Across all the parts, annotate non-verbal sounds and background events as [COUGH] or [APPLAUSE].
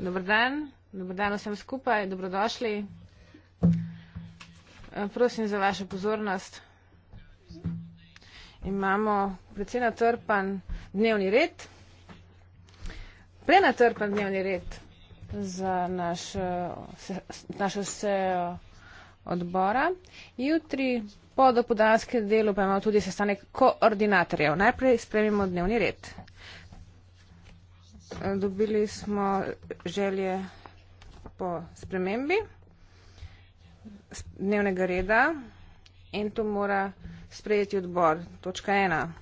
Dober dan, dober dan vsem skupaj, dobrodošli. Eh, prosim za vašo pozornost. Imamo precej natrpan dnevni red, prenatrpan dnevni red za naš, se, eh, našo sejo odbora. Jutri po dopodanskem delu pa imamo tudi sestanek koordinatorjev. Najprej spremimo dnevni red dobili smo želje po spremembi dnevnega reda in to mora sprejeti odbor. Točka ena.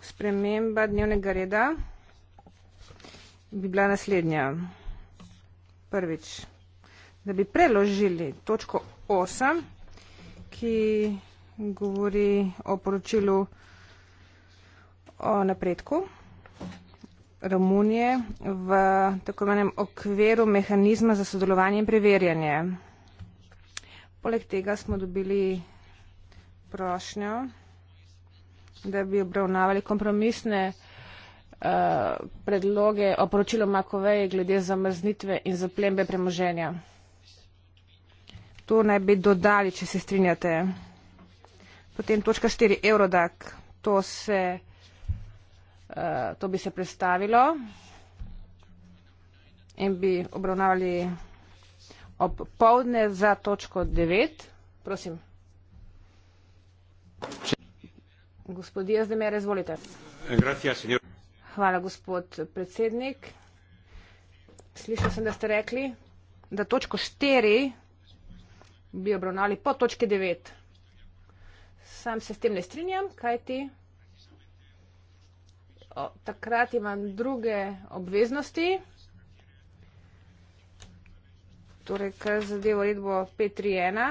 Sprememba dnevnega reda bi bila naslednja. Prvič, da bi preložili točko 8, ki govori o poročilu o napredku. Romunije v tako imenem okviru mehanizma za sodelovanje in preverjanje. Poleg tega smo dobili prošnjo, da bi obravnavali kompromisne uh, predloge o poročilu Makoveje glede zamrznitve in zaplembe premoženja. To naj bi dodali, če se strinjate. Potem točka 4, Eurodak. To se Eh, to bi se predstavilo in bi obravnavali ob povdne za točko 9. Prosim. Gospodija Zdemera, izvolite. Hvala, gospod predsednik. Slišal sem, da ste rekli, da točko 4 bi obravnali po točki 9. Sam se s tem ne strinjam, kaj ti? takrat imam druge obveznosti. Torej, kar zadevo redbo 5.3.1,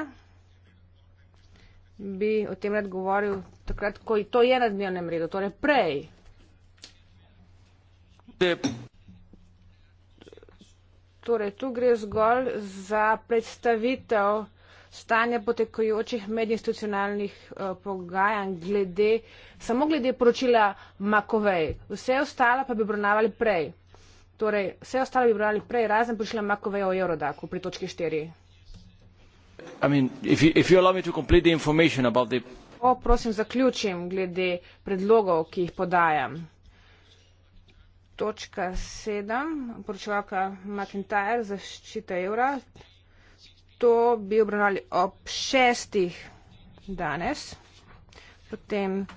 bi o tem rad govoril takrat, ko to je na dnevnem redu, torej prej. Torej, tu gre zgolj za predstavitev 5.3.1 stanje potekajočih medinstitucionalnih eh, pogajanj glede, samo glede poročila Makovej. Vse ostalo pa bi obravnavali prej. Torej, vse ostalo bi obravnavali prej, razen poročila Makovej o Eurodaku pri točki 4. I mean, if you, if you allow me to complete the information about the... O, prosim, zaključim glede predlogov, ki jih podajam. Točka 7, poročevalka McIntyre, zaščita evra to bi obravnali ob šestih danes, potem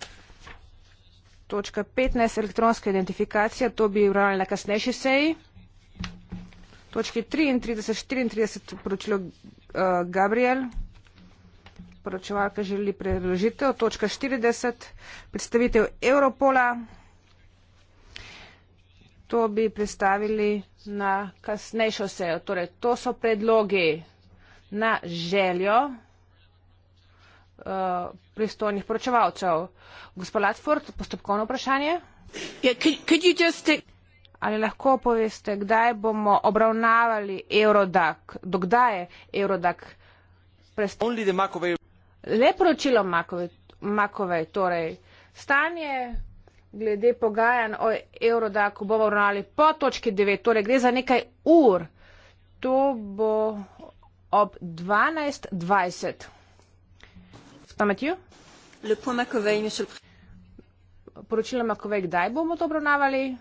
točka 15, elektronska identifikacija, to bi obravnali na kasnejši seji, točki 33, 34, poročilo uh, Gabriel, poročevalka želi predložitev, točka 40, predstavitev Europola, to bi predstavili na kasnejšo sejo. Torej, to so predlogi na željo eh, pristojnih poročevalcev. Gospod Latford, postopkovno vprašanje. Ali lahko poveste, kdaj bomo obravnavali Eurodak? Dokdaj je Eurodak predstavljen? Le poročilo Makovej, torej stanje glede pogajanj o Eurodaku bomo obravnavali po točki 9, torej gre za nekaj ur. To bo ob 12.20. Gospod Matiju? Lepo na Kovej, Mišel. Poročilo na Kovej, kdaj bomo to obravnavali?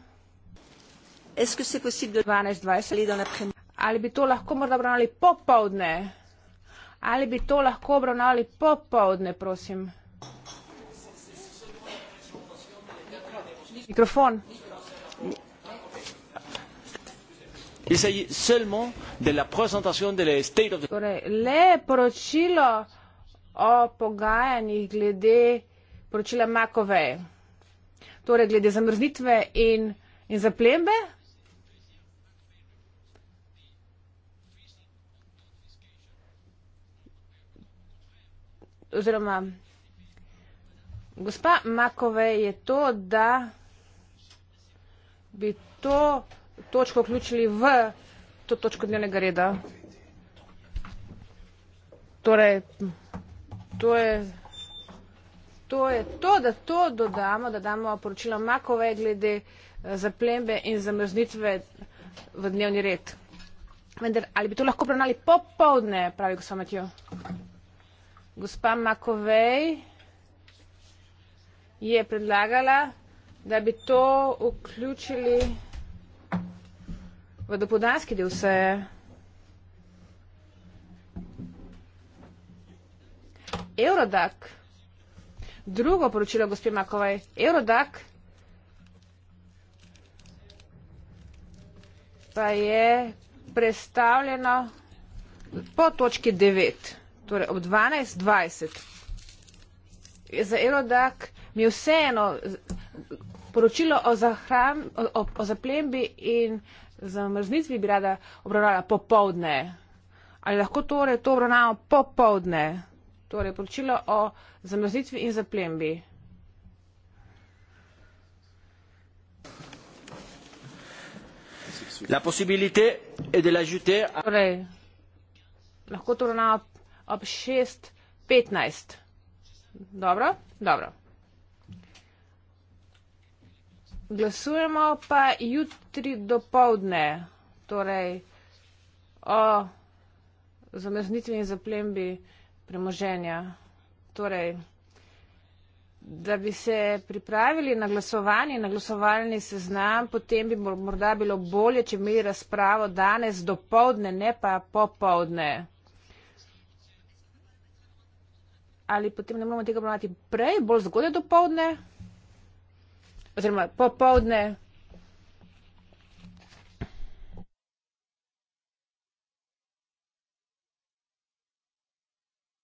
Ali bi to lahko morda obravnavali popovdne? Ali bi to lahko obravnavali popovdne, prosim? Mikrofon. Mikrofon. il s'agit seulement de la présentation de la state of the torej, le poročilo o pogajanjih glede poročila Makovej. Torej, glede zamrznitve in, in zaplembe. Oziroma, gospa Makove je to, da bi to točko vključili v to točko dnevnega reda. Torej, to je to, je to da to dodamo, da damo poročilo Makove glede eh, zaplembe in zamrznitve v dnevni red. Vendar, ali bi to lahko prenali popovdne, pravi gospod Matijo? Gospa Makovej je predlagala, da bi to vključili. Vodopodajski del se je Eurodak, drugo poročilo gospe Makovej, Eurodak pa je predstavljeno po točki 9, torej ob 12.20. Za Eurodak mi vseeno poročilo o, zahran, o, o, o zaplembi in zamrznitvi bi rada obravnavala popovdne. Ali lahko torej to obravnavamo popovdne? Torej, poročilo o zamrznitvi in zaplembi. La possibilité è de l'ajouter a... Torej, lahko to obravnavamo ob 6.15. Dobro, dobro. Glasujemo pa jutri do povdne, torej o zamrznitvi in zaplembi premoženja. Torej, da bi se pripravili na glasovanje, na glasovalni seznam, potem bi morda bilo bolje, če imeli razpravo danes do povdne, ne pa popovdne. Ali potem ne moramo tega obravnavati prej, bolj zgodaj do povdne? oziroma popovdne.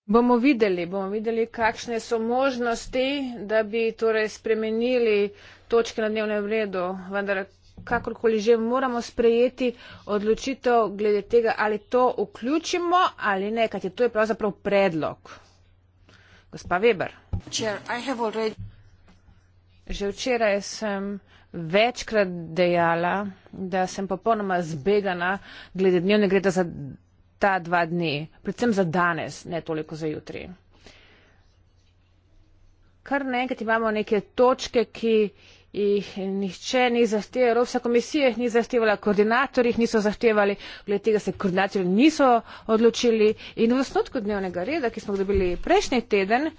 Bomo videli, bomo videli, kakšne so možnosti, da bi torej spremenili točke na dnevnem redu, vendar kakorkoli že moramo sprejeti odločitev glede tega, ali to vključimo ali ne, kajti to je pravzaprav predlog. Gospa Weber. Chair, Že včeraj sem večkrat dejala, da sem popolnoma zbegana, glede dnevne gre da za ta dva dni, predvsem za danes, ne toliko za jutri. Kar nekaj imamo neke točke, ki jih nihče ni zahteval, Evropska komisija jih ni zahtevala, koordinatorji jih niso zahtevali, glede tega se koordinatorji niso odločili in v osnotku dnevnega reda, ki smo ga dobili prejšnji teden,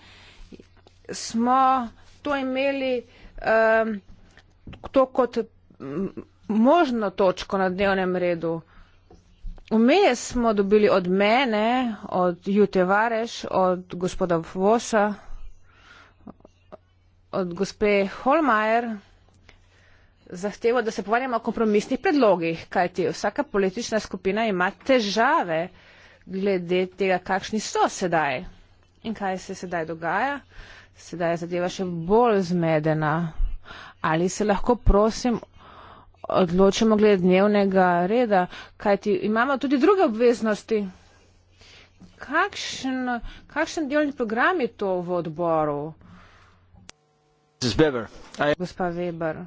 smo to imeli to kot možno točko na dnevnem redu. Vmes smo dobili od mene, od Jute Vareš, od gospoda Vosa, od gospe Holmajer, zahtevo, da se povarjamo o kompromisnih predlogih, kajti vsaka politična skupina ima težave glede tega, kakšni so sedaj in kaj se sedaj dogaja. Uh, sedaj je zadeva še bolj zmedena. Ali se lahko, prosim, odločimo glede dnevnega reda, kajti imamo tudi druge obveznosti. Kakšen, kakšen delni program je to v odboru? Weber, I... Gospa Weber.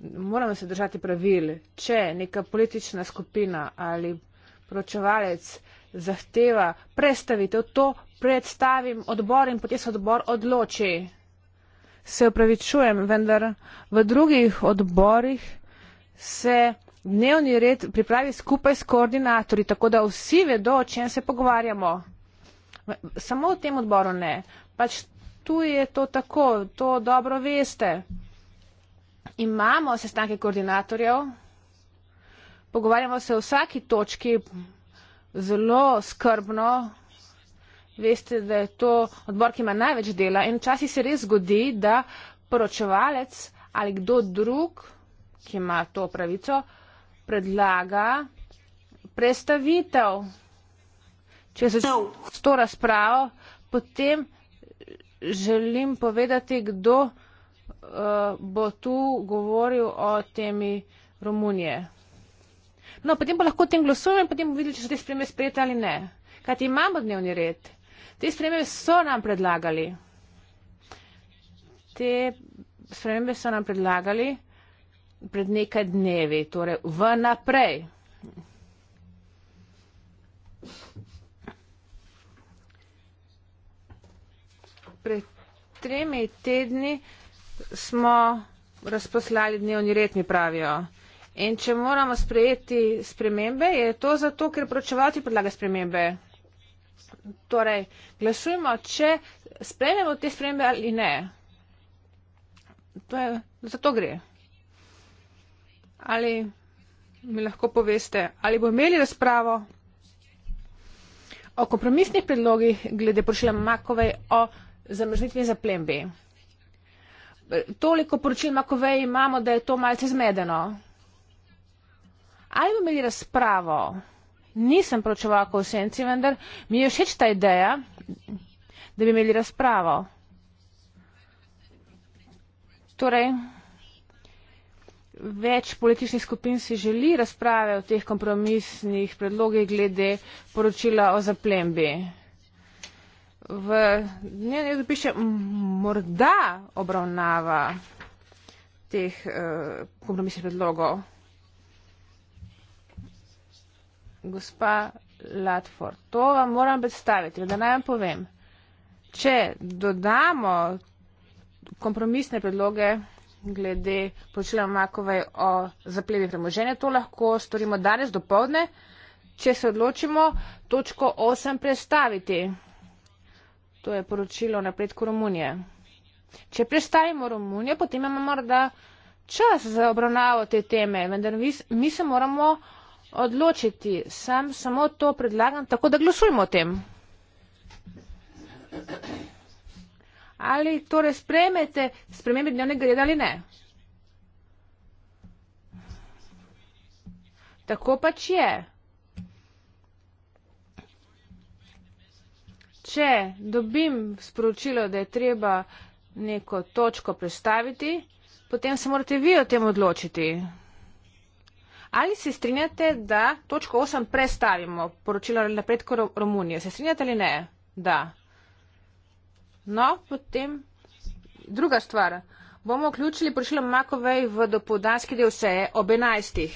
Moramo se držati pravil, če neka politična skupina ali pročevalec zahteva predstavitev, to predstavim odbor in potem se odbor odloči. Se upravičujem, vendar v drugih odborih se dnevni red pripravi skupaj s koordinatorji, tako da vsi vedo, o čem se pogovarjamo. Samo v tem odboru ne. Pač tu je to tako, to dobro veste. Imamo sestanke koordinatorjev, pogovarjamo se o vsaki točki zelo skrbno. Veste, da je to odbor, ki ima največ dela in včasih se res zgodi, da poročevalec ali kdo drug, ki ima to pravico, predlaga predstavitev. Če začnem s to razpravo, potem želim povedati, kdo uh, bo tu govoril o temi Romunije. No, potem pa lahko o tem glasujemo in potem vidimo, če so te spreme sprejete ali ne. Kaj ti imamo dnevni red? Te spreme so nam predlagali. Te spreme so nam predlagali pred nekaj dnevi, torej v naprej. Pred tremi tedni smo razposlali dnevni red, mi pravijo. In če moramo sprejeti spremembe, je to zato, ker pročevalci predlaga spremembe. Torej, glasujmo, če sprejmemo te spremembe ali ne. To je, za to gre. Ali mi lahko poveste, ali bomo imeli razpravo o kompromisnih predlogih glede poročila Makovej o zamrznitvi za plembi. Toliko poročil Makovej imamo, da je to malce zmedeno ali bi imeli razpravo. Nisem pročevalka v senci, vendar mi je všeč ta ideja, da bi imeli razpravo. Torej, več političnih skupin si želi razprave o teh kompromisnih predlogih glede poročila o zaplembi. V dnevni red piše, morda obravnava teh eh, kompromisnih predlogov gospa Latford, to vam moram predstaviti, da naj vam povem. Če dodamo kompromisne predloge glede počela Makove o zaplevi premoženja, to lahko storimo danes do povdne, če se odločimo točko 8 predstaviti. To je poročilo napredku Romunije. Če predstavimo Romunijo, potem imamo morda čas za obravnavo te teme, vendar mi se moramo odločiti. Sam samo to predlagam, tako da glasujmo o tem. Ali torej sprejmete spremembe dnevnega reda ali ne? Tako pač je. Če dobim sporočilo, da je treba neko točko predstaviti, potem se morate vi o tem odločiti. Ali se strinjate, da točko 8 prestavimo, poročilo ali napredko Romunije? Se strinjate ali ne? Da. No, potem druga stvar. Bomo vključili poročilo Makovej v dopoldanski del seje ob 11.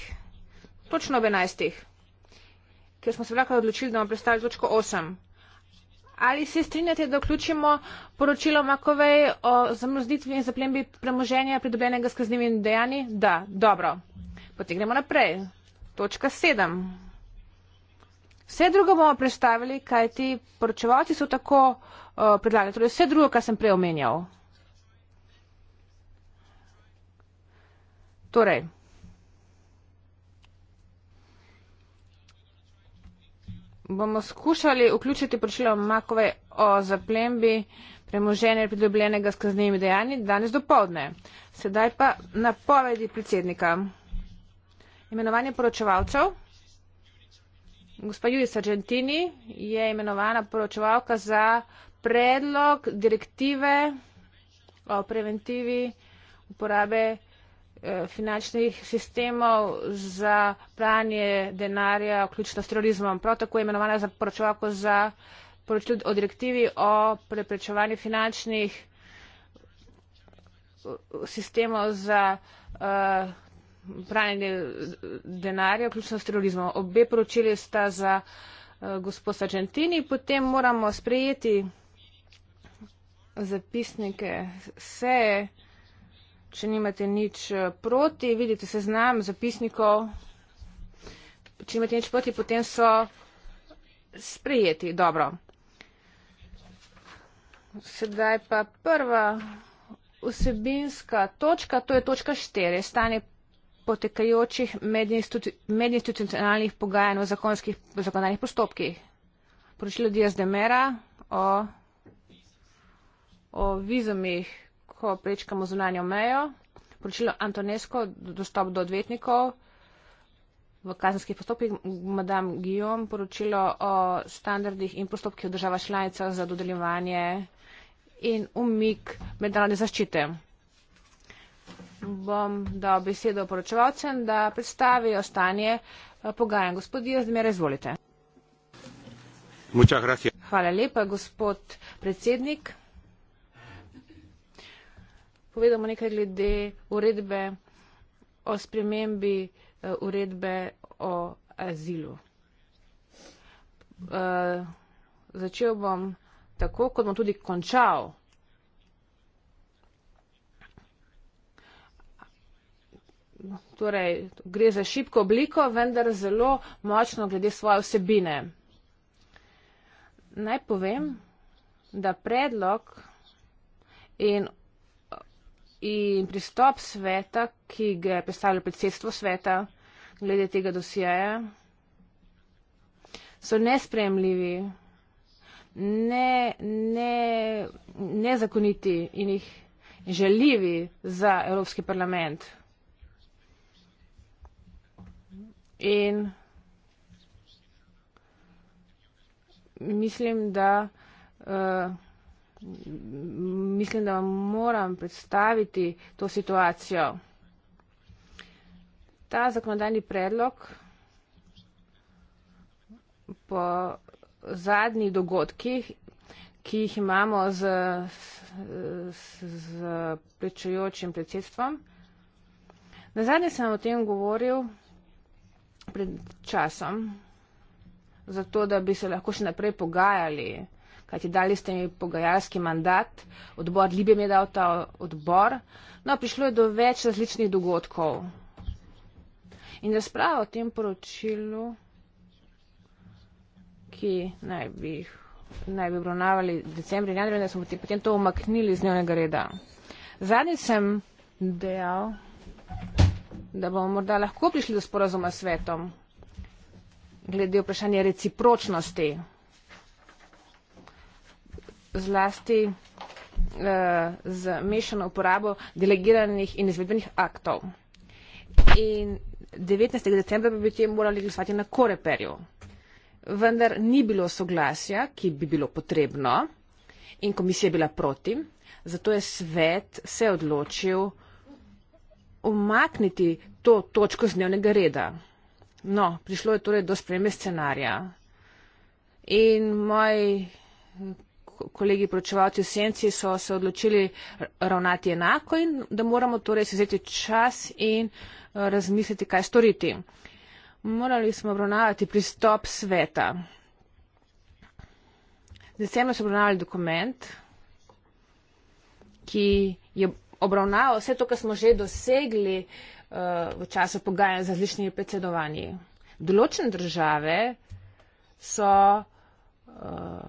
Točno ob 11. Ker smo se vlako odločili, da bomo predstavili točko 8. Ali se strinjate, da vključimo poročilo Makovej o zamrznitvi in zaplembi premoženja pridobljenega s kaznimi dejanji? Da. Dobro. Potem gremo naprej. Točka sedem. Vse drugo bomo predstavili, kaj ti poročevalci so tako uh, predlagali. Torej vse drugo, kar sem prej omenjal. Torej. Bomo skušali vključiti poročilo Makove o zaplembi premoženja pridobljenega s kaznimi dejanji danes do povdne. Sedaj pa napovedi predsednika imenovanje poročevalcev. Gospa Judica Gentini je imenovana poročevalka za predlog direktive o preventivi uporabe eh, finančnih sistemov za pranje denarja, vključno s terorizmom. Prav tako je imenovana za poročevalko za poročilo o direktivi o preprečevanju finančnih eh, sistemov za uh, pranje denarja, vključno s terorizmom. Obe poročili sta za eh, gospoda Gentini, potem moramo sprejeti zapisnike seje, če nimate nič eh, proti, vidite seznam zapisnikov, če nimate nič proti, potem so sprejeti. Dobro. Sedaj pa prva. Vsebinska točka, to je točka 4, stanje potekajočih medinstitucionalnih pogajanj v zakonskih, zakonalnih postopkih. Poročilo Diaz de Mera o, o vizumih, ko prečkamo zunanjo mejo. Poročilo Antonesko, dostop do odvetnikov v kazenskih postopkih. Madame Guillaume, poročilo o standardih in postopkih v državah članicah za dodeljevanje in umik mednarodne zaščite bom dal besedo poročevalcem, da predstavijo stanje eh, pogajanj. Gospod Jazmer, izvolite. Hvala lepa, gospod predsednik. Povedamo nekaj glede uredbe o spremembi eh, uredbe o azilu. Eh, začel bom tako, kot bom tudi končal torej, gre za šibko obliko, vendar zelo močno glede svoje vsebine. Naj povem, da predlog in, in pristop sveta, ki ga je predstavilo predsedstvo sveta glede tega dosjeja, so nespremljivi, ne, ne, nezakoniti in jih želivi za Evropski parlament. in mislim, da, uh, mislim, da moram predstaviti to situacijo. Ta zakonodajni predlog po zadnjih dogodkih, ki jih imamo z, z, z prečujočim predsedstvom. Na zadnje sem o tem govoril pred časom, zato da bi se lahko še naprej pogajali, kajti dali ste mi pogajalski mandat, odbor Libije mi je dal ta odbor. No, prišlo je do več različnih dogodkov. In razprava o tem poročilu, ki naj bi jih naj bi obravnavali decembri in januarja, da smo potem to omaknili z dnevnega reda. Zadnji sem dejal, da bomo morda lahko prišli do sporazuma s svetom glede vprašanja recipročnosti. Zlasti eh, z mešano uporabo delegiranih in izvedbenih aktov. In 19. decembra bi te morali glasovati na Koreperju. Vendar ni bilo soglasja, ki bi bilo potrebno in komisija je bila proti. Zato je svet se odločil umakniti to točko z dnevnega reda. No, prišlo je torej do spreme scenarija. In moji kolegi pročevalci v senci so se odločili ravnati enako in da moramo torej se vzeti čas in eh, razmisliti, kaj storiti. Morali smo obravnavati pristop sveta. Decembra smo obravnavali dokument, ki je obravnava vse to, kar smo že dosegli uh, v času pogajanj z različnimi predsedovanji. Določene države so uh,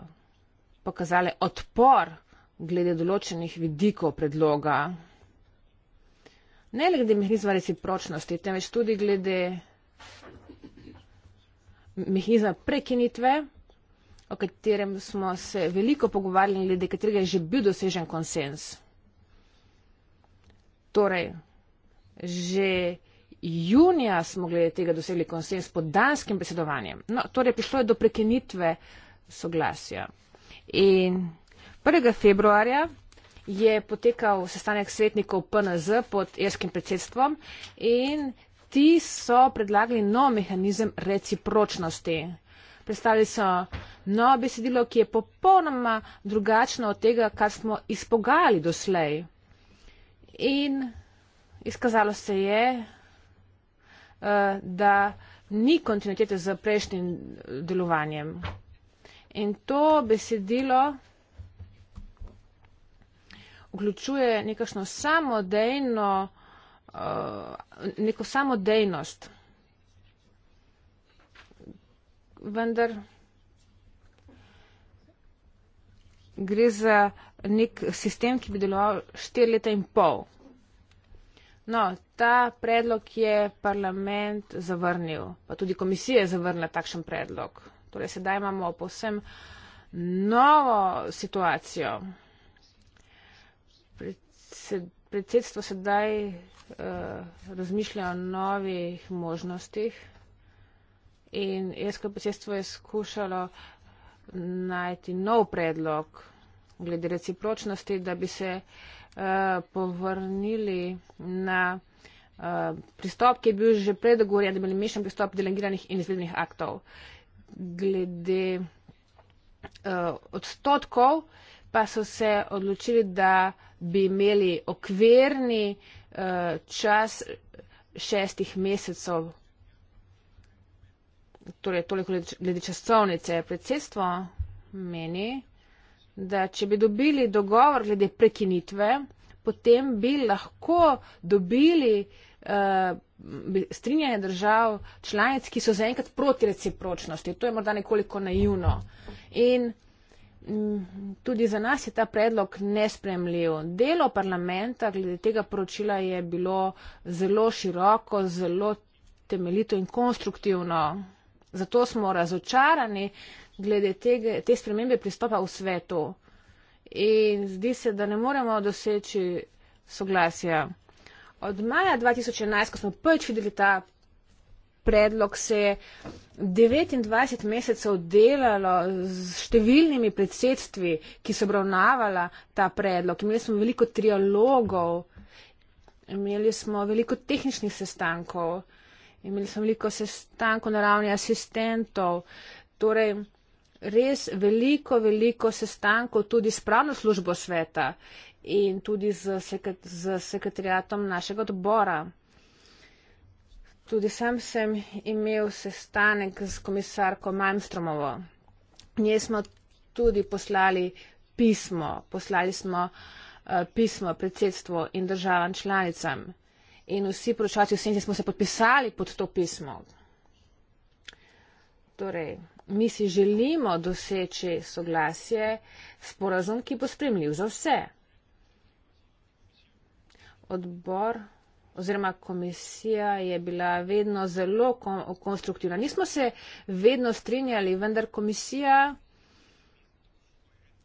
pokazale odpor glede določenih vidikov predloga. Ne le glede mehanizma recipročnosti, temveč tudi glede mehanizma prekinitve, o katerem smo se veliko pogovarjali in glede katerega je že bil dosežen konsens. Torej, že junija smo glede tega dosegli konsens pod danskim besedovanjem. No, torej, prišlo je do prekinitve soglasja. In 1. februarja je potekal sestanek svetnikov PNZ pod jeskim predsedstvom in ti so predlagali nov mehanizem recipročnosti. Predstavili so novo besedilo, ki je popolnoma drugačno od tega, kar smo izpogajali doslej. In izkazalo se je, eh, da ni kontinuitete z prejšnjim delovanjem. In to besedilo vključuje nekakšno samodejno, eh, neko samodejnost. Vendar gre za nek sistem, ki bi deloval štir leta in pol. No, ta predlog je parlament zavrnil, pa tudi komisija je zavrnila takšen predlog. Torej, sedaj imamo povsem novo situacijo. Predsedstvo sedaj uh, razmišlja o novih možnostih in ESK predsedstvo je skušalo najti nov predlog glede recipročnosti, da bi se uh, povrnili na uh, pristop, ki je bil že prej dogovorjen, da bi imeli mešan pristop delegiranih in izvedenih aktov. Glede uh, odstotkov pa so se odločili, da bi imeli okvirni uh, čas šestih mesecev. Torej, toliko glede časovnice predsedstvo meni da če bi dobili dogovor glede prekinitve, potem bi lahko dobili uh, strinjanje držav članic, ki so zaenkrat proti recipročnosti. To je morda nekoliko naivno. In mm, Tudi za nas je ta predlog nespremljiv. Delo parlamenta glede tega poročila je bilo zelo široko, zelo temeljito in konstruktivno. Zato smo razočarani, uh, glede tege, te spremembe pristopa v svetu. In zdi se, da ne moremo doseči soglasja. Od maja 2011, ko smo prvič videli ta predlog, se je 29 mesecev delalo z številnimi predsedstvi, ki so obravnavala ta predlog. Imeli smo veliko trialogov, imeli smo veliko tehničnih sestankov, imeli smo veliko sestankov na ravni asistentov. Torej, res veliko, veliko sestankov tudi s pravno službo sveta in tudi z, sekret, z sekretariatom našega odbora. Tudi sam sem imel sestanek z komisarko Malmstromovo. Nje smo tudi poslali pismo, poslali smo uh, pismo predsedstvo in državam članicam. In vsi prošači v Senci smo se podpisali pod to pismo. Torej, mi si želimo doseči soglasje, sporazum, ki bo spremljiv za vse. Odbor oziroma komisija je bila vedno zelo konstruktivna. Nismo se vedno strinjali, vendar komisija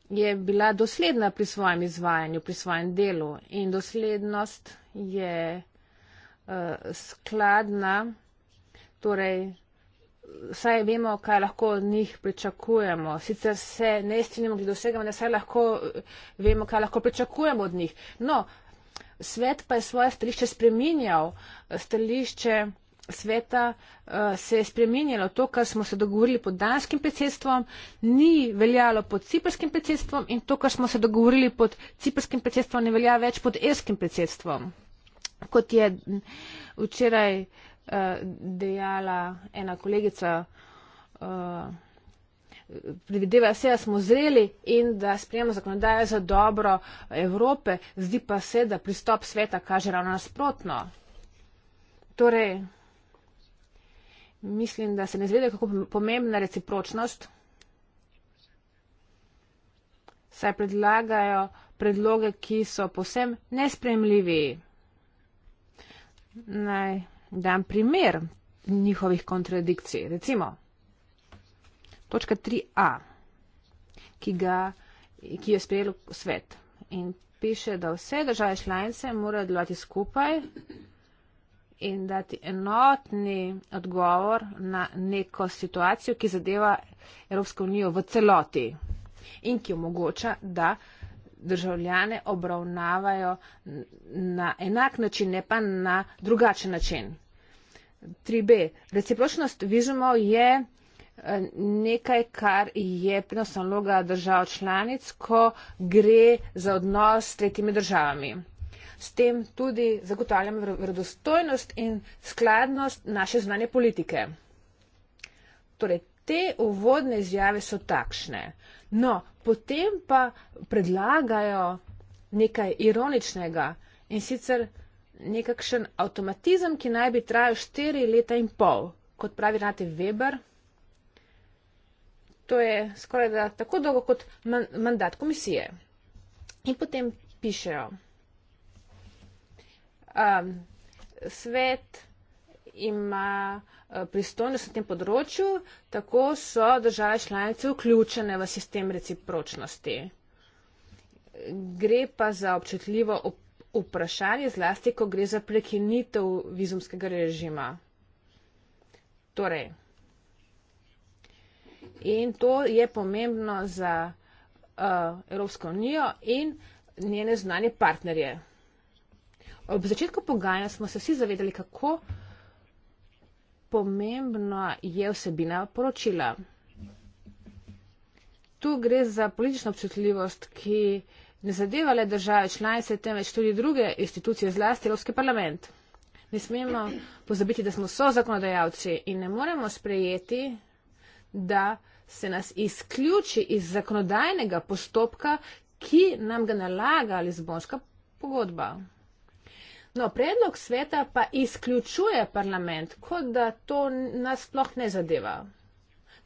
je bila dosledna pri svojem izvajanju, pri svojem delu in doslednost je uh, skladna, torej saj vemo, kaj lahko od njih pričakujemo. Sicer se ne strinjamo glede vsega, ne saj lahko eh, vemo, kaj lahko pričakujemo od njih. No, svet pa je svoje stališče spreminjal. Stališče sveta uh, se je spreminjalo. To, kar smo se dogovorili pod danskim predsedstvom, ni veljalo pod ciperskim predsedstvom in to, kar smo se dogovorili pod ciperskim predsedstvom, ne velja več pod irskim predsedstvom. Kot je včeraj uh, Eh, dejala ena kolegica, eh, predvideva se, da smo zreli in da sprejemamo zakonodajo za dobro Evrope, zdi pa se, da pristop sveta kaže ravno nasprotno. Torej, mislim, da se ne zvede, kako pomembna recipročnost, saj predlagajo predloge, ki so posem nespremljivi. Naj dam primer njihovih kontradikcij. Recimo, točka 3a, ki, ga, ki je sprejel svet in piše, da vse države članice morajo delovati skupaj in dati enotni odgovor na neko situacijo, ki zadeva Evropsko unijo v celoti in ki omogoča, da državljane obravnavajo na enak način, ne pa na drugačen način. 3b. Recipročnost vizumov je eh, nekaj, kar je prenosna loga držav članic, ko gre za odnos s tretjimi državami. S tem tudi zagotavljamo verodostojnost in skladnost naše zvane politike. Torej, te uvodne izjave so takšne. No, potem pa predlagajo nekaj ironičnega in sicer nekakšen avtomatizem, ki naj bi trajal štiri leta in pol, kot pravi Rate Weber. To je skoraj da tako dolgo kot man mandat komisije. In potem pišejo. Um, svet ima eh, pristojnost na tem področju, tako so države članice vključene v sistem recipročnosti. Gre pa za občutljivo vprašanje, zlasti, ko gre za prekinitev vizumskega režima. Torej, in to je pomembno za uh, Evropsko unijo in njene znanje partnerje. Ob začetku pogajanja smo se vsi zavedali, kako pomembna je vsebina poročila. Tu gre za politično občutljivost, ki ne zadeva le države članice, temveč tudi druge institucije, zlasti Evropski parlament. Ne smemo pozabiti, da smo so zakonodajalci in ne moremo sprejeti, da se nas izključi iz zakonodajnega postopka, ki nam ga nalaga Lizbonska pogodba. No, predlog sveta pa izključuje parlament, kot da to nas sploh ne zadeva.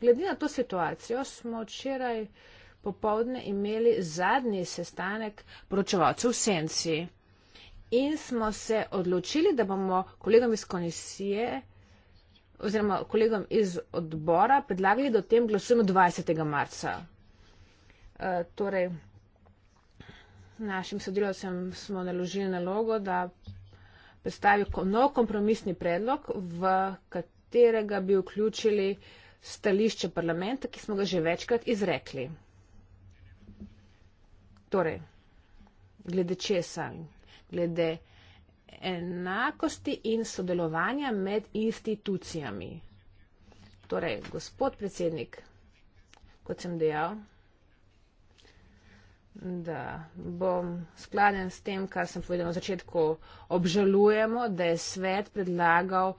Glede na to situacijo smo včeraj popovdne imeli zadnji sestanek poročevalcev v Senci in smo se odločili, da bomo kolegom iz komisije oziroma kolegom iz odbora predlagali, da o tem glasujemo 20. marca. E, torej, našim sodelovcem smo naložili nalogo, da predstavi nov kompromisni predlog, v katerega bi vključili stališče parlamenta, ki smo ga že večkrat izrekli. Torej, glede česa? Glede enakosti in sodelovanja med institucijami. Torej, gospod predsednik, kot sem dejal, da bom skladen s tem, kar sem povedal na začetku, obžalujemo, da je svet predlagal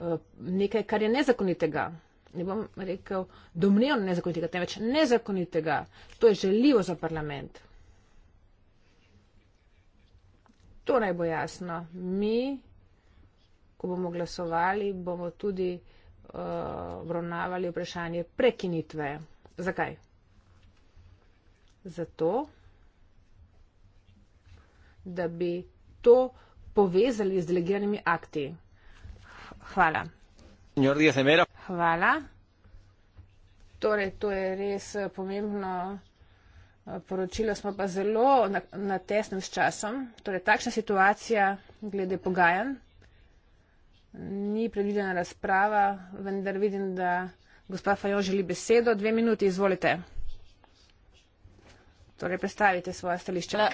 eh, nekaj, kar je nezakonitega. Ne bom rekel domnevno nezakonitega, temveč nezakonitega. To je želivo za parlament. To naj bo jasno. Mi, ko bomo glasovali, bomo tudi eh, obravnavali uh, vprašanje prekinitve. Zakaj? Zato da bi to povezali z delegiranimi akti. Hvala. Hvala. Torej, to je res eh, pomembno eh, poročilo. Smo pa zelo na, na tesnem s časom. Torej, takšna situacija glede pogajanj. Ni predvidena razprava, vendar vidim, da gospod Fajon želi besedo. Dve minuti, izvolite. Torej, predstavite svoje stališče. Le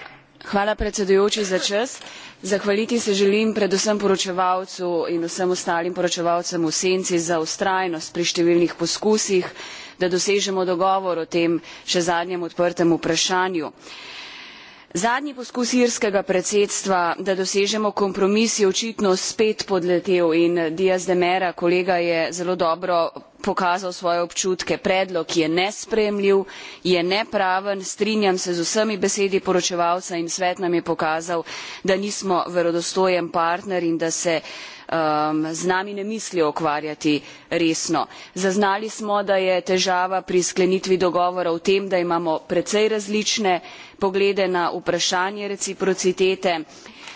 zahvaliti se želim predvsem poročevalcu in vsem ostalim poročevalcem v senci za vztrajnost pri številnih poskusih da dosežemo dogovor o tem še zadnjem odprtem vprašanju zadnji poskus irskega predsedstva da dosežemo kompromis je očitno spet podletel in díaz de mera kolega je zelo dobro pokazal svoje občutke predlog je nesprejemljiv je nepraven strinjam se z vsemi besedami poročevalca in svet nam je pokazal da nismo verodostojen partner in da se Um, z nami ne mislijo ukvarjati resno. zaznali smo da je težava pri sklenitvi dogovora v tem da imamo precej različne poglede na vprašanje reciprocitete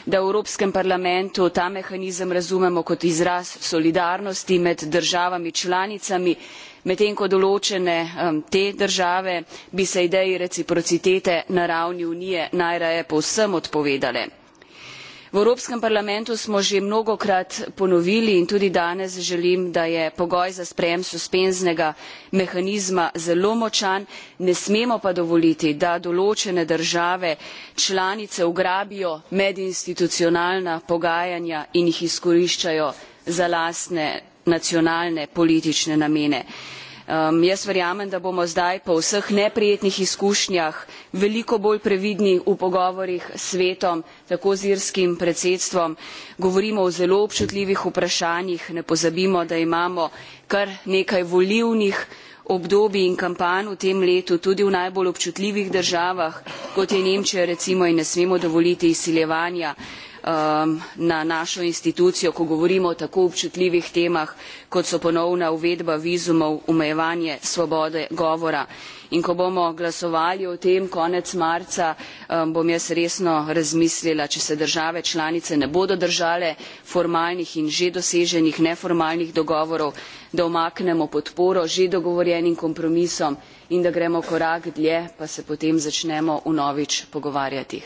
da v evropskem parlamentu ta mehanizem razumemo kot izraz solidarnosti med državami članicami medtem ko določene um, te države bi se ideji reciprocitete na ravni unije najraje povsem odpovedale v evropskem parlamentu smo že mnogokrat ponovili in tudi danes želim da je pogoj za sprejem suspenznega mehanizma zelo močan ne smemo pa dovoliti da določene države članice ugrabijo medinstitucionalna pogajanja in jih izkoriščajo za lastne nacionalne politične namene jaz verjamem da bomo zdaj po vseh neprijetnih izkušnjah veliko bolj previdni v pogovorih s svetom tako z irskim predsedstvom govorimo o zelo občutljivih vprašanjih ne pozabimo da imamo kar nekaj volilnih obdobij in kampanj v tem letu tudi v najbolj občutljivih državah kot je nemčija recimo in ne smemo dovoliti izsiljevanja Um, na našo institucijo ko govorimo o tako občutljivih temah kot so ponovna uvedba vizumov omejevanje svobode govora in ko bomo glasovali o tem konec marca um, bom jaz resno razmislila če se države članice ne bodo držale formalnih in že doseženih neformalnih dogovorov da umaknemo podporo že dogovorjenim kompromisom in da gremo korak dlje pa se potem začnemo vnovič pogovarjati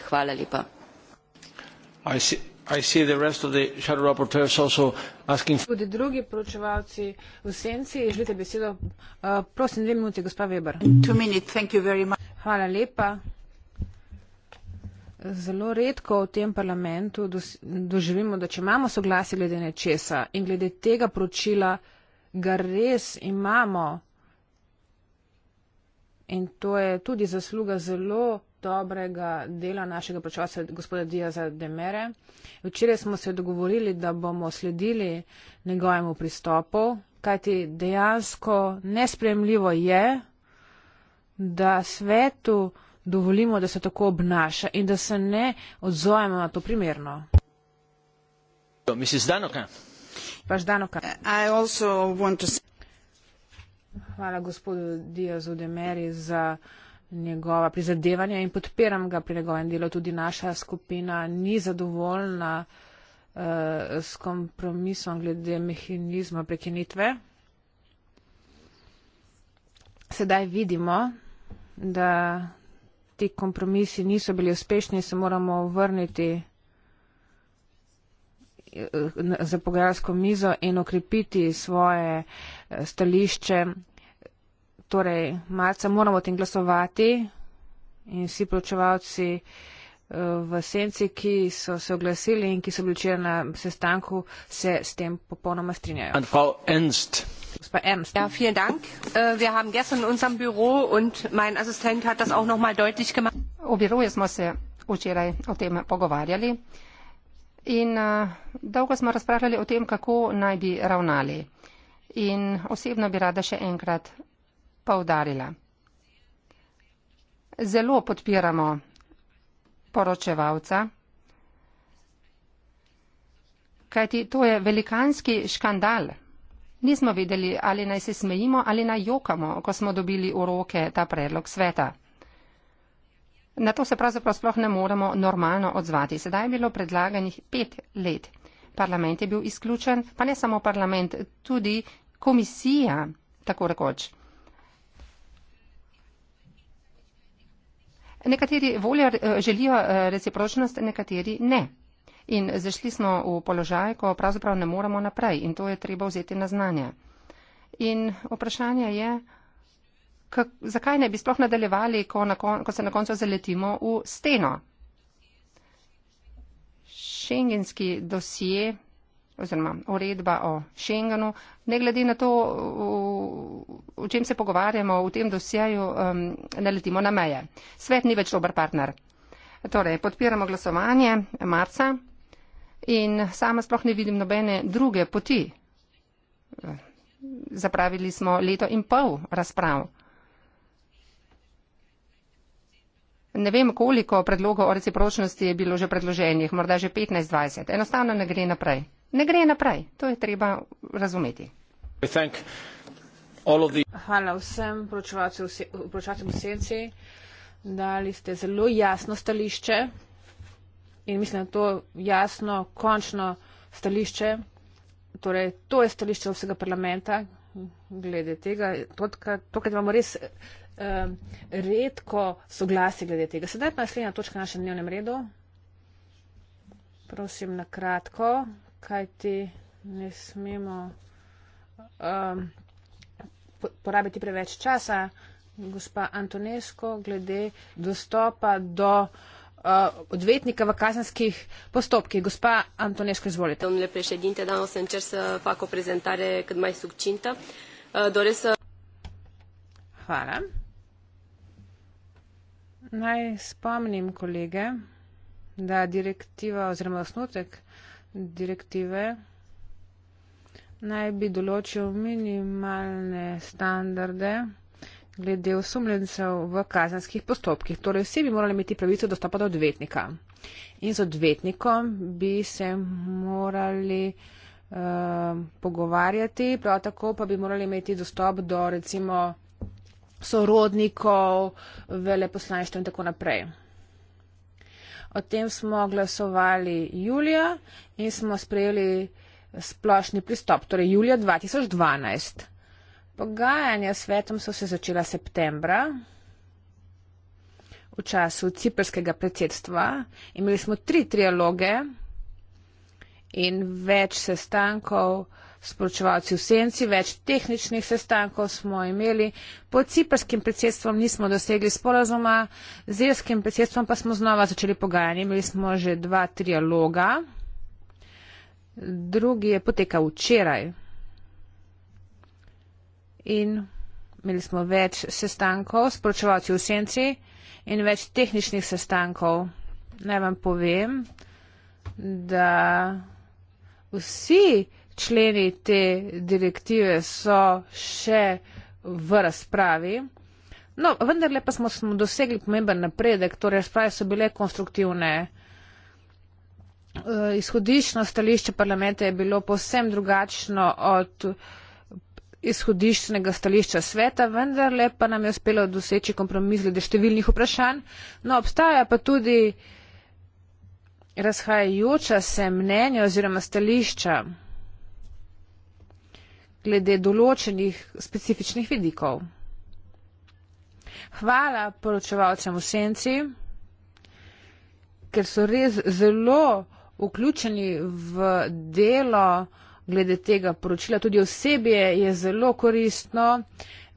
tudi drugi poročevalci v senci želite besedo eh, prosim dve minuti gospa weber hvala lepa zelo redko v tem parlamentu doživimo da če imamo soglasje glede nečesa in glede tega poročila ga res imamo in to je tudi zasluga zelo dobrega dela našega pričevalca gospoda Diaza Demere. Včeraj smo se dogovorili, da bomo sledili njegovemu pristopu, kajti dejansko nespremljivo je, da svetu dovolimo, da se tako obnaša in da se ne odzovemo na to primerno. Hvala gospodu Diazu Demeri za njegova prizadevanja in podpiram ga pri njegovem delu. Tudi naša skupina ni zadovoljna uh, s kompromisom glede mehanizma prekinitve. Sedaj vidimo, da ti kompromisi niso bili uspešni, se moramo vrniti eh, za pogajalsko mizo in okrepiti svoje eh, stališče torej marca moramo o tem glasovati in vsi poročevalci eh, v senci, ki so se oglasili in ki so bili včeraj na sestanku, se s tem popolnoma strinjajo. Ja, vielen Dank. Uh, wir haben gestern in unserem Büro und mein Assistent hat das auch noch mal deutlich gemacht. V biroju smo se včeraj o tem pogovarjali in uh, dolgo smo razpravljali o tem, kako naj bi ravnali. In osebno bi rada še enkrat poudarila. Zelo podpiramo poročevalca, kajti to je velikanski škandal. Nismo vedeli, ali naj se smejimo ali naj jokamo, ko smo dobili v roke ta predlog sveta. Na to se pravzaprav sploh ne moremo normalno odzvati. Sedaj je bilo predlaganih pet let. Parlament je bil izključen, pa ne samo parlament, tudi komisija, tako rekoč. Nekateri volja, eh, želijo eh, recipročnost, nekateri ne. In zašli smo v položaj, ko pravzaprav ne moremo naprej in to je treba vzeti na znanje. In vprašanje je, kak, zakaj ne bi sploh nadaljevali, ko, na kon, ko se na koncu zaletimo v steno. Šengenski dosije oziroma uredba o Schengenu, ne glede na to, o čem se pogovarjamo v tem dosjeju, um, ne letimo na meje. Svet ni več dober partner. Torej, podpiramo glasovanje marca in sama sploh ne vidim nobene druge poti. Zapravili smo leto in pol razprav. Ne vem, koliko predlogov o recipročnosti je bilo že predloženih, morda že 15-20. Enostavno ne gre naprej ne gre naprej. To je treba razumeti. Hvala vsem poročevalcem v senci. Dali ste zelo jasno stališče in mislim, da to jasno, končno stališče, torej to je stališče vsega parlamenta, glede tega, to, kaj imamo res uh, redko soglasje glede tega. Sedaj pa naslednja točka na našem dnevnem redu. Prosim, na kratko kaj ti ne smemo um, porabiti preveč časa, gospa Antonesko, glede dostopa do uh, odvetnika v kazenskih postopkih. Gospa Antonesko, izvolite. Domnule prešedinte, danes sem čas fako prezentare, kad maj sukčinta. Uh, Doresa. Hvala. Naj spomnim kolege, da direktiva oziroma osnutek direktive naj bi določil minimalne standarde glede osumljencev v kazenskih postopkih. Torej vsi bi morali imeti pravico dostopa do odvetnika. In z odvetnikom bi se morali uh, pogovarjati, prav tako pa bi morali imeti dostop do recimo sorodnikov, veleposlaništva in tako naprej. O tem smo glasovali julija in smo sprejeli splošni pristop, torej julija 2012. Pogajanja s svetom so se začela septembra v času ciperskega predsedstva. Imeli smo tri trialoge in več sestankov sporočevalci v senci, več tehničnih sestankov smo imeli, pod ciperskim predsedstvom nismo dosegli sporazuma, z irskim predsedstvom pa smo znova začeli pogajanje, imeli smo že dva trialoga, drugi je potekal včeraj in imeli smo več sestankov, sporočevalci v senci in več tehničnih sestankov. Naj vam povem, da vsi členi te direktive so še v razpravi. No, vendarle pa smo, smo dosegli pomemben napredek, torej razprave so bile konstruktivne. E, izhodiščno stališče parlamenta je bilo povsem drugačno od izhodiščnega stališča sveta, vendarle pa nam je uspelo doseči kompromis glede številnih vprašanj. No, obstaja pa tudi razhajajoča se mnenja oziroma stališča glede določenih specifičnih vidikov. Hvala poročevalcem v senci, ker so res zelo vključeni v delo glede tega poročila. Tudi osebje je zelo koristno,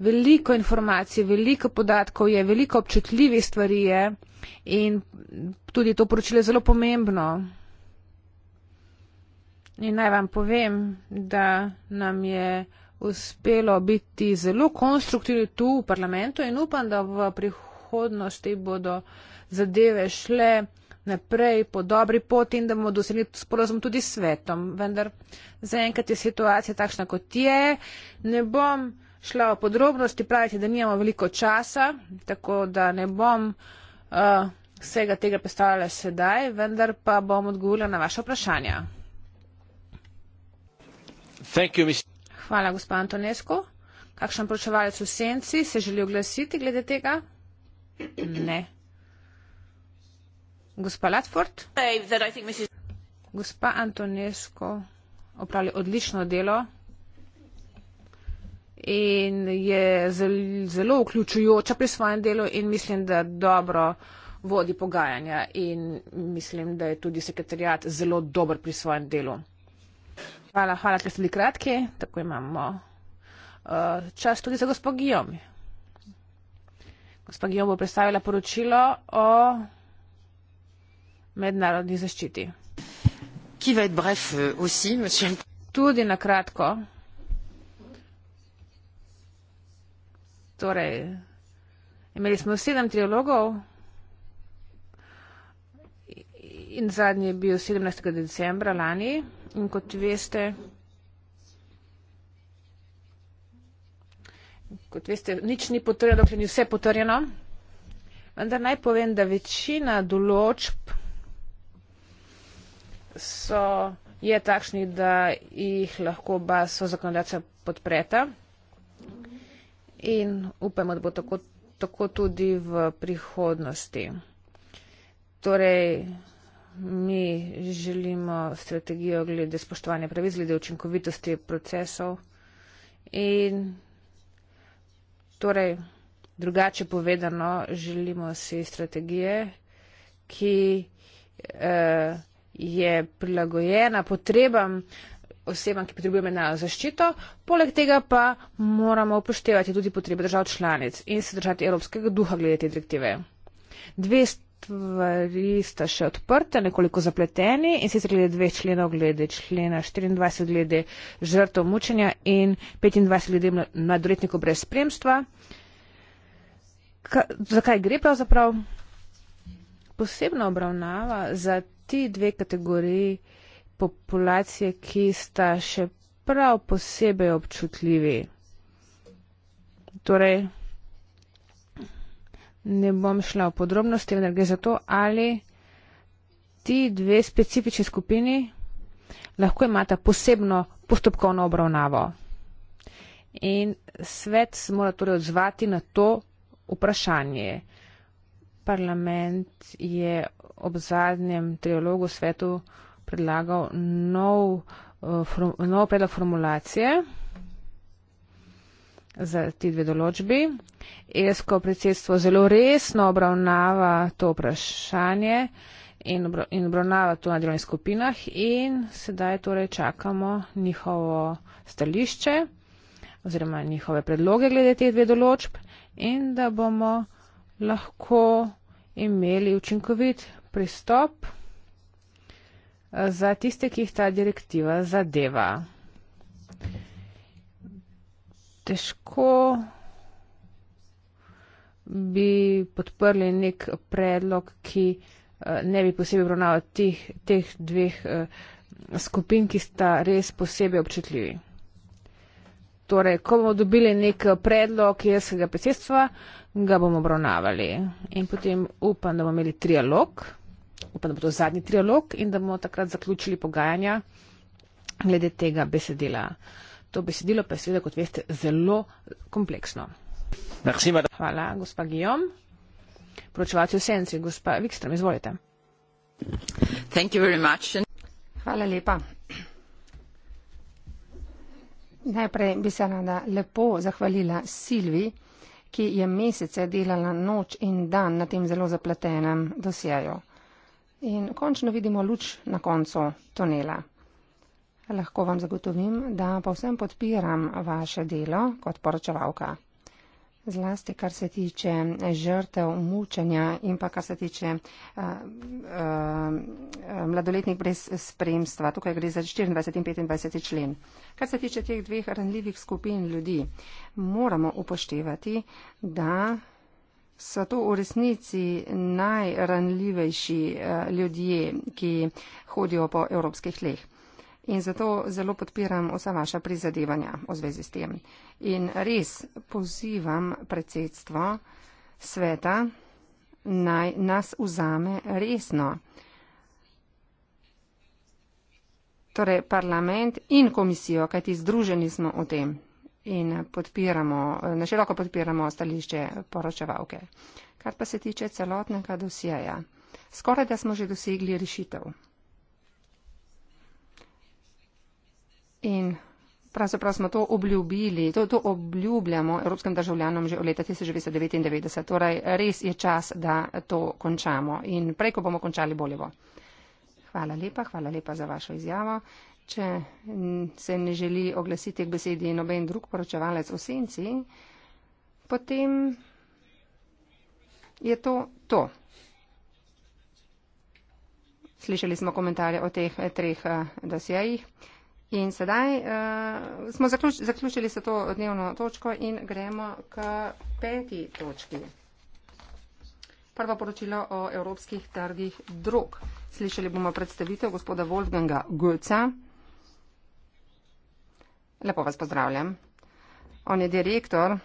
veliko informacij, veliko podatkov je, veliko občutljivih stvari je in tudi to poročilo je zelo pomembno. In naj vam povem, da nam je uspelo biti zelo konstruktivni tu v parlamentu in upam, da v prihodnosti bodo zadeve šle naprej po dobri poti in da bomo dosegli sporozum tudi s svetom. Vendar zaenkrat je situacija takšna, kot je. Ne bom šla v podrobnosti, pravite, da nimamo veliko časa, tako da ne bom uh, vsega tega predstavljala sedaj, vendar pa bom odgovorila na vaše vprašanja. Hvala, gospa Antonesko. Kakšen pročevalec v senci se želi oglasiti glede tega? Ne. Gospa Latford? Gospa Antonesko opravlja odlično delo in je zelo vključujoča pri svojem delu in mislim, da dobro vodi pogajanja in mislim, da je tudi sekretarjat zelo dober pri svojem delu. Hvala, hvala, ker ste bili kratki. Tako imamo uh, čas tudi za gospod Gijom. Gospod Gijom bo predstavila poročilo o mednarodni zaščiti. Bref, uh, aussi, tudi na kratko. Torej, imeli smo sedem trilogov in zadnji je bil 17. decembra lani in kot veste, kot veste, nič ni potrjeno, dokler ni vse potrjeno. Vendar naj povem, da večina določb so, je takšni, da jih lahko oba so zakonodajca podpreta. In upajmo, da bo tako, tako tudi v prihodnosti. Torej, mi želimo strategijo glede spoštovanja pravic, glede učinkovitosti procesov. In torej, drugače povedano, želimo si strategije, ki eh, je prilagojena potrebam osebam, ki potrebujo mednarodno zaščito, poleg tega pa moramo upoštevati tudi potrebe držav članic in se držati evropskega duha glede te direktive. 200 stvari sta še odprte, nekoliko zapleteni in sicer glede dveh členov, glede člena 24 glede žrtev mučenja in 25 glede mladoletnikov brez spremstva. Ka, zakaj gre pravzaprav? Posebna obravnava za ti dve kategoriji populacije, ki sta še prav posebej občutljivi. Torej, ne bom šla v podrobnosti, vendar gre za to, ali ti dve specifični skupini lahko imata posebno postopkovno obravnavo. In svet se mora torej odzvati na to vprašanje. Parlament je ob zadnjem trialogu svetu predlagal nov, eh, nov predlog formulacije za ti dve določbi. ESKO predsedstvo zelo resno obravnava to vprašanje in, obra in obravnava to na delovnih skupinah in sedaj torej čakamo njihovo stališče oziroma njihove predloge glede teh dve določb in da bomo lahko imeli učinkovit pristop eh, za tiste, ki jih ta direktiva zadeva težko bi podprli nek predlog, ki eh, ne bi posebej obravnaval teh, teh dveh eh, skupin, ki sta res posebej občutljivi. Torej, ko bomo dobili nek eh, predlog jeskega predsedstva, ga bomo obravnavali. In potem upam, da bomo imeli trialog, upam, da bo to zadnji trialog in da bomo takrat zaključili pogajanja glede tega besedila. Uh, To besedilo pa je seveda, kot veste, zelo kompleksno. Merci, Hvala, gospa Guillaume. Pročevalci v senci, gospa Vikstrom, izvolite. Hvala lepa. Najprej bi se rada lepo zahvalila Silvi, ki je mesece delala noč in dan na tem zelo zapletenem dosjeju. In končno vidimo luč na koncu tunela. Lahko vam zagotovim, da povsem podpiram vaše delo kot poročevalka. Zlasti, kar se tiče žrtev, mučenja in pa kar se tiče uh, uh, mladoletnih brez spremstva. Tukaj gre za 24 in 25 člen. Kar se tiče teh dveh ranljivih skupin ljudi, moramo upoštevati, da so to v resnici najranljivejši uh, ljudje, ki hodijo po evropskih tleh in zato zelo podpiram vsa vaša prizadevanja v zvezi s tem. In res pozivam predsedstvo sveta naj nas vzame resno. Torej, parlament in komisijo, kajti združeni smo v tem in podpiramo, naširoko podpiramo stališče poročevalke. Kar pa se tiče celotnega dosjeja, skoraj da smo že dosegli rešitev. In pravzaprav smo to obljubili, to, to obljubljamo evropskim državljanom že od leta 1999. Torej, res je čas, da to končamo. In prej, ko bomo končali, bolje bo. Hvala lepa, hvala lepa za vašo izjavo. Če se ne želi oglasiti k besedi noben drug poročevalec v senci, potem je to to. Slišali smo komentarje o teh treh eh, dosjejih. In sedaj uh, smo zaključ, zaključili se to dnevno točko in gremo k peti točki. Prvo poročilo o evropskih trgih drog. Slišali bomo predstavitev gospoda Wolfganga Goetza. Lepo vas pozdravljam. On je direktor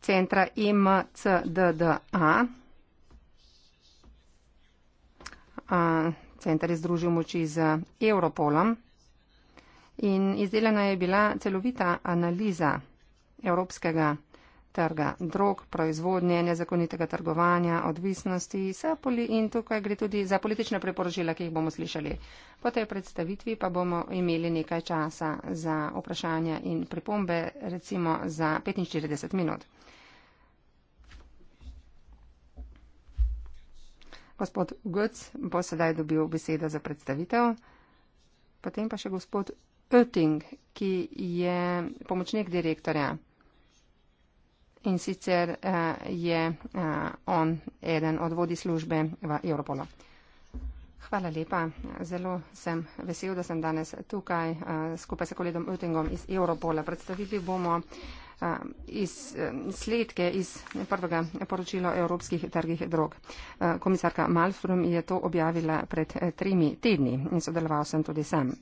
centra MCDDA. Uh, Center je združil moči z Europolom in izdelana je bila celovita analiza evropskega trga drog, proizvodnje, nezakonitega trgovanja, odvisnosti, sapoli in tukaj gre tudi za politična preporočila, ki jih bomo slišali. Po tej predstavitvi pa bomo imeli nekaj časa za vprašanja in pripombe, recimo za 45 minut. Gospod Götz bo sedaj dobil besedo za predstavitev. Potem pa še gospod Oetting, ki je pomočnik direktorja. In sicer uh, je uh, on eden od vodi službe v Europolu. Hvala lepa. Zelo sem vesel, da sem danes tukaj uh, skupaj s kolegom Oettingom iz Europola. Predstavili bomo uh, Eh, iz, eh, sledke iz prvega poročila evropskih trgih drog. Eh, komisarka Malmström je to objavila pred tremi tedni in sodeloval sem tudi sam.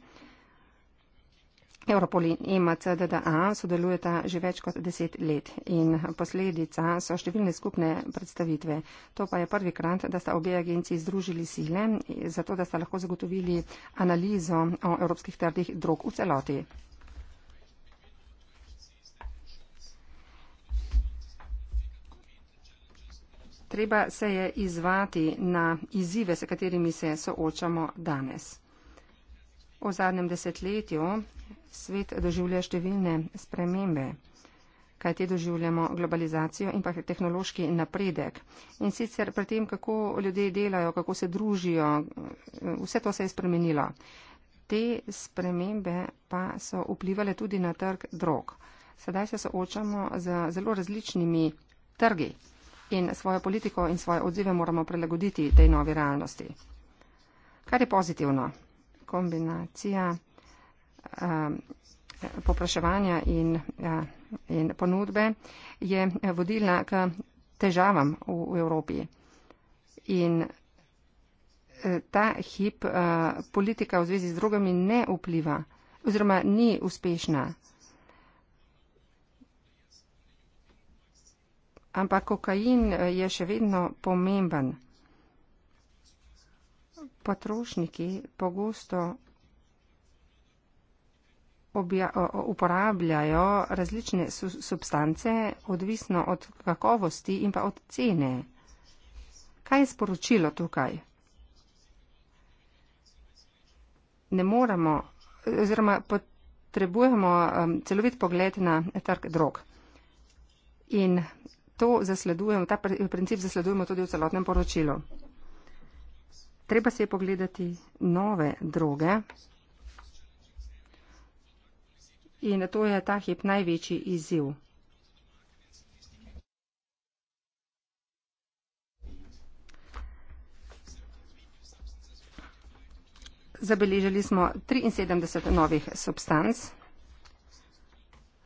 Europol in EMCDDA sodelujeta že več kot deset let in posledica so številne skupne predstavitve. To pa je prvi krat, da sta obe agenciji združili sile, zato da sta lahko zagotovili analizo o evropskih trdih drog v celoti. Treba se je izvati na izzive, s katerimi se soočamo danes. V zadnjem desetletju svet doživlja številne spremembe, kajti doživljamo globalizacijo in pa tehnološki napredek. In sicer pri tem, kako ljudje delajo, kako se družijo, vse to se je spremenilo. Te spremembe pa so vplivali tudi na trg drog. Sedaj se soočamo z zelo različnimi trgi in svojo politiko in svoje odzive moramo prilagoditi tej novi realnosti. Kar je pozitivno? Kombinacija eh, popraševanja in, eh, in ponudbe je vodila k težavam v, v Evropi. In eh, ta hip eh, politika v zvezi z drugami ne vpliva oziroma ni uspešna. ampak kokain eh, je še vedno pomemben. Potrošniki pogosto uporabljajo različne substance, odvisno od kakovosti in pa od cene. Kaj je sporočilo tukaj? Ne moremo, oziroma potrebujemo celovit pogled na trg drog. In to zasledujemo, ta princip zasledujemo tudi v celotnem poročilu. Treba se je pogledati nove droge in to je ta hip največji izziv. Zabeležili smo 73 novih substanc.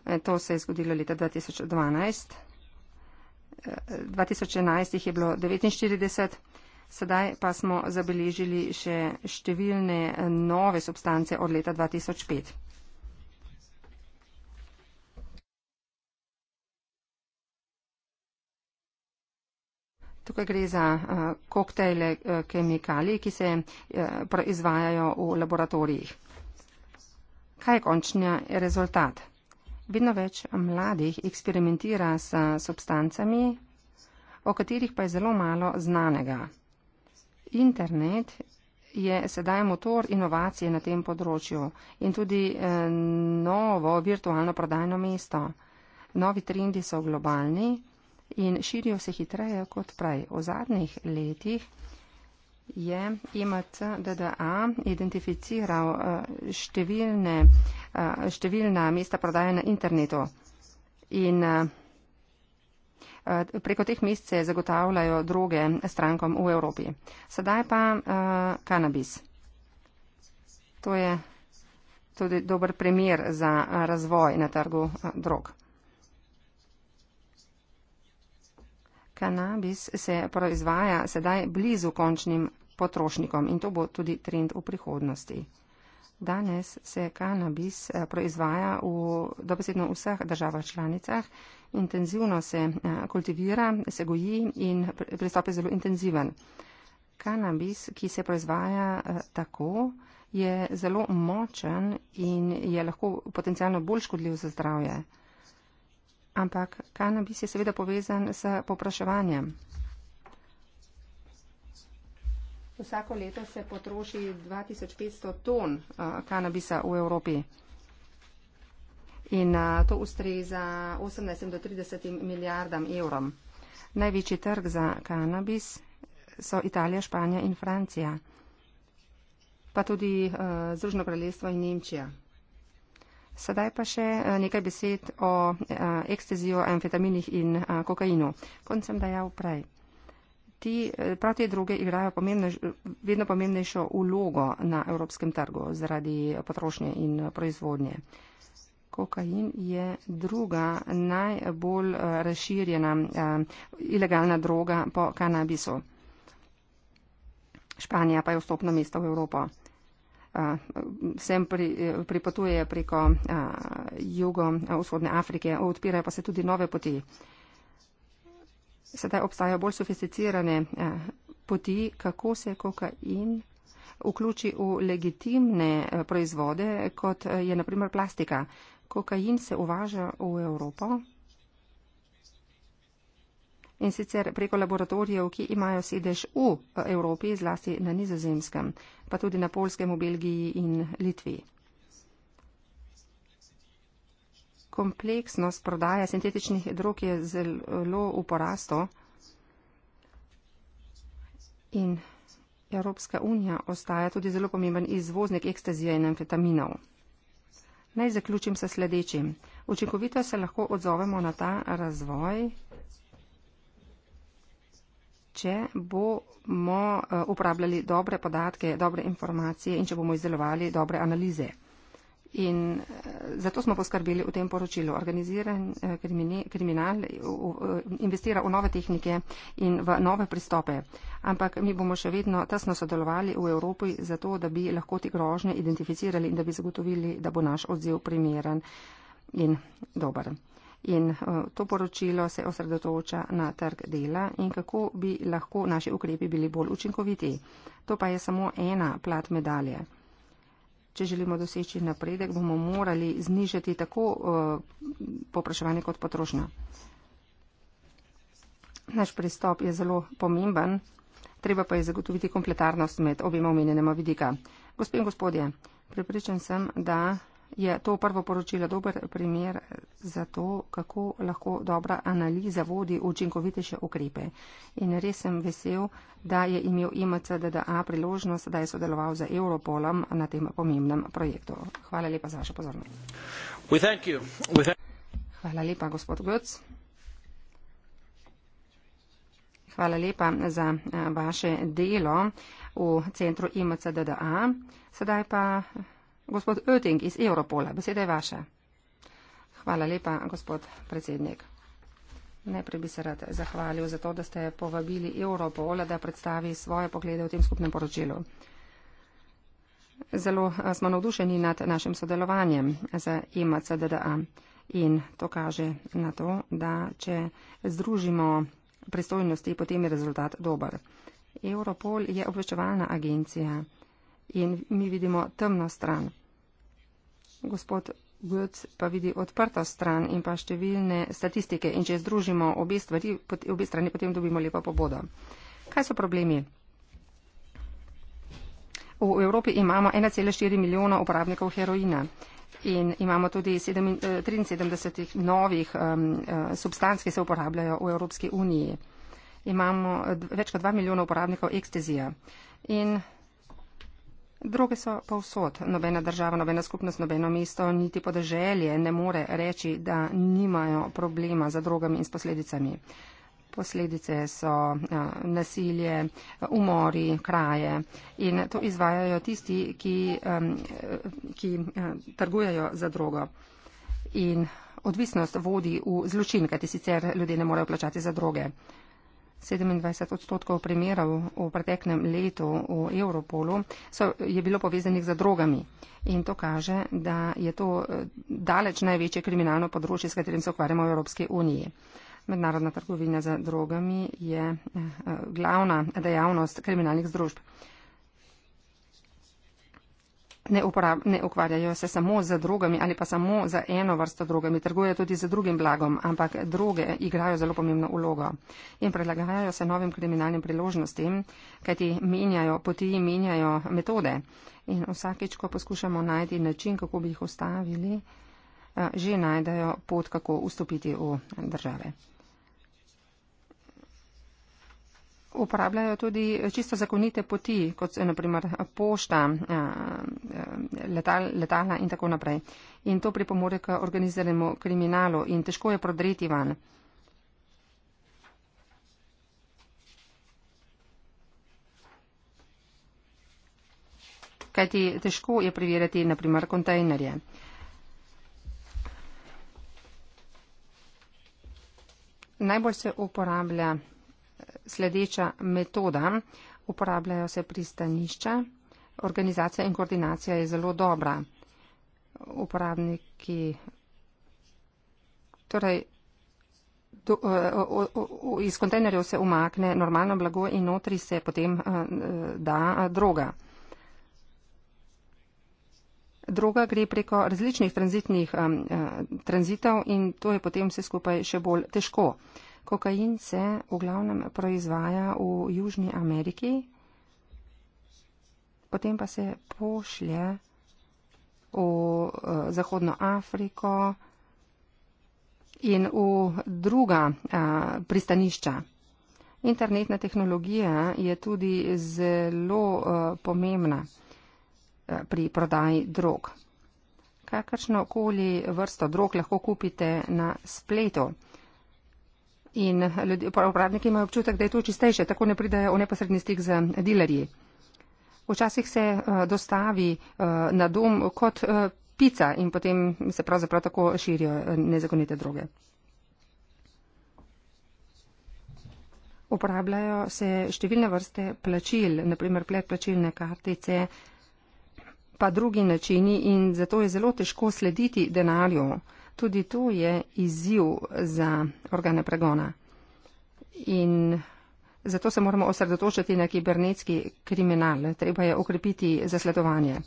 E, to se je zgodilo leta 2012. 2011 jih je bilo 49, sedaj pa smo zabeležili še številne nove substance od leta 2005. Tukaj gre za uh, koktejle uh, eh, kemikalij, ki se uh, proizvajajo v laboratorijih. Kaj je končni rezultat? Vedno več mladih eksperimentira s substancami, o katerih pa je zelo malo znanega. Internet je sedaj motor inovacije na tem področju in tudi eh, novo virtualno prodajno mesto. Novi trendi so globalni in širijo se hitreje kot prej. V zadnjih letih je IMCDDA identificiral eh, številne, eh, številna mesta prodaje na internetu in eh, preko teh mest se zagotavljajo droge strankom v Evropi. Sedaj pa kanabis. To je tudi dober primer za razvoj na trgu drog. Kanabis se proizvaja sedaj blizu končnim potrošnikom in to bo tudi trend v prihodnosti. Danes se kanabis eh, proizvaja v dobesedno vseh državah članicah, intenzivno se eh, kultivira, se goji in pristop je zelo intenziven. Kanabis, ki se proizvaja eh, tako, je zelo močen in je lahko potencialno bolj škodljiv za zdravje. Ampak kanabis je seveda povezan s popraševanjem. Vsako leto se potroši 2500 ton uh, kanabisa v Evropi. In uh, to ustreza 18 do 30 milijardam evrom. Največji trg za kanabis so Italija, Španija in Francija. Pa tudi uh, Združeno kraljestvo in Nemčija. Sedaj pa še nekaj besed o uh, ekstezijo, amfetaminih in uh, kokainu. Koncem dajal prej ti, eh, prav te druge igrajo pomembnež, vedno pomembnejšo ulogo na evropskem trgu zaradi potrošnje in eh, proizvodnje. Kokain je druga najbolj eh, razširjena uh, ilegalna droga po kanabisu. Španija pa je vstopno mesto v Evropo. Uh, sem pri, pripotuje preko uh, jugo-vzhodne uh, Afrike, odpirajo pa se tudi nove poti. Uh, sedaj obstajajo bolj sofisticirane eh, poti, kako se kokain vključi v legitimne eh, proizvode, kot eh, je naprimer plastika. Kokain se uvaža v Evropo in sicer preko laboratorijev, ki imajo sedež v Evropi, zlasti na nizozemskem, pa tudi na polskem, v Belgiji in Litvi. kompleksnost prodaje sintetičnih drog je zelo v porasto in Evropska unija ostaja tudi zelo pomemben izvoznik ekstazije in amfetaminov. Naj zaključim se sledečim. Učinkovito se lahko odzovemo na ta razvoj, če bomo eh, uporabljali dobre podatke, dobre informacije in če bomo izdelovali dobre analize. In eh, zato smo poskrbeli v tem poročilu. Organiziran eh, krimine, kriminal eh, investira v nove tehnike in v nove pristope. Ampak mi bomo še vedno tesno sodelovali v Evropi za to, da bi lahko te grožnje identificirali in da bi zagotovili, da bo naš odziv primeren in dober. In to poročilo se osredotoča na trg dela in kako bi lahko naši ukrepi bili bolj učinkoviti. To pa je samo ena plat medalje. Če želimo doseči napredek, bomo morali znižati tako eh, popraševanje kot potrošnja. Naš pristop je zelo pomemben, treba pa je zagotoviti kompletarnost med obima omenjenima vidika. Gospod in gospodje, prepričan sem, da je to prvo poročilo dober primer za to, kako lahko dobra analiza vodi učinkovitejše ukrepe. In res sem vesel, da je imel IMCDDA priložnost, da je sodeloval z Europolom na tem pomembnem projektu. Hvala lepa za vašo pozornost. Hvala lepa, gospod Götz. Hvala lepa za eh, vaše delo v centru IMCDDA. Sedaj pa. Gospod Öting iz Europola, beseda je vaša. Hvala lepa, gospod predsednik. Najprej bi se rad zahvalil za to, da ste povabili Europola, da predstavi svoje poglede v tem skupnem poročilu. Zelo eh, smo navdušeni nad našim sodelovanjem z IMCDDA in to kaže na to, da če združimo pristojnosti, potem je rezultat dober. Europol je obveščevalna agencija in mi vidimo temno stran gospod Good pa vidi odprto stran in pa številne statistike. In če združimo obe, stvari, obe strani, potem dobimo lepo pobodo. Kaj so problemi? V Evropi imamo 1,4 milijona uporabnikov heroina in imamo tudi 73 eh, novih um, substanc, ki se uporabljajo v Evropski uniji. Imamo več kot 2 milijona uporabnikov ekstezija. In Droge so povsod. Nobena država, nobena skupnost, nobeno mesto, niti podeželje ne more reči, da nimajo problema za drogami in s posledicami. Posledice so a, nasilje, umori, kraje in to izvajajo tisti, ki, a, ki a, trgujajo za drogo. In odvisnost vodi v zločin, kajti sicer ljudje ne morejo plačati za droge. 27 odstotkov primerov v preteklem letu v Europolu so, je bilo povezanih z drogami. In to kaže, da je to eh, daleč največje kriminalno področje, s katerim se ukvarjamo v Evropski uniji. Mednarodna trgovina z drogami je eh, eh, glavna dejavnost kriminalnih združb ne, uporab, ne ukvarjajo se samo z drugimi ali pa samo z eno vrsto drugimi, trgujejo tudi z drugim blagom, ampak druge igrajo zelo pomembno ulogo in prilagajajo se novim kriminalnim priložnostim, kajti menjajo poti, menjajo metode. In vsakeč, ko poskušamo najti način, kako bi jih ustavili, eh, že najdejo pot, kako vstopiti v države. uporabljajo tudi čisto zakonite poti, kot se naprimer pošta, eh, eh, letal, letala in tako naprej. In to pripomore k organiziranemu kriminalu in težko je prodreti van. Kajti težko je privirati naprimer kontejnerje. Najbolj se uporablja sledeča metoda. Uporabljajo se pristanišča, organizacija in koordinacija je zelo dobra. Uporabniki, torej, do, o, o, o, iz kontejnerjev se umakne normalno blago in notri se potem uh, da eh, droga. Droga gre preko različnih tranzitnih um, uh, tranzitov in to je potem vse skupaj še bolj težko. Uh, Kokain se v glavnem proizvaja v Južni Ameriki, potem pa se pošlje v eh, Zahodno Afriko in v druga eh, pristanišča. Internetna tehnologija je tudi zelo eh, pomembna pri prodaji drog. Kakršno koli vrsto drog lahko kupite na spletu in ljudi, uporabniki imajo občutek, da je to čistejše, tako ne pridejo v neposredni stik z eh, dilerji. Včasih se uh, dostavi uh, na dom kot uh, pica in potem se pravzaprav tako širijo nezakonite droge. Uporabljajo se številne vrste plačil, naprimer predplačilne kartice, pa drugi načini in zato je zelo težko slediti denarju. Uh, tudi to je izziv za organe pregona. In zato se moramo osredotočiti na kibernetski kriminal. Treba je okrepiti zasledovanje.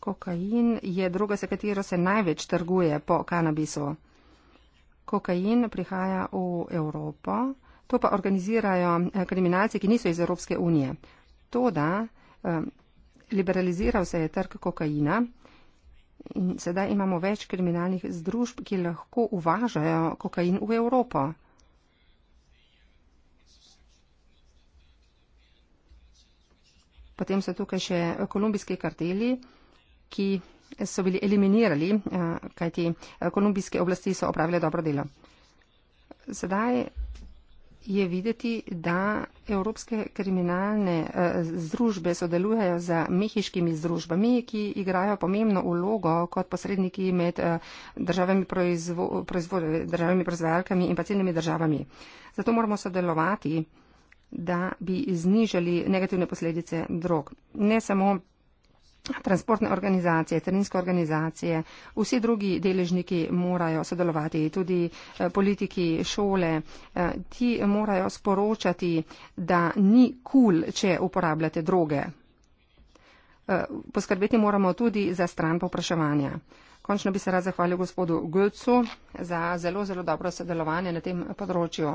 Kokain je druga, se katero se največ trguje po kanabisu. Kokain prihaja v Evropo, to pa organizirajo eh, kriminalci, ki niso iz Evropske unije. Toda eh, liberaliziral se je trg kokaina. In sedaj imamo več kriminalnih združb, ki lahko uvažajo kokain v Evropo. Potem so tukaj še kolumbijski karteli, ki so bili eliminirali, eh, kajti eh, kolumbijske oblasti so opravile dobro delo. Sedaj je videti, da evropske kriminalne eh, združbe sodelujejo z mehiškimi združbami, ki igrajo pomembno ulogo kot posredniki med eh, državami, proizvo, proizvo, državami proizvajalkami in pa celimi državami. Zato moramo sodelovati, da bi znižali negativne posledice drog. Ne samo transportne organizacije, terenske organizacije, vsi drugi deležniki morajo sodelovati, tudi eh, politiki, šole. Eh, ti morajo sporočati, da ni kul, cool, če uporabljate droge. Eh, poskrbeti moramo tudi za stran popraševanja. Končno bi se rad zahvalil gospodu Götzu za zelo, zelo dobro sodelovanje na tem področju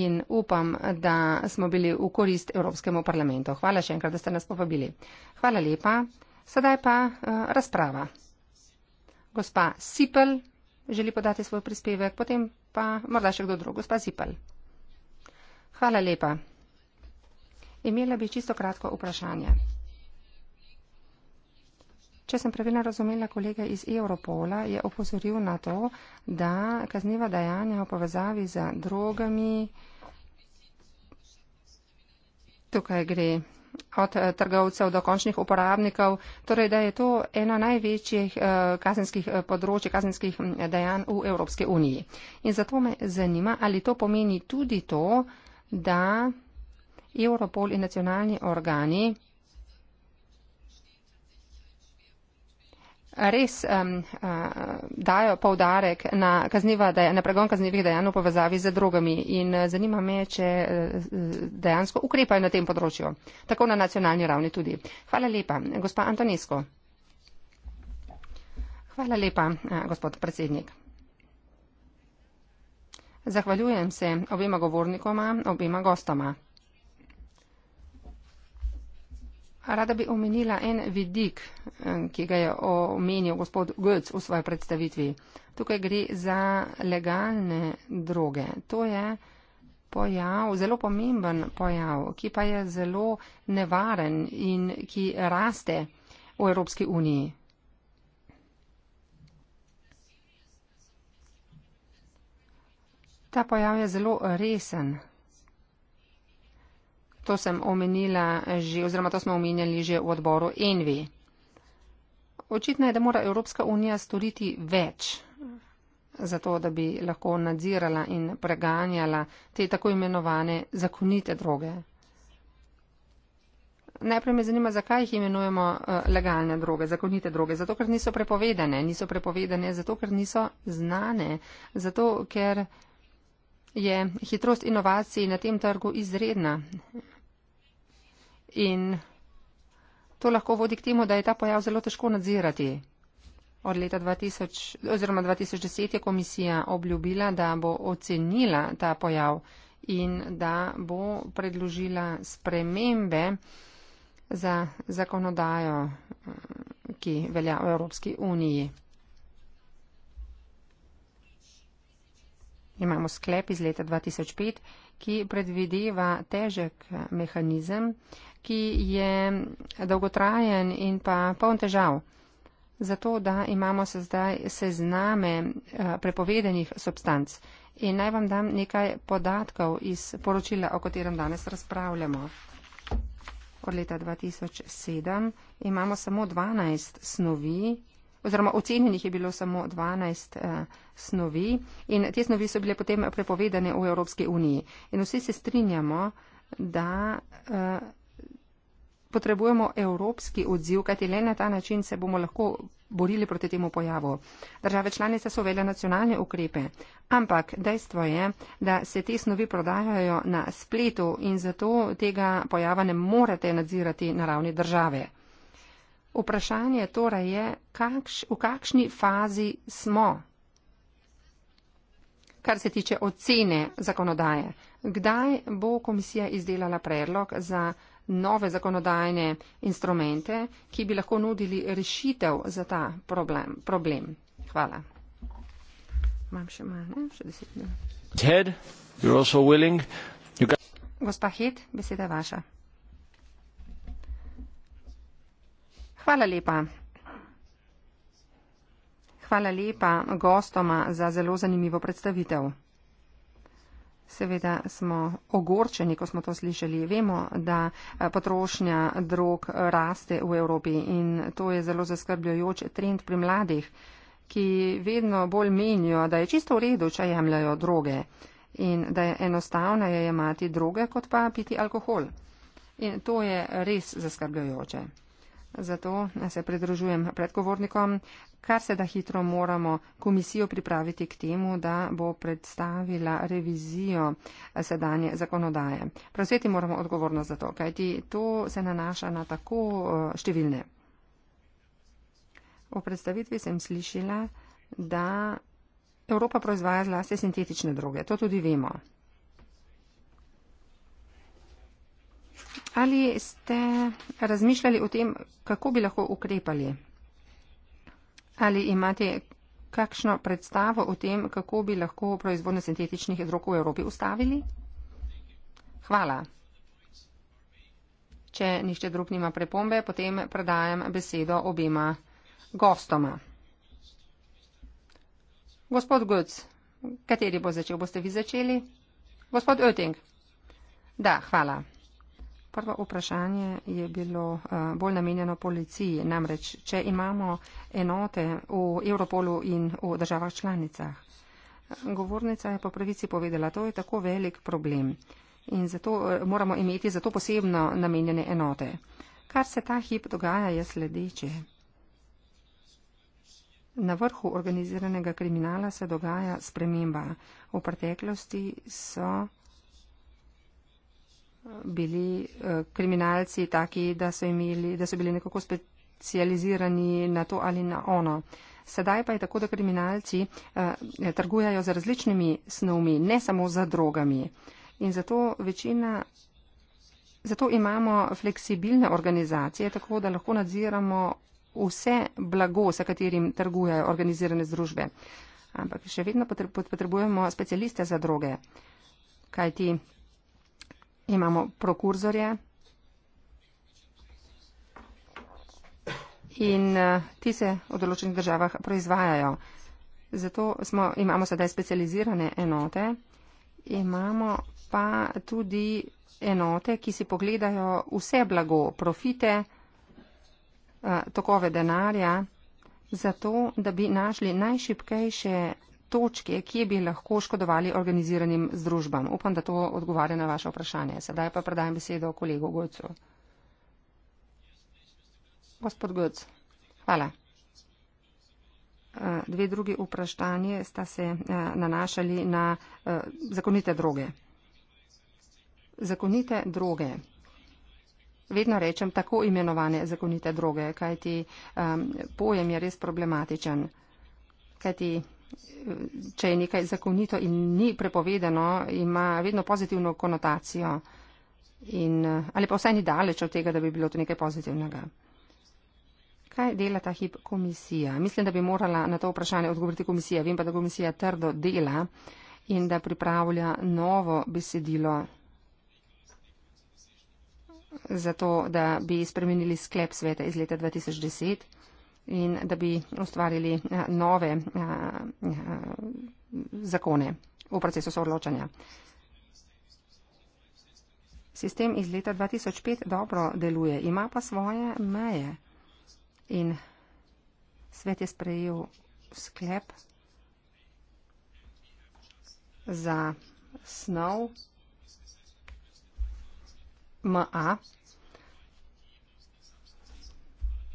in upam, da smo bili v korist Evropskemu parlamentu. Hvala še enkrat, da ste nas povabili. Hvala lepa. Sedaj pa uh, razprava. Gospa Sipel želi podati svoj prispevek, potem pa morda še kdo drug. Gospa Sipel. Hvala lepa. Imela bi čisto kratko vprašanje. Če sem pravilno razumela, kolega iz Europola je opozoril na to, da kazniva dajanja v povezavi z drogami. Tukaj gre od eh, trgovcev do končnih uporabnikov, torej da je to ena največjih eh, kazenskih eh, področji, kazenskih mm, dejanj v Evropske uniji. In zato me zanima, ali to pomeni tudi to, da Europol in nacionalni organi res um, uh, dajo povdarek na, kazniva, da, na pregon kaznivih dejanj v povezavi z drugami in e, zanima me, če uh, dejansko ukrepajo na tem področju, tako na nacionalni ravni tudi. Hvala lepa, gospa Antonesko. Hvala lepa, uh, gospod predsednik. Zahvaljujem se obima govornikoma, obima gostoma. Rada bi omenila en vidik, eh, ki ga je omenil gospod Götz v svoji predstavitvi. Tukaj gre za legalne droge. To je pojav, zelo pomemben pojav, ki pa je zelo nevaren in ki raste v Evropski uniji. Ta pojav je zelo resen. To sem omenila že, oziroma to smo omenjali že v odboru Envi. Očitno je, da mora Evropska unija storiti več za to, da bi lahko nadzirala in preganjala te tako imenovane zakonite droge. Najprej me zanima, zakaj jih imenujemo eh, legalne droge, zakonite droge. Zato, ker niso prepovedane. Niso prepovedane, zato, ker niso znane. Zato, ker je hitrost inovacij na tem trgu izredna in to lahko vodi k temu, da je ta pojav zelo težko nadzirati. Od leta 2000, oziroma 2010 je komisija obljubila, da bo ocenila ta pojav in da bo predložila spremembe za zakonodajo, ki velja v Evropski uniji. Imamo sklep iz leta 2005, ki predvideva težek mehanizem, ki je dolgotrajen in pa poln težav. Zato, da imamo se zdaj sezname eh, prepovedenih substanc. In naj vam dam nekaj podatkov iz poročila, o katerem danes razpravljamo. Od leta 2007 imamo samo 12 snovi, oziroma ocenjenih je bilo samo 12 eh, snovi in te snovi so bile potem prepovedane v Evropski uniji. In vsi se strinjamo, da. Eh, potrebujemo evropski odziv, kajti le na ta način se bomo lahko borili proti temu pojavu. Države članice so vele nacionalne ukrepe, ampak dejstvo je, da se te snovi prodajajo na spletu in zato tega pojava ne morete nadzirati na ravni države. Vprašanje torej je, kakš, v kakšni fazi smo, kar se tiče ocene zakonodaje. Kdaj bo komisija izdelala predlog za nove zakonodajne instrumente, ki bi lahko nudili rešitev za ta problem. problem. Hvala. Imam še malo, ne? Še deset minut. Ted, you're also willing. You got... Gospa Hed, beseda vaša. Hvala lepa. Hvala lepa gostoma za zelo zanimivo predstavitev. Seveda smo ogorčeni, ko smo to slišali. Vemo, da eh, potrošnja drog eh, raste v Evropi in to je zelo zaskrbljujoč trend pri mladih, ki vedno bolj menijo, da je čisto v redu, če jemljajo droge in da je enostavno je jemati droge, kot pa piti alkohol. In to je res zaskrbljujoče. Zato se pridružujem predgovornikom, kar se da hitro moramo komisijo pripraviti k temu, da bo predstavila revizijo sedanje zakonodaje. Prevzeti moramo odgovornost za to, kajti to se nanaša na tako eh, številne. V predstavitvi sem slišala, da Evropa proizvaja zlasti sintetične droge. To tudi vemo. ali ste razmišljali o tem, kako bi lahko ukrepali? Ali imate kakšno predstavo o tem, kako bi lahko proizvodnjo sintetičnih drog v Evropi ustavili? Hvala. Če nišče drug nima prepombe, potem predajam besedo obema gostoma. Gospod Guc, kateri bo začel, boste vi začeli? Gospod Oetting. Da, hvala. Prvo vprašanje je bilo eh, bolj namenjeno policiji, namreč, če imamo enote v Europolu in v državah članicah. Govornica je po pravici povedala, to je tako velik problem in zato eh, moramo imeti zato posebno namenjene enote. Kar se ta hip dogaja je sledeče. Na vrhu organiziranega kriminala se dogaja sprememba. V preteklosti so bili eh, kriminalci taki, da so, imeli, da so bili nekako specializirani na to ali na ono. Sedaj pa je tako, da kriminalci eh, trgujajo z različnimi snovmi, ne samo z drogami. In zato, večina, zato imamo fleksibilne organizacije, tako da lahko nadziramo vse blago, s katerim trgujajo organizirane združbe. Ampak še vedno potrebujemo specialiste za droge, kajti imamo prokurzorje in eh, ti se v določenih državah proizvajajo. Zato smo, imamo sedaj specializirane enote, imamo pa tudi enote, ki si pogledajo vse blago, profite, eh, tokove denarja, zato da bi našli najšipkejše točke, ki bi lahko škodovali organiziranim združbam. Upam, da to odgovarja na vaše vprašanje. Sedaj pa predajem besedo kolegu Gojcu. Gospod Gojc, hvala. Eh, dve drugi vprašanje sta se eh, nanašali na eh, zakonite droge. Zakonite droge. Vedno rečem tako imenovane zakonite droge, kajti um, pojem je res problematičen. Kajti če je nekaj zakonito in ni prepovedano, ima vedno pozitivno konotacijo. In, ali pa vsaj ni daleč od tega, da bi bilo to nekaj pozitivnega. Kaj dela ta hip komisija? Mislim, da bi morala na to vprašanje odgovoriti komisija. Vem pa, da komisija trdo dela in da pripravlja novo besedilo zato, da bi spremenili sklep sveta iz leta 2010 in da bi ustvarili eh, nove eh, eh, zakone v procesu soodločanja. Sistem iz leta 2005 dobro deluje, ima pa svoje meje in svet je sprejel sklep za snov MA,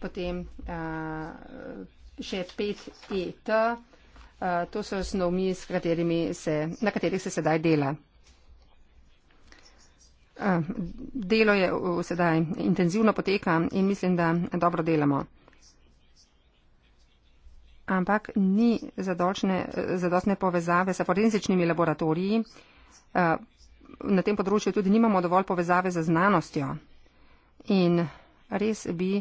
potem eh, še 5ET, e eh, to so snovmi, na katerih se sedaj dela. Eh, delo je sedaj intenzivno poteka in mislim, da dobro delamo. Ampak ni zadostne povezave s forenzičnimi laboratoriji. Na tem področju tudi nimamo dovolj povezave z znanostjo. In res bi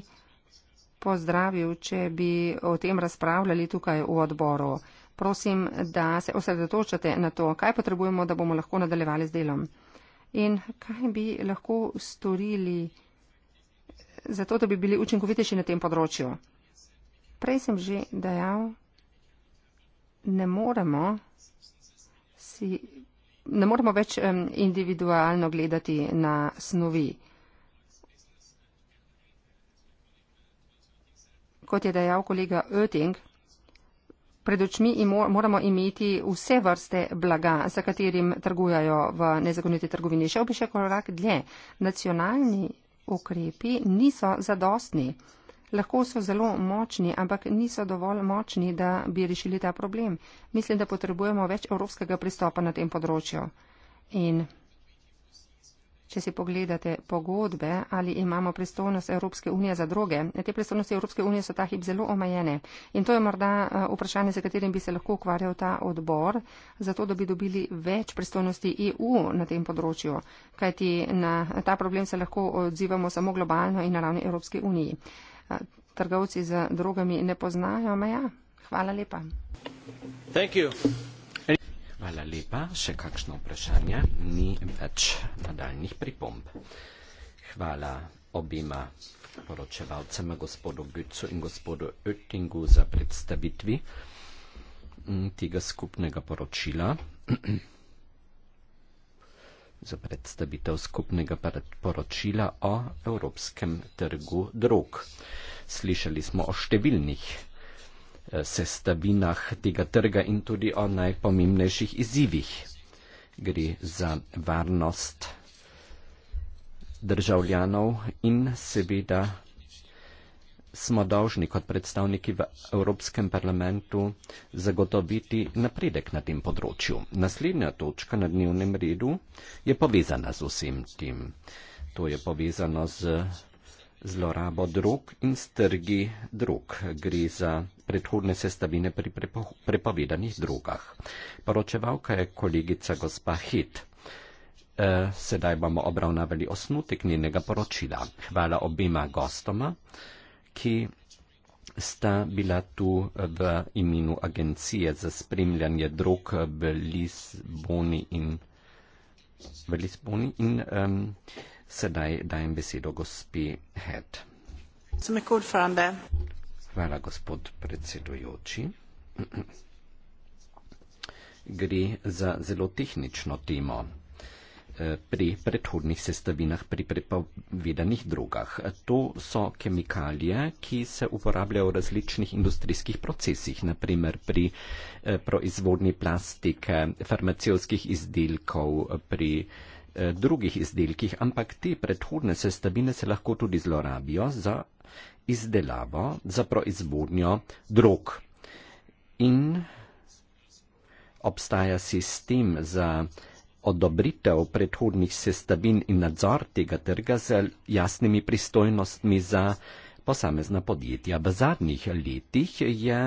pozdravil, če bi o tem razpravljali tukaj v odboru. Prosim, da se osredotočate na to, kaj potrebujemo, da bomo lahko nadaljevali z delom. In kaj bi lahko storili za to, da bi bili učinkovitejši na tem področju. Prej sem že dejal, ne moremo, si, ne moremo več individualno gledati na snovi. kot je dejal kolega Oetting, pred očmi moramo imeti vse vrste blaga, za katerim trgujajo v nezakoniti trgovini. Šel bi še korak dlje. Nacionalni ukrepi niso zadostni. Lahko so zelo močni, ampak niso dovolj močni, da bi rešili ta problem. Mislim, da potrebujemo več evropskega pristopa na tem področju. In Če si pogledate pogodbe, ali imamo pristojnost Evropske unije za droge, te pristojnosti Evropske unije so ta hip zelo omejene. In to je morda eh, vprašanje, za katerim bi se lahko ukvarjal ta odbor, zato da bi dobili več pristojnosti EU na tem področju, kajti na ta problem se lahko odzivamo samo globalno in na ravni Evropske unije. Eh, trgovci z drogami ne poznajo meja. Hvala lepa. Thank you. Hvala lepa. Še kakšno vprašanje? Ni več nadaljnih pripomb. Hvala obima poročevalcema, gospodu Gücu in gospodu Oettingu, za predstavitvi mm, tega skupnega poročila, [CLEARS THROAT] za predstavitev skupnega poročila o evropskem trgu drog. Slišali smo o številnih Eh, sestavinah tega trga in tudi o najpomembnejših izzivih. Gre za varnost državljanov in seveda smo dolžni kot predstavniki v Evropskem parlamentu zagotoviti napredek na tem področju. Naslednja točka na dnevnem redu je povezana z vsem tem. To je povezano z zlorabo drog in strgi drog. Gre za predhodne sestavine pri prepovedanih drogah. Poročevalka je kolegica gospa Hit. Eh, sedaj bomo obravnavali osnutek njenega poročila. Hvala obima gostoma, ki sta bila tu v imenu Agencije za spremljanje drog v Lisboni in, v Lisboni in um, Sedaj dajem besedo gospi Het. Hvala, gospod predsedujoči. Gre za zelo tehnično temo eh, pri predhodnih sestavinah, pri prepovedanih drogah. To so kemikalije, ki se uporabljajo v različnih industrijskih procesih, naprimer pri eh, proizvodni plastike, farmacijskih izdelkov, pri Eh, drugih izdelkih, ampak te predhodne sestavine se lahko tudi zlorabijo za izdelavo, za proizvodnjo drog. In obstaja sistem za odobritev predhodnih sestavin in nadzor tega trga z jasnimi pristojnostmi za posamezna podjetja. V zadnjih letih je,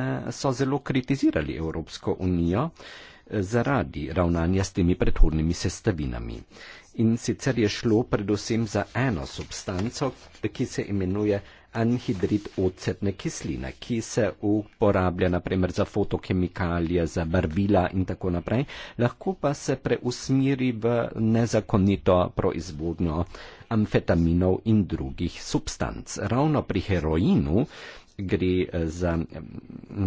so zelo kritizirali Evropsko unijo eh, zaradi ravnanja s temi predhodnimi sestavinami in sicer je šlo predvsem za eno substanco, ki se imenuje anhidrid ocetne kisline, ki se uporablja naprimer za fotokemikalije, za barvila in tako naprej, lahko pa se preusmiri v nezakonito proizvodno amfetaminov in drugih substanc. Ravno pri heroinu gre eh, za eh,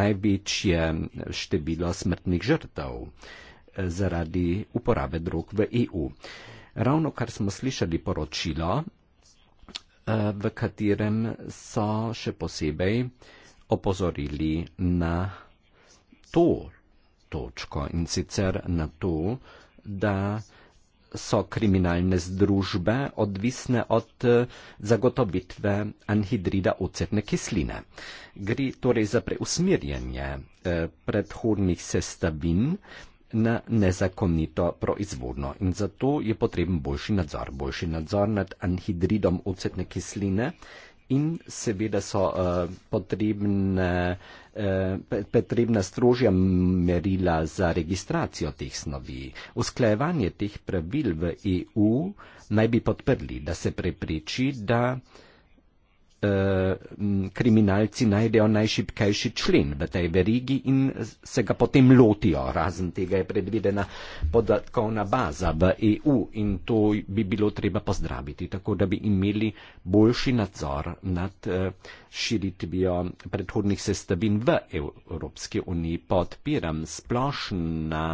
največje število smrtnih žrtev eh, zaradi uporabe drog v EU. Ravno kar smo slišali poročilo, eh, v katerem so še posebej opozorili na to točko in sicer na to, da so kriminalne združbe odvisne od eh, zagotovitve anhidrida ocetne kisline. Gre torej za preusmirjanje eh, predhodnih sestavin na nezakonito proizvodno in zato je potreben boljši nadzor, boljši nadzor nad anhidridom ocetne kisline in seveda so uh, potrebne, uh, potrebna strožja merila za registracijo teh snovi. Usklajevanje teh pravil v EU naj bi podprli, da se prepreči, da uh, Eh, kriminalci najdejo najšipkejši člen v tej verigi in se ga potem lotijo. Razen tega je predvidena podatkovna baza v EU in to bi bilo treba pozdraviti, tako da bi imeli boljši nadzor nad eh, širitvijo predhodnih sestavin v Evropski uniji. Podpiram splošna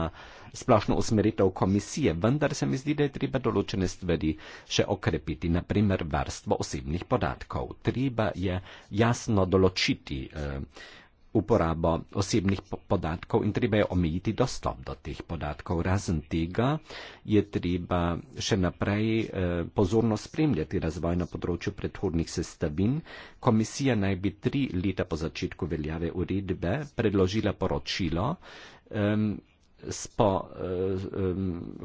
splošno usmeritev komisije, vendar se mi zdi, da je treba določene stvari še okrepiti, naprimer varstvo osebnih podatkov. Treba je jasno določiti eh, uporabo osebnih podatkov in treba je omejiti dostop do teh podatkov. Razen tega je treba še naprej eh, pozorno spremljati razvoj na področju predhodnih sestavin. Komisija naj bi tri leta po začetku veljave uredbe predložila poročilo. Eh, spa, eh,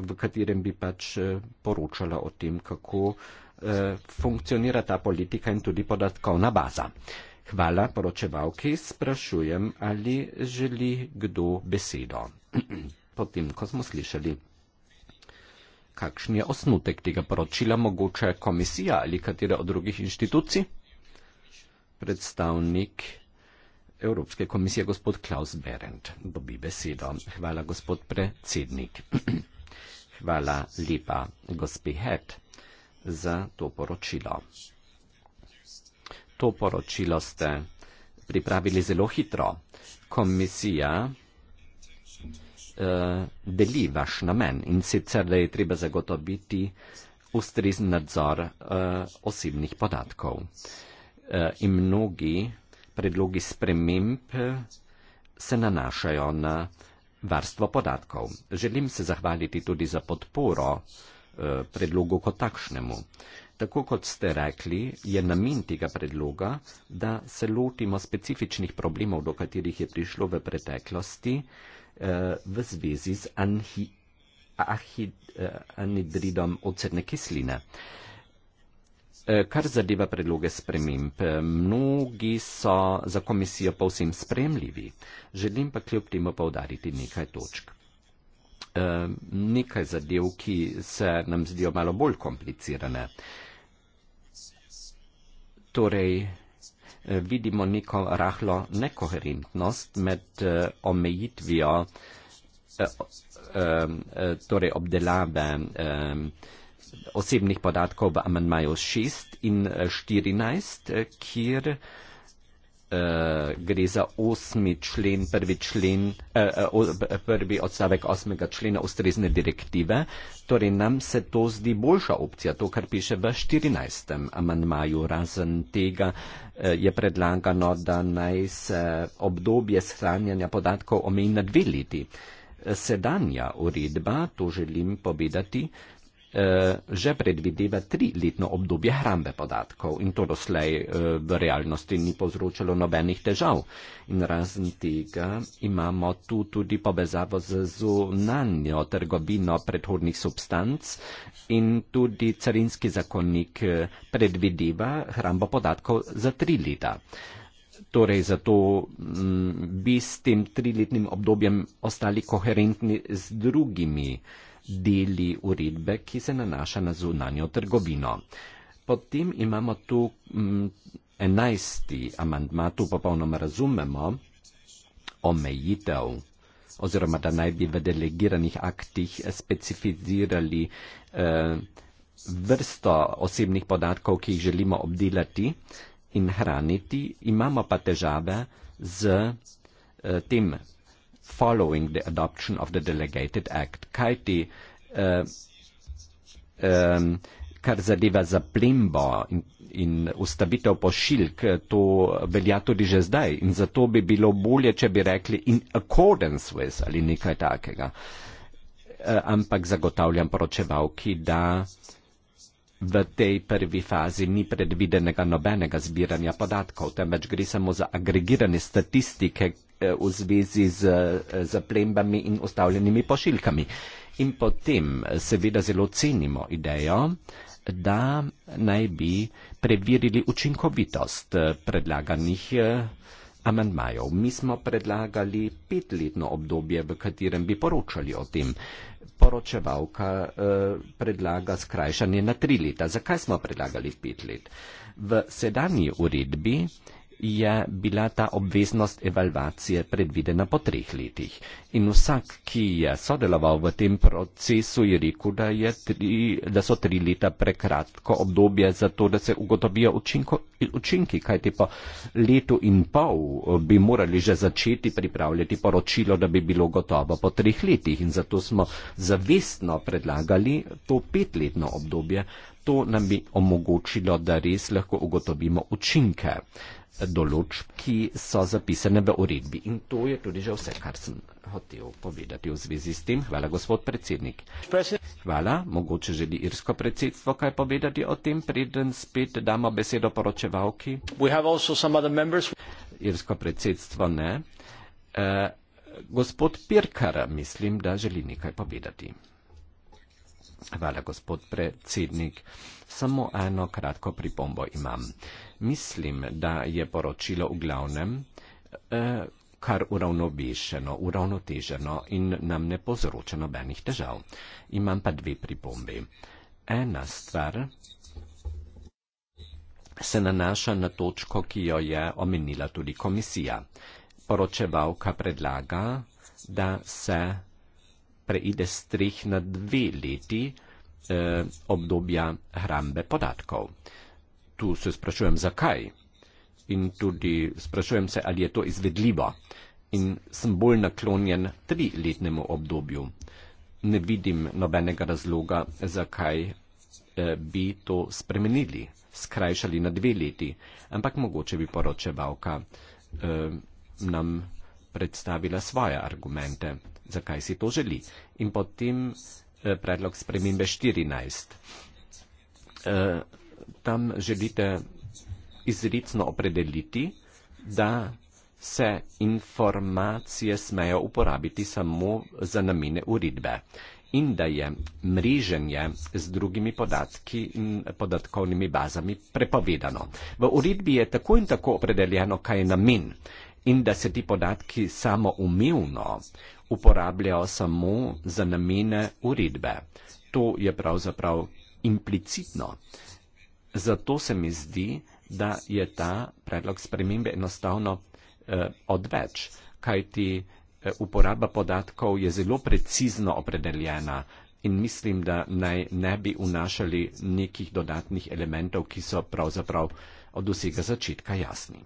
v katerem bi pač eh, poročala o tem, kako eh, funkcionira ta politika in tudi podatkovna baza. Hvala poročevalki, sprašujem, ali želi kdo besedo. [CLEARS THROAT] Potem, ko smo slišali, kakšen je osnutek tega poročila, mogoče komisija ali katera od drugih inštitucij, predstavnik Evropske komisije gospod Klaus Berendt dobi besedo. Hvala, gospod predsednik. [CLEARS THROAT] Hvala lepa, gospi Het, za to poročilo. To poročilo ste pripravili zelo hitro. Komisija eh, deli vaš namen in sicer, da je treba zagotoviti ustrezen nadzor eh, osebnih podatkov. Eh, in mnogi predlogi sprememb eh, se nanašajo na varstvo podatkov. Želim se zahvaliti tudi za podporo eh, predlogu kot takšnemu. Tako kot ste rekli, je namen tega predloga, da se lotimo specifičnih problemov, do katerih je prišlo v preteklosti eh, v zvezi z anhi, ahid, anidridom ocetne kisline. Eh, kar zadeva predloge sprememb, eh, mnogi so za komisijo povsem spremljivi, želim pa kljub temu povdariti nekaj točk. Eh, nekaj zadev, ki se nam zdijo malo bolj komplicirane. Torej, vidimo neko rahlo nekoherentnost med omejitvijo torej obdelave osebnih podatkov v amenmaju 6 in 14, eh, eh, kjer eh, gre za osmi člen, prvi člen, prvi odstavek osmega člena ustrezne direktive. Torej nam se to zdi boljša opcija, to, kar piše v 14. amandmaju. Razen tega je predlagano, da naj se obdobje shranjanja podatkov omeji na dve leti. Sedanja uredba, to želim povedati, Eh, že predvideva triletno obdobje hrambe podatkov in to doslej eh, v realnosti ni povzročilo nobenih težav. In razen tega imamo tu tudi povezavo z zunanjo trgovino predhodnih substanc in tudi carinski zakonnik eh, predvideva hrambo podatkov za tri leta. Torej, zato m, mm, bi s tem triletnim obdobjem ostali koherentni z drugimi uh, deli uredbe, ki se nanaša na zunanjo trgovino. Potem imamo tu mm, enajsti amandma, tu popolnoma razumemo omejitev oziroma da naj bi v delegiranih aktih specificirali eh, vrsto osebnih podatkov, ki jih želimo obdelati in hraniti. Imamo pa težave z eh, tem following the adoption of the delegated act. Katie eh, Karzadeva uh, zaplimbo in, in ustavitev pošiljk, eh, to velja tudi že zdaj in zato bi bilo bolje, če bi rekli in accordance with ali nekaj takega. Uh, ampak zagotavljam poročevalki, da v tej prvi fazi ni predvidenega nobenega zbiranja podatkov, temveč gre samo za agregirane statistike, Eh, v zvezi z eh, zaplembami in ostavljenimi pošiljkami. In potem eh, seveda zelo cenimo idejo, da naj bi preverili učinkovitost predlaganih amandmajev. Mi smo predlagali petletno obdobje, v katerem bi poročali o tem. Poročevalka predlaga skrajšanje na tri leta. Zakaj smo predlagali pet let? V sedanji uredbi je bila ta obveznost evalvacije predvidena po treh letih. In vsak, ki je sodeloval v tem procesu, je rekel, da, je tri, da so tri leta prekratko obdobje za to, da se ugotovijo učinko, učinki, kajti po letu in pol eh, bi morali že začeti pripravljati poročilo, da bi bilo gotovo po treh letih. In zato smo zavestno predlagali to petletno obdobje. To nam bi omogočilo, da res lahko ugotovimo učinke določb, ki so zapisane v uredbi. In to je tudi že vse, kar sem hotel povedati v zvezi s tem. Hvala, gospod predsednik. Hvala, mogoče želi irsko predsedstvo kaj povedati o tem, preden spet damo besedo poročevalki. Irsko predsedstvo ne. E, gospod Pirkar, mislim, da želi nekaj povedati. Hvala, gospod predsednik. Samo eno kratko pripombo imam. Mislim, da je poročilo v glavnem eh, kar uravnovešeno, uravnoteženo in nam ne povzroča nobenih težav. Imam pa dve pripombi. Ena stvar se nanaša na točko, ki jo je omenila tudi komisija. Poročevalka predlaga, da se preide z treh na dve leti eh, obdobja hrambe podatkov. Tu se sprašujem, zakaj. In tudi sprašujem se, ali je to izvedljivo. In sem bolj naklonjen triletnemu obdobju. Ne vidim nobenega razloga, zakaj eh, bi to spremenili, skrajšali na dve leti. Ampak mogoče bi poročevalka eh, nam predstavila svoje argumente zakaj si to želi. In potem eh, predlog spremembe 14. Eh, tam želite izricno opredeliti, da se informacije smejo uporabiti samo za namene uredbe in da je mreženje z drugimi podatki in podatkovnimi bazami prepovedano. V uredbi je tako in tako opredeljeno, kaj je namen in da se ti podatki samo umevno uporabljajo samo za namene uredbe. To je pravzaprav implicitno. Zato se mi zdi, da je ta predlog spremembe enostavno eh, odveč, kajti eh, uporaba podatkov je zelo precizno opredeljena in mislim, da naj ne bi unašali nekih dodatnih elementov, ki so pravzaprav od vsega začetka jasni.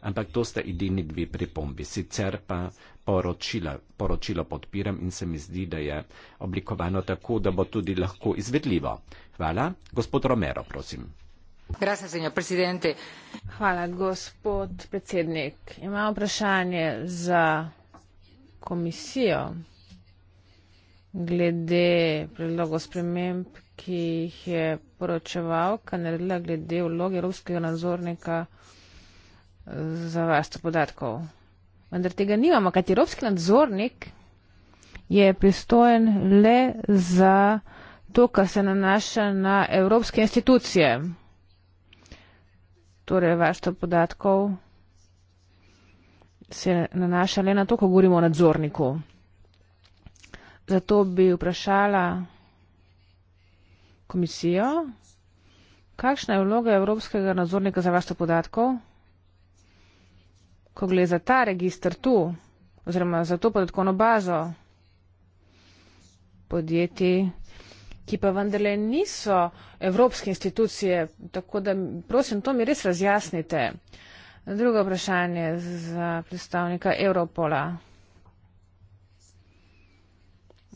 Ampak to sta edini dve pripombi. Sicer pa poročila, poročilo podpiram in se mi zdi, da je oblikovano tako, da bo tudi lahko izvedljivo. Hvala. Gospod Romero, prosim. Hvala, gospod predsednik. Imam vprašanje za komisijo glede predlogo sprememb, ki jih je poročevalka naredila glede vloge ruskega nadzornika za varstvo podatkov vendar tega nimamo, kajti evropski nadzornik je pristojen le za to, kar se nanaša na evropske institucije, torej vašto podatkov se nanaša le na to, ko govorimo o nadzorniku. Zato bi vprašala komisijo, kakšna je vloga Evropskega nadzornika za vašto podatkov? ko gre za ta registr tu, oziroma za to podatkovno bazo podjetij, ki pa vendarle niso evropske institucije, tako da prosim, to mi res razjasnite. Drugo vprašanje za predstavnika Europola.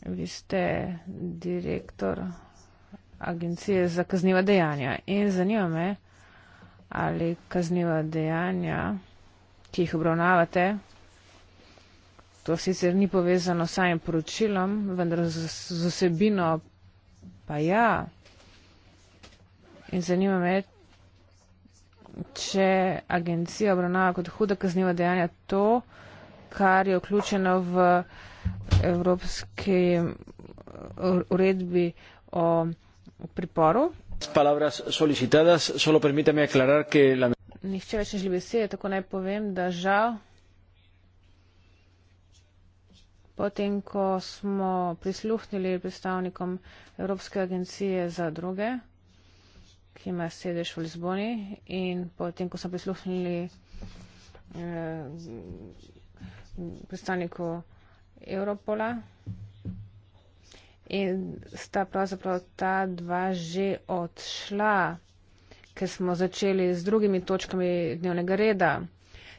Vi ste direktor agencije za kazniva dejanja in zanima me, ali kazniva dejanja ki jih obravnavate. To sicer ni povezano s samim poročilom, vendar z, z osebino pa ja. In zanima me, če agencija obravnava kot huda kazniva dejanja to, kar je vključeno v Evropski eh, uredbi o priporu. Palabras solicitadas, solo permítame aclarar que la nihče več ne želi besede, tako naj povem, da žal, potem, ko smo prisluhnili predstavnikom Evropske agencije za druge, ki ima sedež v Lizboni, in potem, ko smo prisluhnili eh, predstavniku Europola, in sta pravzaprav ta dva že odšla ker smo začeli z drugimi točkami dnevnega reda.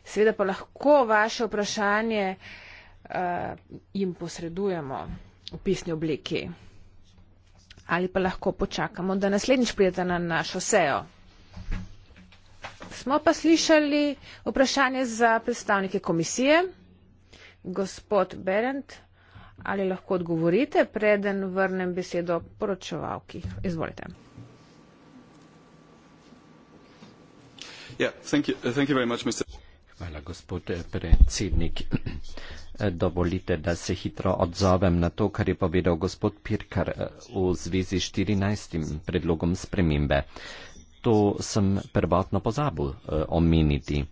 Seveda pa lahko vaše vprašanje uh, jim posredujemo v pisni obliki. Ali pa lahko počakamo, da naslednjič prijete na našo sejo. Smo pa slišali vprašanje za predstavnike komisije. Gospod Berend, ali lahko odgovorite, preden vrnem besedo poročevalki? Izvolite. Hvala, gospod eh, predsednik. Eh, dovolite, da se hitro odzovem na to, kar je povedal gospod Pirkar eh, v zvezi s 14. predlogom spremembe. To sem prvotno pozabil omeniti.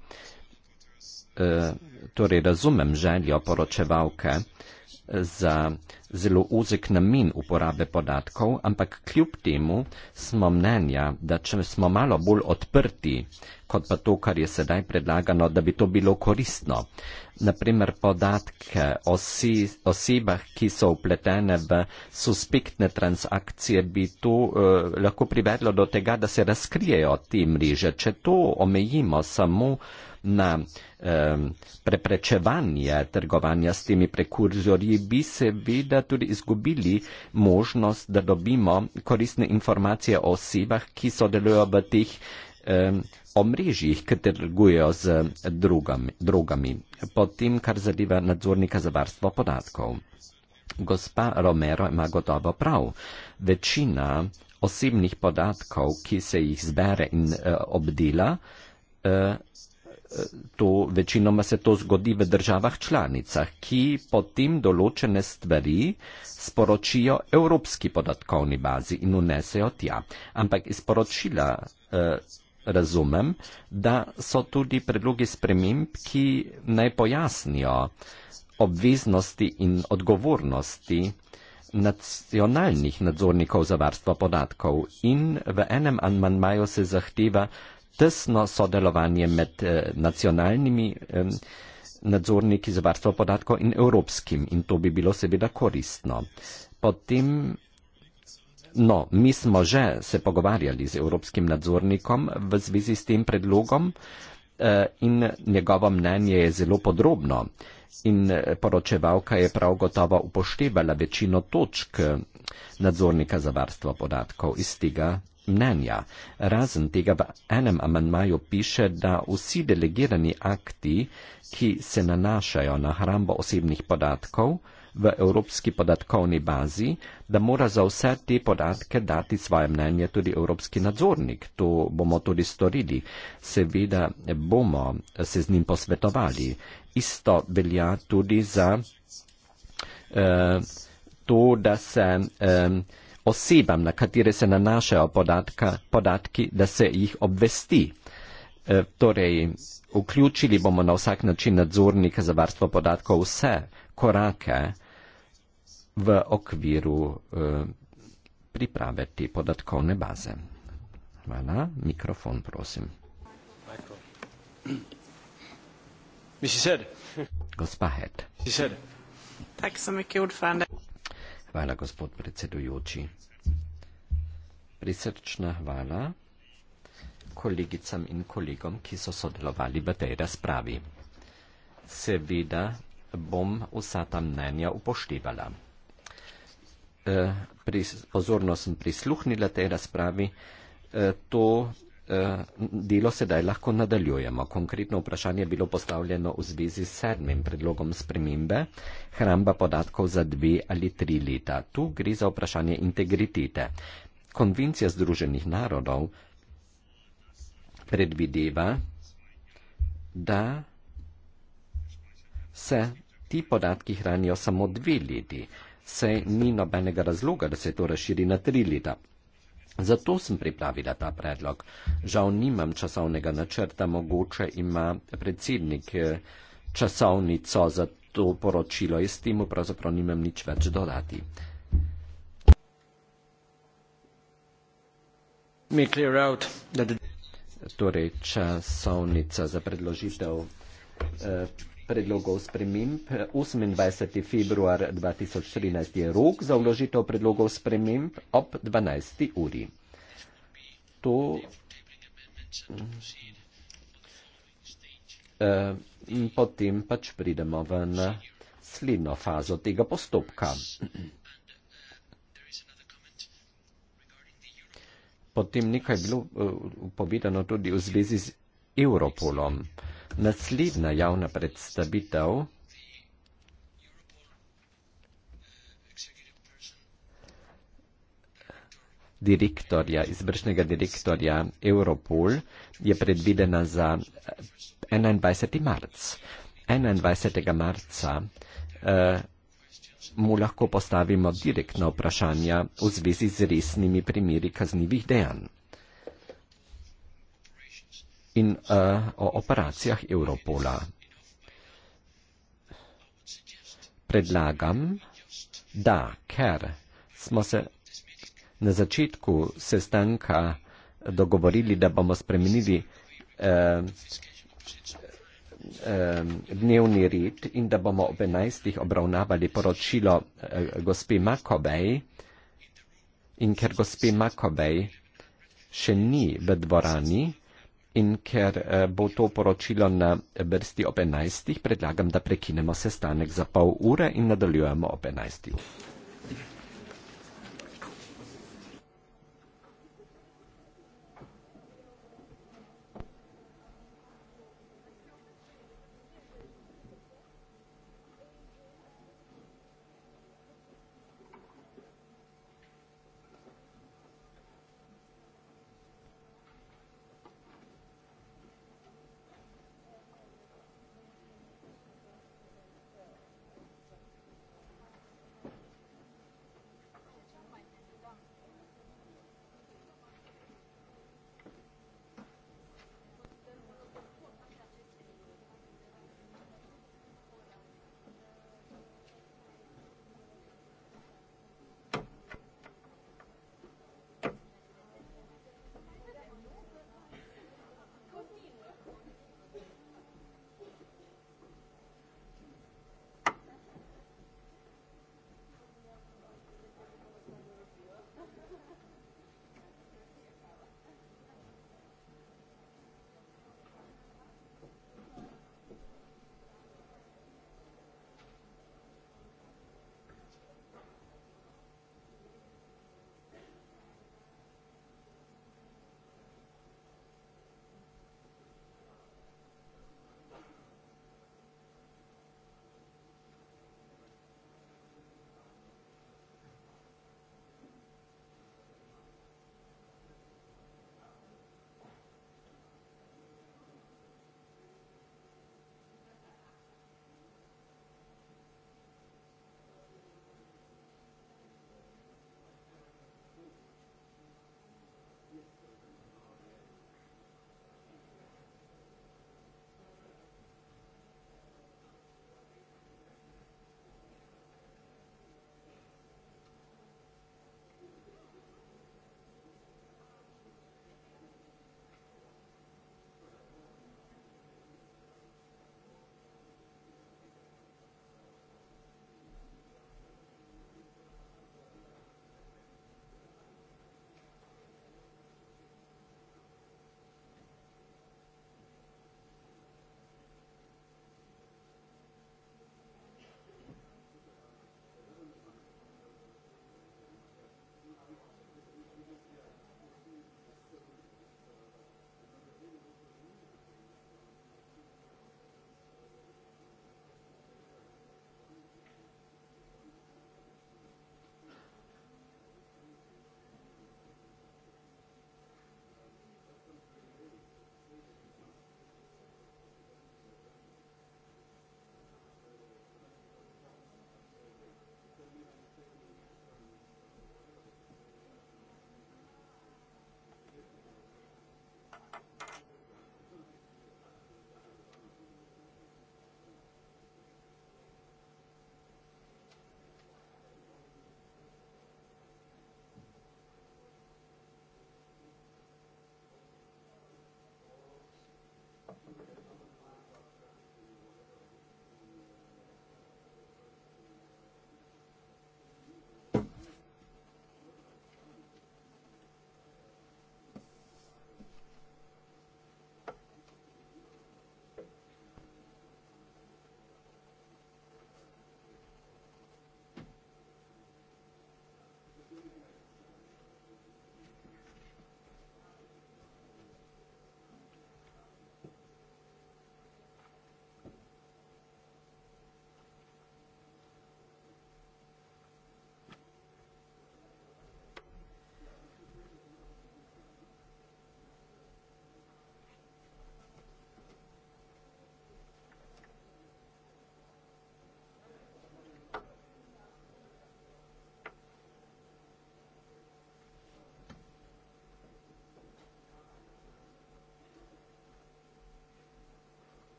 Torej, razumem željo poročevalke, za zelo ozek namen uporabe podatkov, ampak kljub temu smo mnenja, da če smo malo bolj odprti, kot pa to, kar je sedaj predlagano, da bi to bilo koristno. Naprimer, podatke o osebah, ki so upletene v suspektne transakcije, bi to eh, lahko privedlo do tega, da se razkrijejo te mreže. Če to omejimo samo na preprečevanje trgovanja s temi prekurzorji, bi seveda tudi izgubili možnost, da dobimo koristne informacije o osebah, ki so delujo v teh omrežjih, ki trgujejo z drugami, potem kar zadeva nadzornika za varstvo podatkov. Gospa Romero ima gotovo prav. Večina osebnih podatkov, ki se jih zbere in uh, obdela, uh, to večinoma se to zgodi v državah članicah, ki potem določene stvari sporočijo Evropski podatkovni bazi in unesejo tja. Ampak iz poročila eh, razumem, da so tudi predlogi sprememb, ki naj pojasnijo obveznosti in odgovornosti nacionalnih nadzornikov za varstvo podatkov. In v enem anmanmaju se zahteva tesno sodelovanje med eh, nacionalnimi nadzorniki za varstvo podatkov in evropskim in to bi bilo seveda koristno. Potem, no, mi smo že se pogovarjali z evropskim nadzornikom v zvezi s tem predlogom eh, in njegovo mnenje je zelo podrobno in eh, poročevalka je prav gotovo upoštevala večino točk nadzornika za varstvo podatkov iz tega mnenja. Razen tega v enem amenmaju piše, da vsi delegirani akti, ki se nanašajo na hrambo osebnih podatkov v Evropski podatkovni bazi, da mora za vse te podatke dati svoje mnenje tudi Evropski nadzornik. To bomo tudi storili. Seveda bomo se z njim posvetovali. Isto velja tudi za eh, to, da se. Eh, osebam, na katere se nanašajo podatka, podatki, da se jih obvesti. E, torej, vključili bomo na vsak način nadzornika za varstvo podatkov vse korake v okviru e, priprave te podatkovne baze. Hvala. Mikrofon, prosim. Gospa Het. Tak sem, ki je odfanda. Hvala, gospod predsedujoči. Prisrčna hvala kolegicam in kolegom, ki so sodelovali v tej razpravi. Seveda bom vsa ta mnenja upoštevala. E, pri, pozorno sem prisluhnila tej razpravi. E, to Eh, delo sedaj lahko nadaljujemo. Konkretno vprašanje je bilo postavljeno v zvezi s sedmim predlogom spremembe, hramba podatkov za dve ali tri leta. Tu gre za vprašanje integritete. Konvencija Združenih narodov predvideva, da se ti podatki hranijo samo dve leti. Sej ni nobenega razloga, da se to razširi na tri leta. Zato sem pripravila ta predlog. Žal nimam časovnega načrta, mogoče ima predsednik eh, časovnico za to poročilo. Jaz temu pravzaprav nimam nič več dodati. Torej, časovnica za predložitev. Eh, predlogov sprememb. 28. februar 2013 je rok za vložitev predlogov sprememb ob 12. uri. To in eh, potem pač pridemo v naslednjo fazo tega postopka. Potem nekaj je bilo eh, povedano tudi v zvezi z Europolom. Uh, Naslednja javna predstavitev direktorja, izvršnega direktorja Europol je predvidena za 21. marc. 21. marca eh, mu lahko postavimo direktno vprašanje v zvezi z resnimi primeri kaznjivih dejanj in uh, o operacijah Europola. Predlagam, da ker smo se na začetku sestanka dogovorili, da bomo spremenili uh, dnevni red in da bomo ob 11. obravnavali poročilo gospe Makovej in ker gospe Makovej še ni v dvorani, In ker eh, bo to poročilo na vrsti ob 11, predlagam, da prekinemo sestanek za pol ure in nadaljujemo ob 11.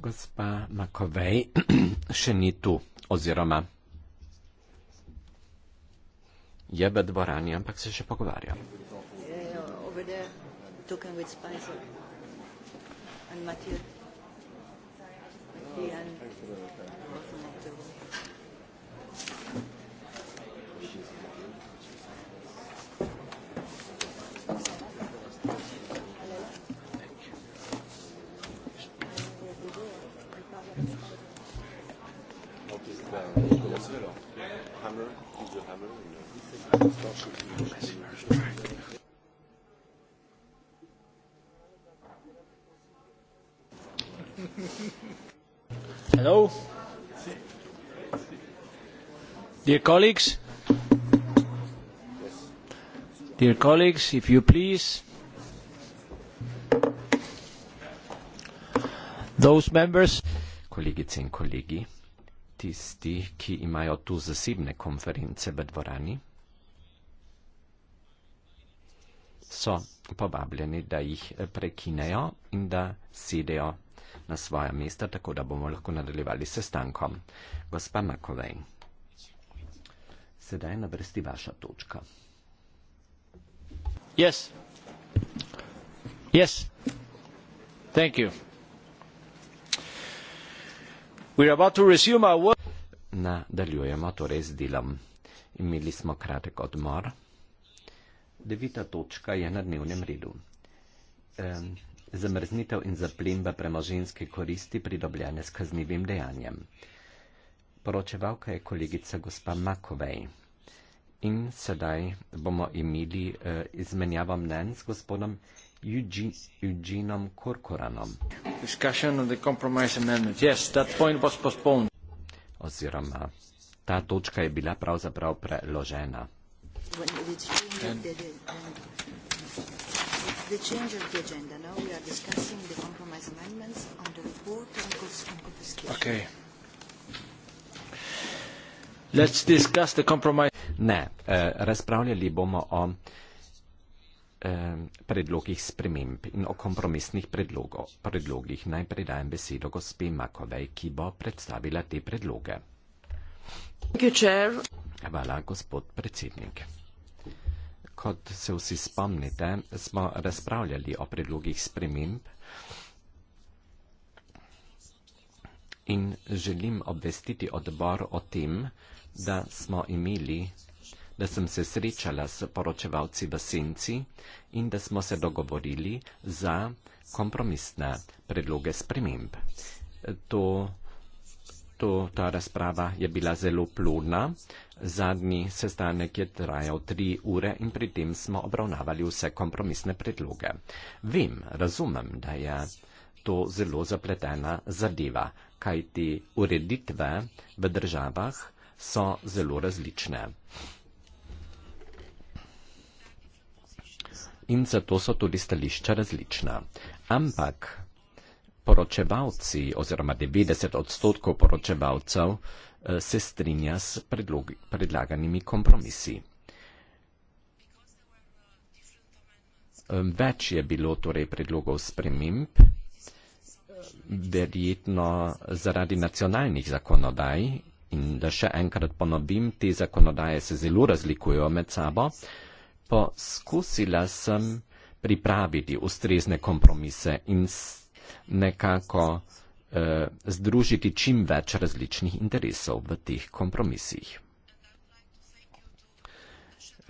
gospa macovei [CLEARS THROAT] še ni tu oziroma je v dvorani ampak se še pogovarja eh, Hello, dear colleagues, dear colleagues, if you please, those members, kolegice in kolegi, tisti, ki imajo tu zasebne konference v dvorani. so povabljeni, da jih prekinejo in da sedejo na svoja mesta, tako da bomo lahko nadaljevali sestankom. Gospa Makovej, sedaj na vrsti vaša točka. Yes. Yes. Thank you. We are about to resume our work. Nadaljujemo torej z delom. Imeli smo kratek odmor devita točka je na dnevnem redu. Ehm, zamrznitev in zaplemba premoženske koristi pridobljene s kaznivim dejanjem. Poročevalka je kolegica gospa Makovej. In sedaj bomo imeli eh, izmenjavo mnen s gospodom Eugenom Korkoranom. Yes, oziroma, ta točka je bila pravzaprav preložena. When it is true. And the change of the agenda. Now we are discussing the compromise amendments on the report and confiscation. Okay. Let's discuss the compromise. Ne, eh, razpravljali bomo o eh, predlogih sprememb in o kompromisnih predlogo, predlogih. Najprej dajem besedo gospe Makovej, ki bo predstavila te predloge. Hvala, gospod predsednik. Kot se vsi spomnite, smo razpravljali o predlogih sprememb in želim obvestiti odbor o tem, da smo imeli da sem se srečala s poročevalci v senci in da smo se dogovorili za kompromisne predloge sprememb. To to, ta razprava je bila zelo plodna. Zadnji sestanek je trajal tri ure in pri tem smo obravnavali vse kompromisne predloge. Vem, razumem, da je to zelo zapletena zadeva, kajti ureditve v državah so zelo različne. In zato so tudi stališča različna. Ampak poročevalci oziroma 90 odstotkov poročevalcev eh, se strinja s predlogi, predlaganimi kompromisi. Več je bilo torej predlogov sprememb, verjetno zaradi nacionalnih zakonodaj in da še enkrat ponovim, te zakonodaje se zelo razlikujejo med sabo. Poskusila sem pripraviti ustrezne kompromise in s nekako eh, združiti čim več različnih interesov v teh kompromisih.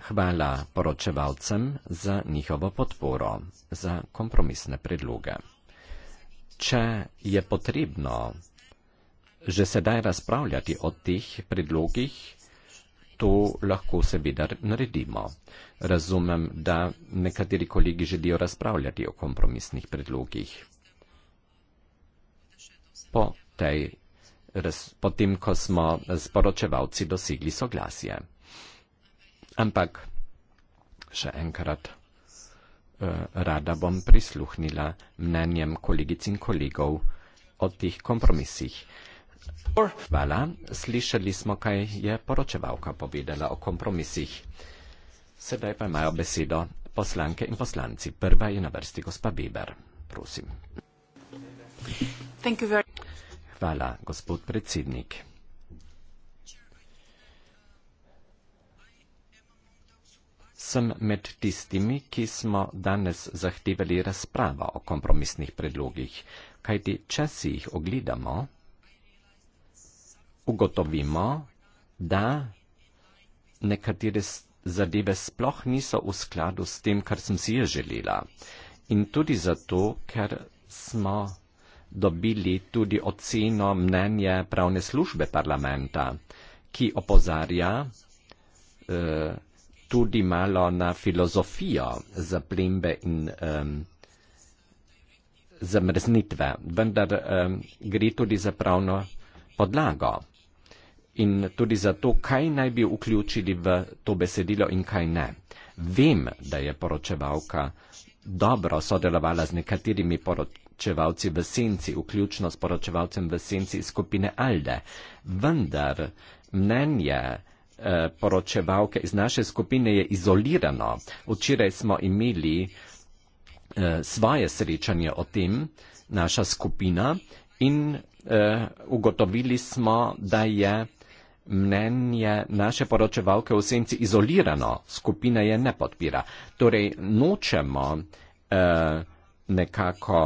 Hvala poročevalcem za njihovo podporo, za kompromisne predloge. Če je potrebno že sedaj razpravljati o teh predlogih, to lahko seveda naredimo. Razumem, da nekateri kolegi želijo razpravljati o kompromisnih predlogih po, tej, po tem, ko smo s poročevalci dosegli soglasje. Ampak še enkrat eh, rada bom prisluhnila mnenjem kolegic in kolegov o teh kompromisih. Hvala. Slišali smo, kaj je poročevalka povedala o kompromisih. Sedaj pa imajo besedo poslanke in poslanci. Prva je na vrsti gospa Beber. Prosim. Thank you very Hvala, gospod predsednik. Sem med tistimi, ki smo danes zahtevali razpravo o kompromisnih predlogih, kajti če si jih ogledamo, ugotovimo, da nekatere zadeve sploh niso v skladu s tem, kar sem si je želela. In tudi zato, ker smo dobili tudi oceno mnenje pravne službe parlamenta, ki opozarja eh, tudi malo na filozofijo zaplimbe in eh, zamrznitve, vendar eh, gre tudi za pravno podlago in tudi za to, kaj naj bi vključili v to besedilo in kaj ne. Vem, da je poročevalka dobro sodelovala z nekaterimi poročili poročevalci v senci, vključno s poročevalcem v senci skupine Alde. Vendar mnenje eh, poročevalke iz naše skupine je izolirano. Včeraj smo imeli eh, svoje srečanje o tem, naša skupina, in eh, ugotovili smo, da je mnenje naše poročevalke v senci izolirano, skupina je ne podpira. Torej, nočemo eh, nekako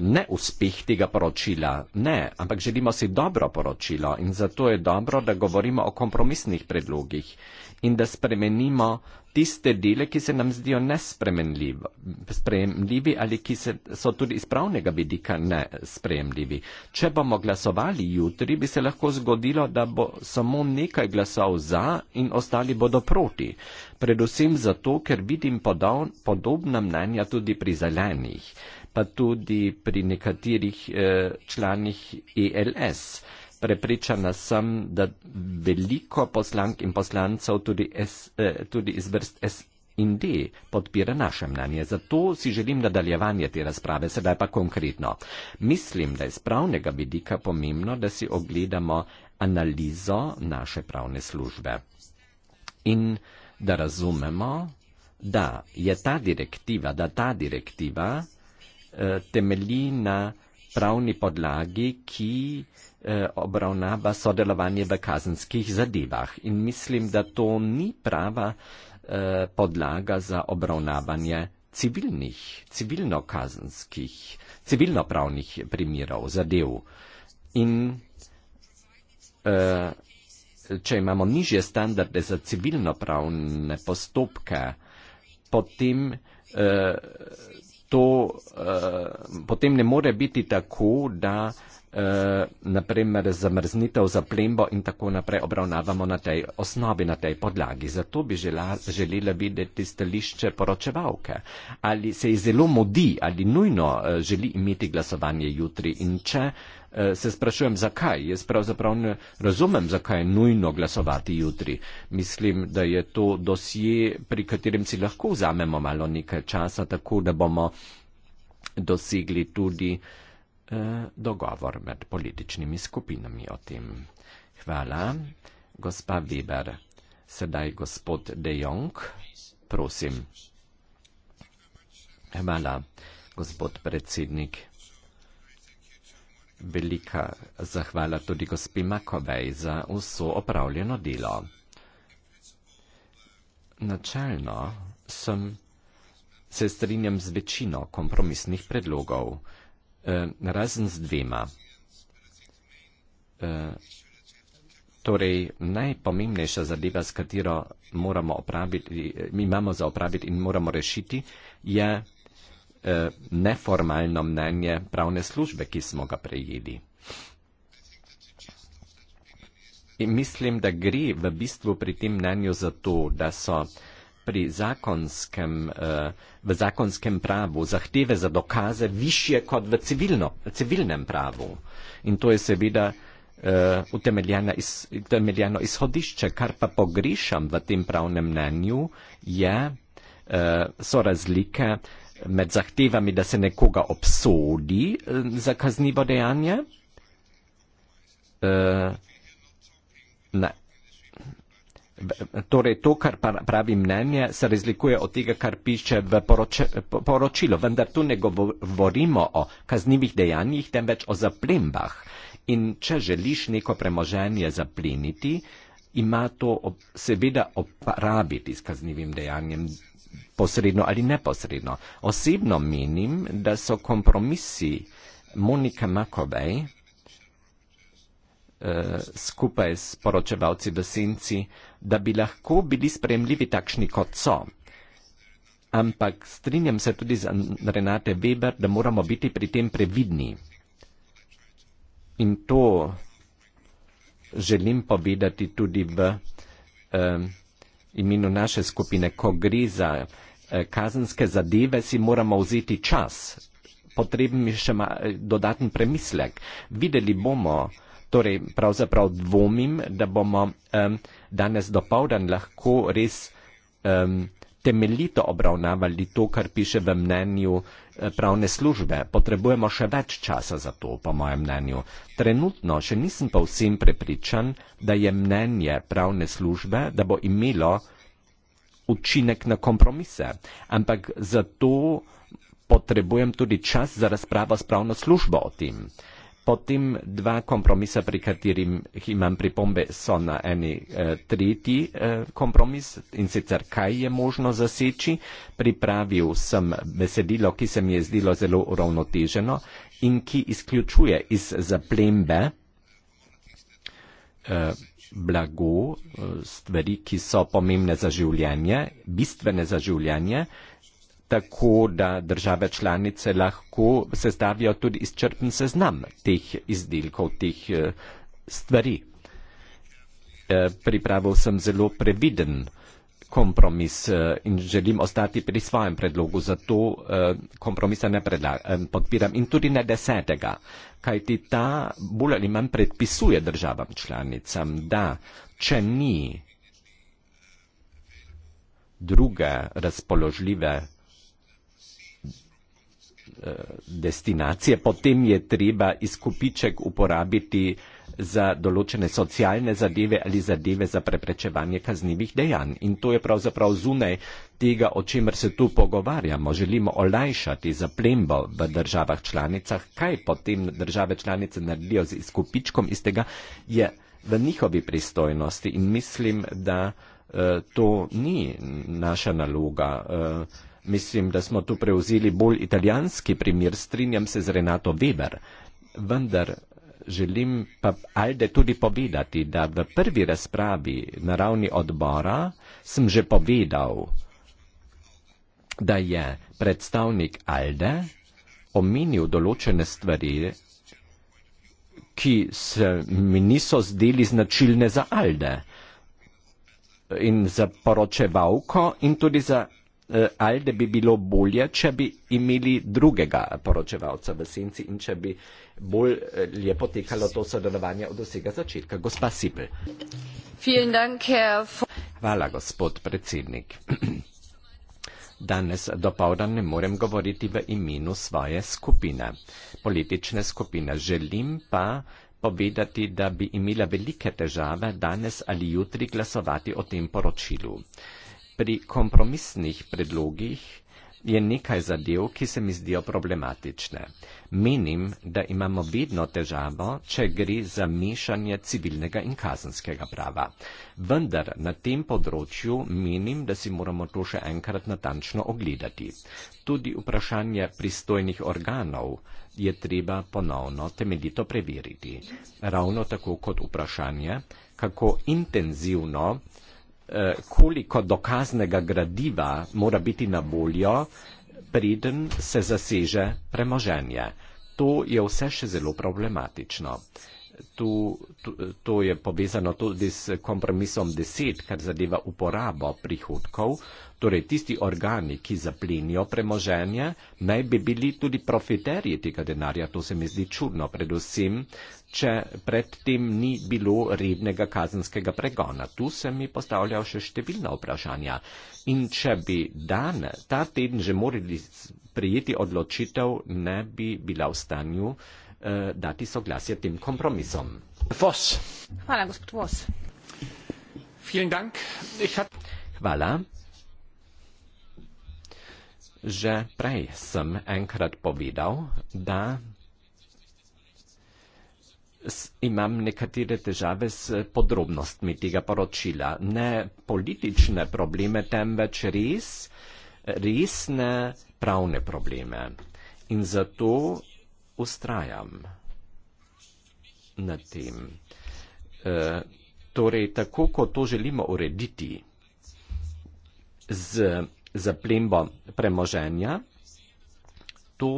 neuspeh tega poročila. Ne, ampak želimo si dobro poročilo in zato je dobro, da govorimo o kompromisnih predlogih in da spremenimo tiste dele, ki se nam zdijo nesprejemljivi ali ki se, so tudi iz pravnega vidika nesprejemljivi. Če bomo glasovali jutri, bi se lahko zgodilo, da bo samo nekaj glasov za in ostali bodo proti. Predvsem zato, ker vidim podobna mnenja tudi pri zelenih pa tudi pri nekaterih eh, članih ELS. Prepričana sem, da veliko poslank in poslancev tudi, S, eh, tudi iz vrst S in D podpira naše mnenje. Zato si želim nadaljevanje te razprave, sedaj pa konkretno. Mislim, da je z pravnega vidika pomembno, da si ogledamo analizo naše pravne službe in da razumemo, da je ta direktiva, da ta direktiva Eh, temelji na pravni podlagi, ki eh, obravnava sodelovanje v kazenskih zadevah. In mislim, da to ni prava eh, podlaga za obravnavanje civilnih, civilno-kazenskih, civilno-pravnih primerov, zadev. In če imamo nižje standarde za civilno-pravne postopke, potem to eh, potem ne more biti tako, da eh, naprimer zamrznitev, zaplembo in tako naprej obravnavamo na tej osnovi, na tej podlagi. Zato bi žela, želela videti stališče poročevalke, ali se ji zelo modi, ali nujno eh, želi imeti glasovanje jutri in če eh, Eh, se sprašujem, zakaj. Jaz pravzaprav ne razumem, zakaj je nujno glasovati jutri. Mislim, da je to dosje, pri katerem si lahko vzamemo malo nekaj časa, tako da bomo dosegli tudi eh, dogovor med političnimi skupinami o tem. Hvala, gospa Weber. Sedaj gospod De Jong, prosim. Hvala, gospod predsednik velika zahvala tudi gospi Makovej za vso opravljeno delo. Načelno sem, se strinjam z večino kompromisnih predlogov, eh, razen z dvema. Eh, torej, najpomembnejša zadeva, s katero moramo opraviti, mi imamo za opraviti in moramo rešiti, je Eh, neformalno mnenje pravne službe, ki smo ga prejeli. In mislim, da gre v bistvu pri tem mnenju za to, da so pri zakonskem, eh, v zakonskem pravu zahteve za dokaze više kot v civilno, civilnem pravu. In to je seveda eh, utemeljeno izhodišče, kar pa pogrišam v tem pravnem mnenju, je, so razlike med zahtevami, da se nekoga obsodi eh, za kaznivo dejanje? Uh, eh, ne. Torej, to, kar pravi mnenje, se razlikuje od tega, kar piše v poroče, poročilu, vendar tu ne govorimo o kaznivih dejanjih, temveč o zaplembah. In če želiš neko premoženje zapliniti, ima to ob, seveda oporabiti s kaznivim dejanjem posredno ali neposredno. Osebno menim, da so kompromisi Monike Makovej eh, skupaj s poročevalci v senci, da bi lahko bili sprejemljivi takšni, kot so. Ampak strinjam se tudi z Renate Weber, da moramo biti pri tem previdni. In to želim povedati tudi v eh, imenu naše skupine, ko gre za eh, kazenske zadeve, si moramo vzeti čas. Potreben je še eh, dodatni premislek. Videli bomo, torej pravzaprav dvomim, da bomo um, danes do povdan lahko res um, temeljito obravnavali to, kar piše v mnenju uh, pravne službe. Potrebujemo še več časa za to, po mojem mnenju. Trenutno še nisem pa vsem prepričan, da je mnenje pravne službe, da bo imelo učinek na kompromise. Ampak zato potrebujem tudi čas za razpravo s pravno službo o tem. Uh, potem dva kompromisa, pri katerim imam pripombe, so na eni eh, tretji eh, kompromis in sicer kaj je možno zaseči. Pripravil sem besedilo, ki se mi je zdelo zelo uravnoteženo in ki izključuje iz zaplembe eh, blago, eh, stvari, ki so pomembne za življenje, bistvene za življenje tako da države članice lahko sestavijo tudi izčrpen seznam teh izdelkov, teh eh, stvari. Eh, pripravil sem zelo previden kompromis eh, in želim ostati pri svojem predlogu, zato kompromisa ne podpiram in tudi ne desetega, kajti ta bolj ali manj predpisuje državam članicam, da če ni druge razpoložljive Eh, destinacije, potem je treba izkupiček uporabiti za določene socialne zadeve ali zadeve za preprečevanje kaznjivih dejanj. In to je pravzaprav zunaj tega, o čemer se tu pogovarjamo. Želimo olajšati zaplembo v državah članicah, kaj potem države članice naredijo z izkupičkom iz tega, je v njihovi pristojnosti. In mislim, da uh, to ni naša naloga. Uh, Mislim, da smo tu prevzeli bolj italijanski primer, strinjam se z Renato Weber. Vendar želim pa Alde tudi povedati, da v prvi razpravi na ravni odbora sem že povedal, da je predstavnik Alde omenil določene stvari, ki se mi niso zdeli značilne za Alde in za poročevalko in tudi za Eh, ali da bi bilo bolje, če bi imeli drugega poročevalca v senci in če bi bolj lepo eh, tekalo to sodelovanje od vsega začetka. Gospa Sibel. Hvala, gospod predsednik. [CLEARS THROAT] Danes do povda ne morem govoriti v imenu svoje skupine, politične skupine. Želim pa povedati, da bi imela velike težave danes ali jutri glasovati o tem poročilu. Pri kompromisnih predlogih je nekaj zadev, ki se mi zdijo problematične. Menim, da imamo vedno težavo, če gre za mešanje civilnega in kazenskega prava. Vendar na tem področju menim, da si moramo to še enkrat natančno ogledati. Tudi vprašanje pristojnih organov je treba ponovno temeljito preveriti. Ravno tako kot vprašanje, kako intenzivno Eh, koliko dokaznega gradiva mora biti na voljo, preden se zaseže premoženje. To je vse še zelo problematično. To, to, to je povezano tudi s kompromisom 10, kar zadeva uporabo prihodkov, torej tisti organi, ki zaplenijo premoženje, naj bi bili tudi profiterji tega denarja, to se mi zdi čudno, predvsem če predtem ni bilo rednega kazenskega pregona. Tu se mi postavljajo še številna vprašanja. In če bi dan, ta teden že morali prijeti odločitev, ne bi bila v stanju eh, dati soglasje tem kompromisom. Vos. Hvala, gospod Vos. Hvala. Že prej sem enkrat povedal, da imam nekatere težave s podrobnostmi tega poročila. Ne politične probleme, temveč res, resne pravne probleme. In zato ustrajam nad tem. E, torej, tako kot to želimo urediti z zaplembo premoženja, to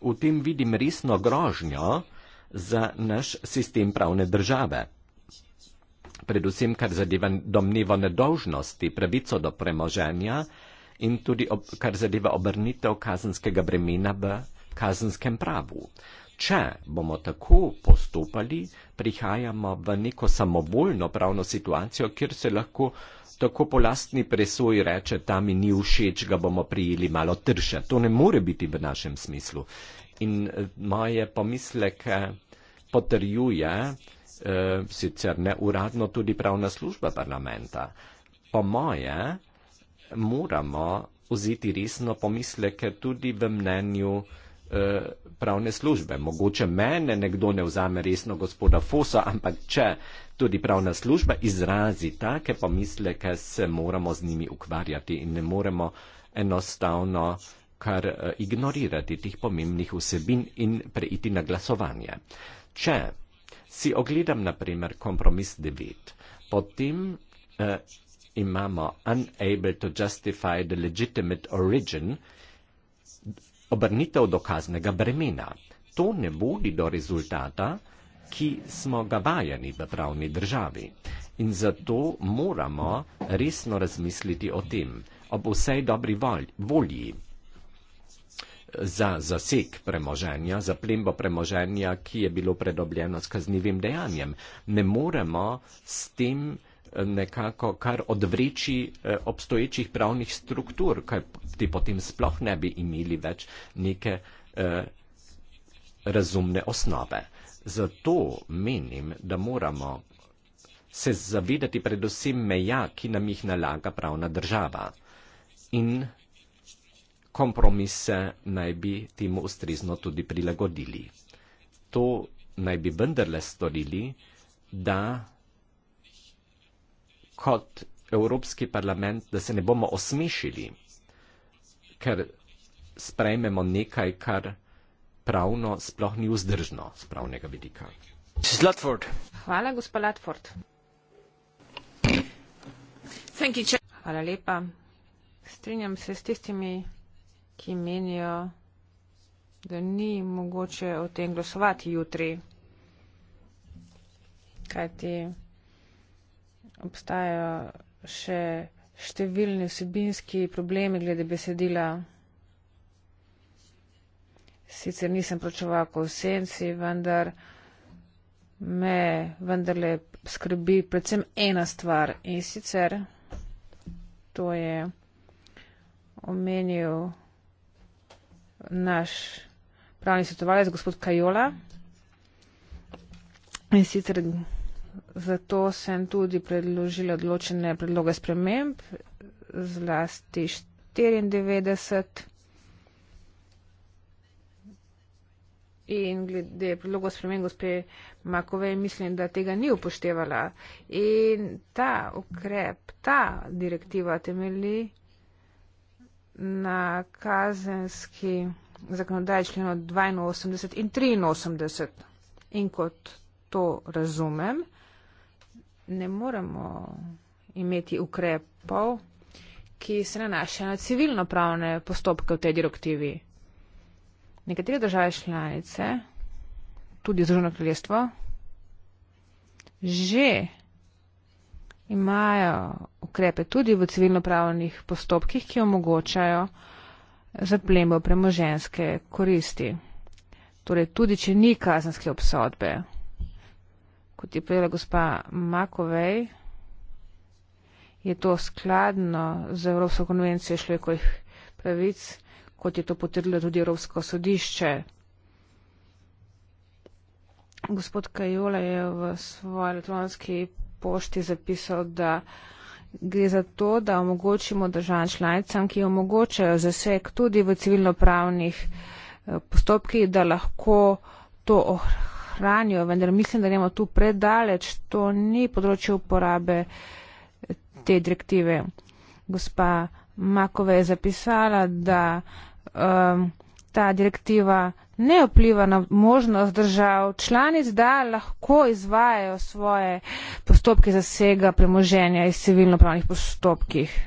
v tem vidim resno grožnjo, za naš sistem pravne države. Predvsem, kar zadeva domnevo nedolžnosti, pravico do premoženja in tudi, ob, kar zadeva obrnitev kazenskega bremena v kazenskem pravu. Če bomo tako postopali, prihajamo v neko samovoljno pravno situacijo, kjer se lahko tako po lastni presoji reče, ta mi ni všeč, ga bomo prijeli malo trše. To ne more biti v našem smislu in eh, moje pomisleke potrjuje eh, sicer ne uradno tudi pravna služba parlamenta. Po moje moramo vzeti resno pomisleke tudi v mnenju eh, pravne službe. Mogoče mene nekdo ne vzame resno gospoda Fosa, ampak če tudi pravna služba izrazi take pomisleke, se moramo z njimi ukvarjati in ne moremo enostavno eh, kar eh, ignorirati tih pomembnih vsebin in preiti na glasovanje. Če si ogledam, naprimer, kompromis 9, potem eh, imamo unable to justify the legitimate origin, obrnitev dokaznega bremena. To ne vodi do rezultata, ki smo ga vajeni v pravni državi. In zato moramo resno razmisliti o tem, ob vsej dobri volji za zasek premoženja, za plembo premoženja, ki je bilo predobljeno s kaznivim dejanjem. Ne moremo s tem eh, nekako kar odvreči eh, obstoječih pravnih struktur, kaj ti potem sploh ne bi imeli več neke eh, razumne osnove. Zato menim, da moramo se zavedati predvsem meja, ki nam jih nalaga pravna država. In kompromise naj bi temu ustrezno tudi prilagodili. To naj bi vendarle storili, da kot Evropski parlament, da se ne bomo osmešili, ker sprejmemo nekaj, kar pravno sploh ni vzdržno z pravnega vidika. Hvala, gospa Latford. Hvala lepa. Strinjam se s tistimi ki menijo, da ni mogoče o tem glasovati jutri. Kajti obstajajo še številni vsebinski problemi glede besedila. Sicer nisem pročeval ko v senci, vendar me vendarle skrbi predvsem ena stvar in sicer to je omenil naš pravni svetovalec, gospod Kajola. In sicer zato sem tudi predložila odločene predloge sprememb, zlasti 94. In glede predloga spremen gospe Makove, mislim, da tega ni upoštevala. In ta ukrep, ta direktiva temelji na kazenski zakonodaj členov 82 in 83. In kot to razumem, ne moremo imeti ukrepov, ki se nanašajo na civilno pravne postopke v tej direktivi. Nekatere države članice, tudi Združeno kraljestvo, že imajo ukrepe tudi v civilnopravnih postopkih, ki omogočajo zaplembo premoženske koristi. Torej, tudi če ni kazenske obsodbe, kot je povedala gospa Makovej, je to skladno z Evropsko konvencijo človekovih pravic, kot je to potrdilo tudi Evropsko sodišče. Gospod Kajola je v svoji elektronski pošti zapisal, da gre za to, da omogočimo državam članicam, ki omogočajo zaseg tudi v civilnopravnih eh, postopkih, da lahko to ohranijo, vendar mislim, da gremo tu predaleč, to ni področje uporabe eh, te direktive. Gospa Makove je zapisala, da um, ta direktiva ne vpliva na možnost držav članic, da lahko izvajajo svoje postopke zasega premoženja iz civilnopravnih postopkih.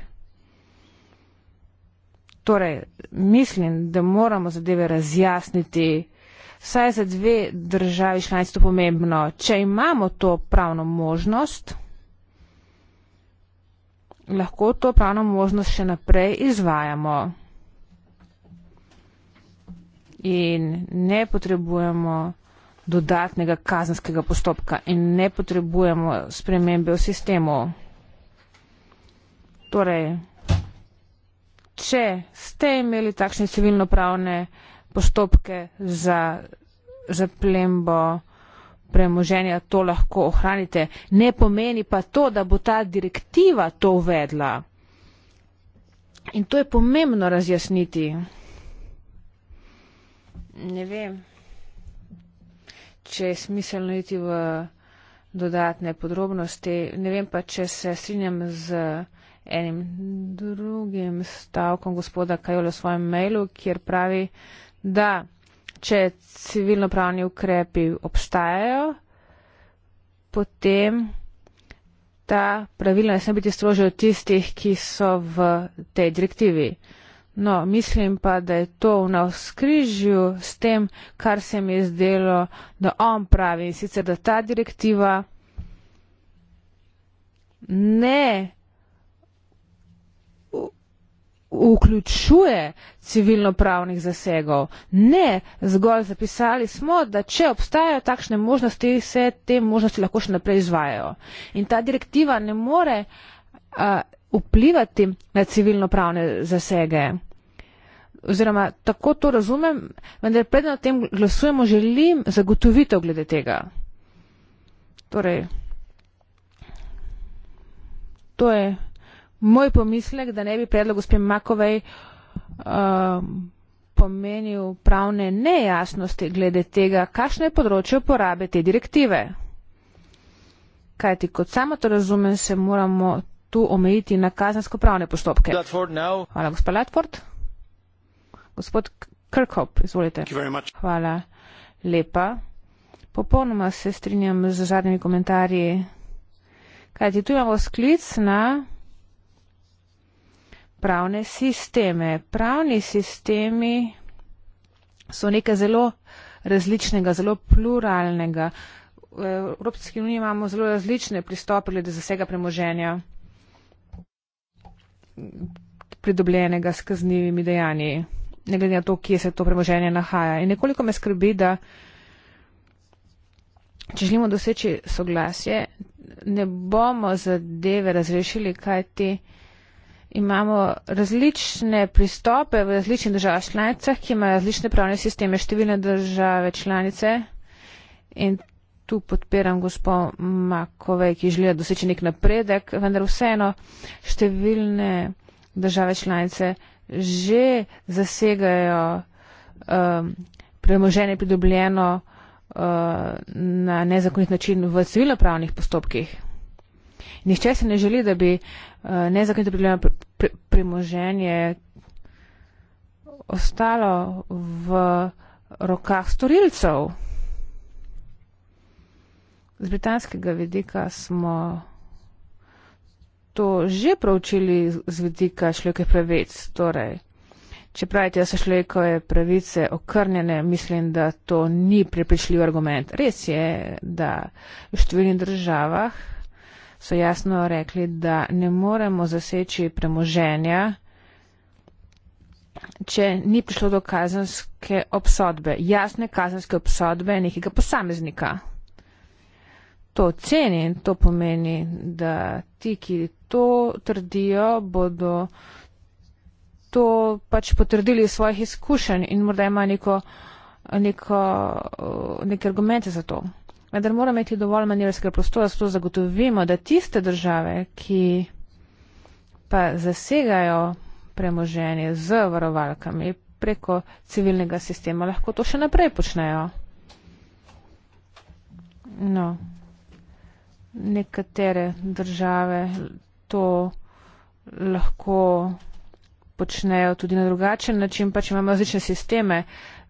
Torej, mislim, da moramo zadeve razjasniti. Vsaj za dve državi članic to pomembno. Če imamo to pravno možnost, lahko to pravno možnost še naprej izvajamo in ne potrebujemo dodatnega kazenskega postopka in ne potrebujemo spremembe v sistemu. Torej, če ste imeli takšne civilnopravne postopke za zaplembo premoženja, to lahko ohranite. Ne pomeni pa to, da bo ta direktiva to uvedla. In to je pomembno razjasniti ne vem, če je smiselno iti v dodatne podrobnosti. Ne vem pa, če se strinjam z enim drugim stavkom gospoda Kajola v svojem mailu, kjer pravi, da če civilno pravni ukrepi obstajajo, potem ta pravila ne sme biti strožje od tistih, ki so v tej direktivi. Uh, No, mislim pa, da je to v navskrižju s tem, kar se mi je zdelo, da on pravi. In sicer, da ta direktiva ne vključuje civilnopravnih zasegov. Ne, zgolj zapisali smo, da če obstajajo takšne možnosti, se te možnosti lahko še naprej izvajajo. In ta direktiva ne more. Uh, vplivati na civilno-pravne zasege. Oziroma, tako to razumem, vendar predtem o tem glasujemo, želim zagotovitev glede tega. Torej, to je moj pomislek, da ne bi predlog gospe Makovej uh, pomenil pravne nejasnosti glede tega, kakšno je področje uporabe te direktive. Kajti, kot samo to razumem, se moramo tu omejiti na kazensko-pravne postopke. Hvala, gospod Latford. Gospod Krkop, izvolite. Hvala lepa. Popolnoma se strinjam z zadnjimi komentarji. Kaj ti tu imamo sklic na pravne sisteme? Pravni sistemi so nekaj zelo različnega, zelo pluralnega. V Evropski uniji imamo zelo različne pristope glede zasega premoženja pridobljenega s kaznjivimi dejanji, ne glede na to, kje se to premoženje nahaja. In nekoliko me skrbi, da če želimo doseči soglasje, ne bomo zadeve razrešili, kaj ti imamo različne pristope v različnih državah članicah, ki imajo različne pravne sisteme, številne države članice. In tu podpiram gospo Makovej, ki želi doseči nek napredek, vendar vseeno številne države članice že zasegajo um, premoženje pridobljeno uh, na nezakonit način v civilnopravnih postopkih. Nihče se ne želi, da bi uh, nezakonito pridobljeno pre pre premoženje ostalo v rokah storilcev. Z britanskega vidika smo to že proučili z vidika človekovih pravic. Torej, če pravite, da so človekove pravice okrnjene, mislim, da to ni prepričljiv argument. Res je, da v številnih državah so jasno rekli, da ne moremo zaseči premoženja, če ni prišlo do kazenske obsodbe, jasne kazenske obsodbe nekega posameznika to ceni in to pomeni, da ti, ki to trdijo, bodo to pač potrdili iz svojih izkušenj in morda ima neko, neko, neke argumente za to. Vendar mora imeti dovolj manjerskega prostora, zato zagotovimo, da tiste države, ki pa zasegajo premoženje z varovalkami preko civilnega sistema, lahko to še naprej počnejo. No nekatere države to lahko počnejo tudi na drugačen način, pač imamo različne sisteme,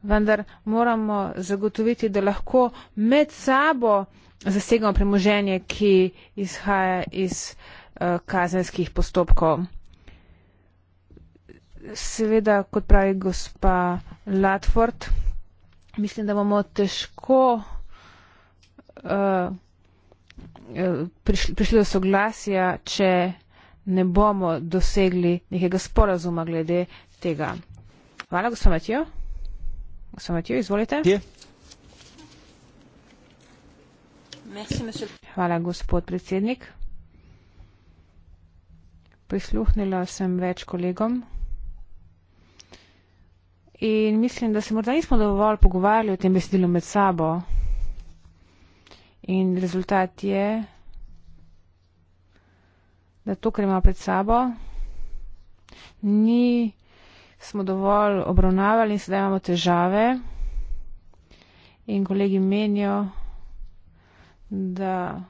vendar moramo zagotoviti, da lahko med sabo zasegamo premoženje, ki izhaja iz uh, kazenskih postopkov. Seveda, kot pravi gospa Latford, mislim, da bomo težko uh, prišli, prišli do soglasja, če ne bomo dosegli nekega sporazuma glede tega. Hvala, gospod Matijo. Gospod Matijo, izvolite. Je. Hvala, gospod predsednik. Prisluhnila sem več kolegom. In mislim, da se morda nismo dovolj pogovarjali o tem besedilu med sabo. In rezultat je, da to, kar ima pred sabo, ni smo dovolj obravnavali in sedaj imamo težave. In kolegi menijo, da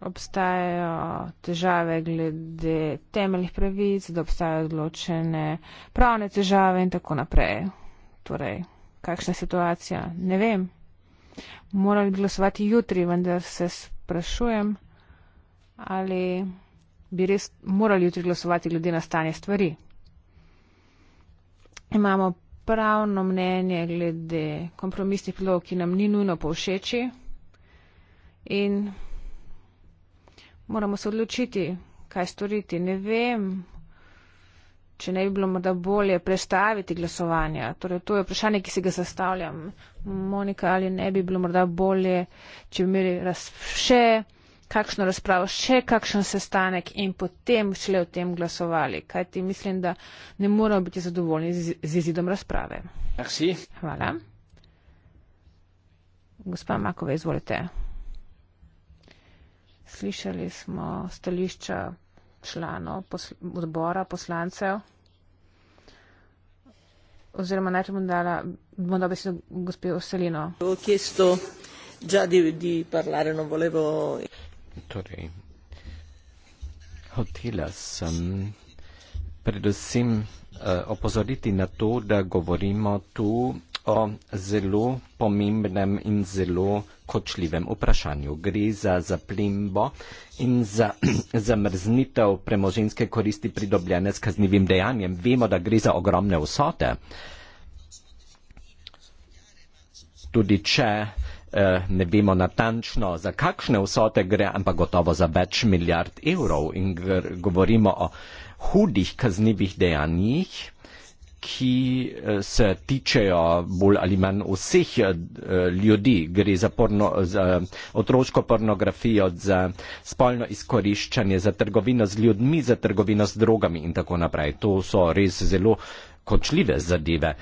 obstajajo težave glede temeljih pravic, da obstajajo odločene pravne težave in tako naprej. Torej, kakšna situacija? Ne vem morali glasovati jutri, vendar se sprašujem, ali bi res morali jutri glasovati glede na stanje stvari. Imamo pravno mnenje glede kompromisnih plov, ki nam ni nujno povšeči in moramo se odločiti, kaj storiti. Ne vem če ne bi bilo morda bolje prestaviti glasovanja. Torej, to je vprašanje, ki si ga zastavljam. Monika, ali ne bi bilo morda bolje, če bi imeli raz, še kakšno razpravo, še kakšen sestanek in potem šele o tem glasovali. Kaj ti mislim, da ne moramo biti zadovoljni z, z izidom razprave. Merci. Hvala. Gospa Makove, izvolite. Slišali smo stališča članov posl odbora poslancev oziroma naj te bom dala, bom dala besedo gospodu Selino. Torej, hotela sem predvsem uh, opozoriti na to, da govorimo tu o zelo pomembnem in zelo kočljivem vprašanju. Gre za zaplimbo in za [CLEARS THROAT] zamrznitev premoženske koristi pridobljene s kaznivim dejanjem. Vemo, da gre za ogromne vsote. Tudi če eh, ne vemo natančno, za kakšne vsote gre, ampak gotovo za več milijard evrov in govorimo o hudih kaznivih dejanjih, ki eh, se tičejo bolj ali manj vseh eh, ljudi. Gre za, porno, za otroško pornografijo, za spolno izkoriščanje, za trgovino z ljudmi, za trgovino z drogami in tako naprej. To so res zelo kočljive zadeve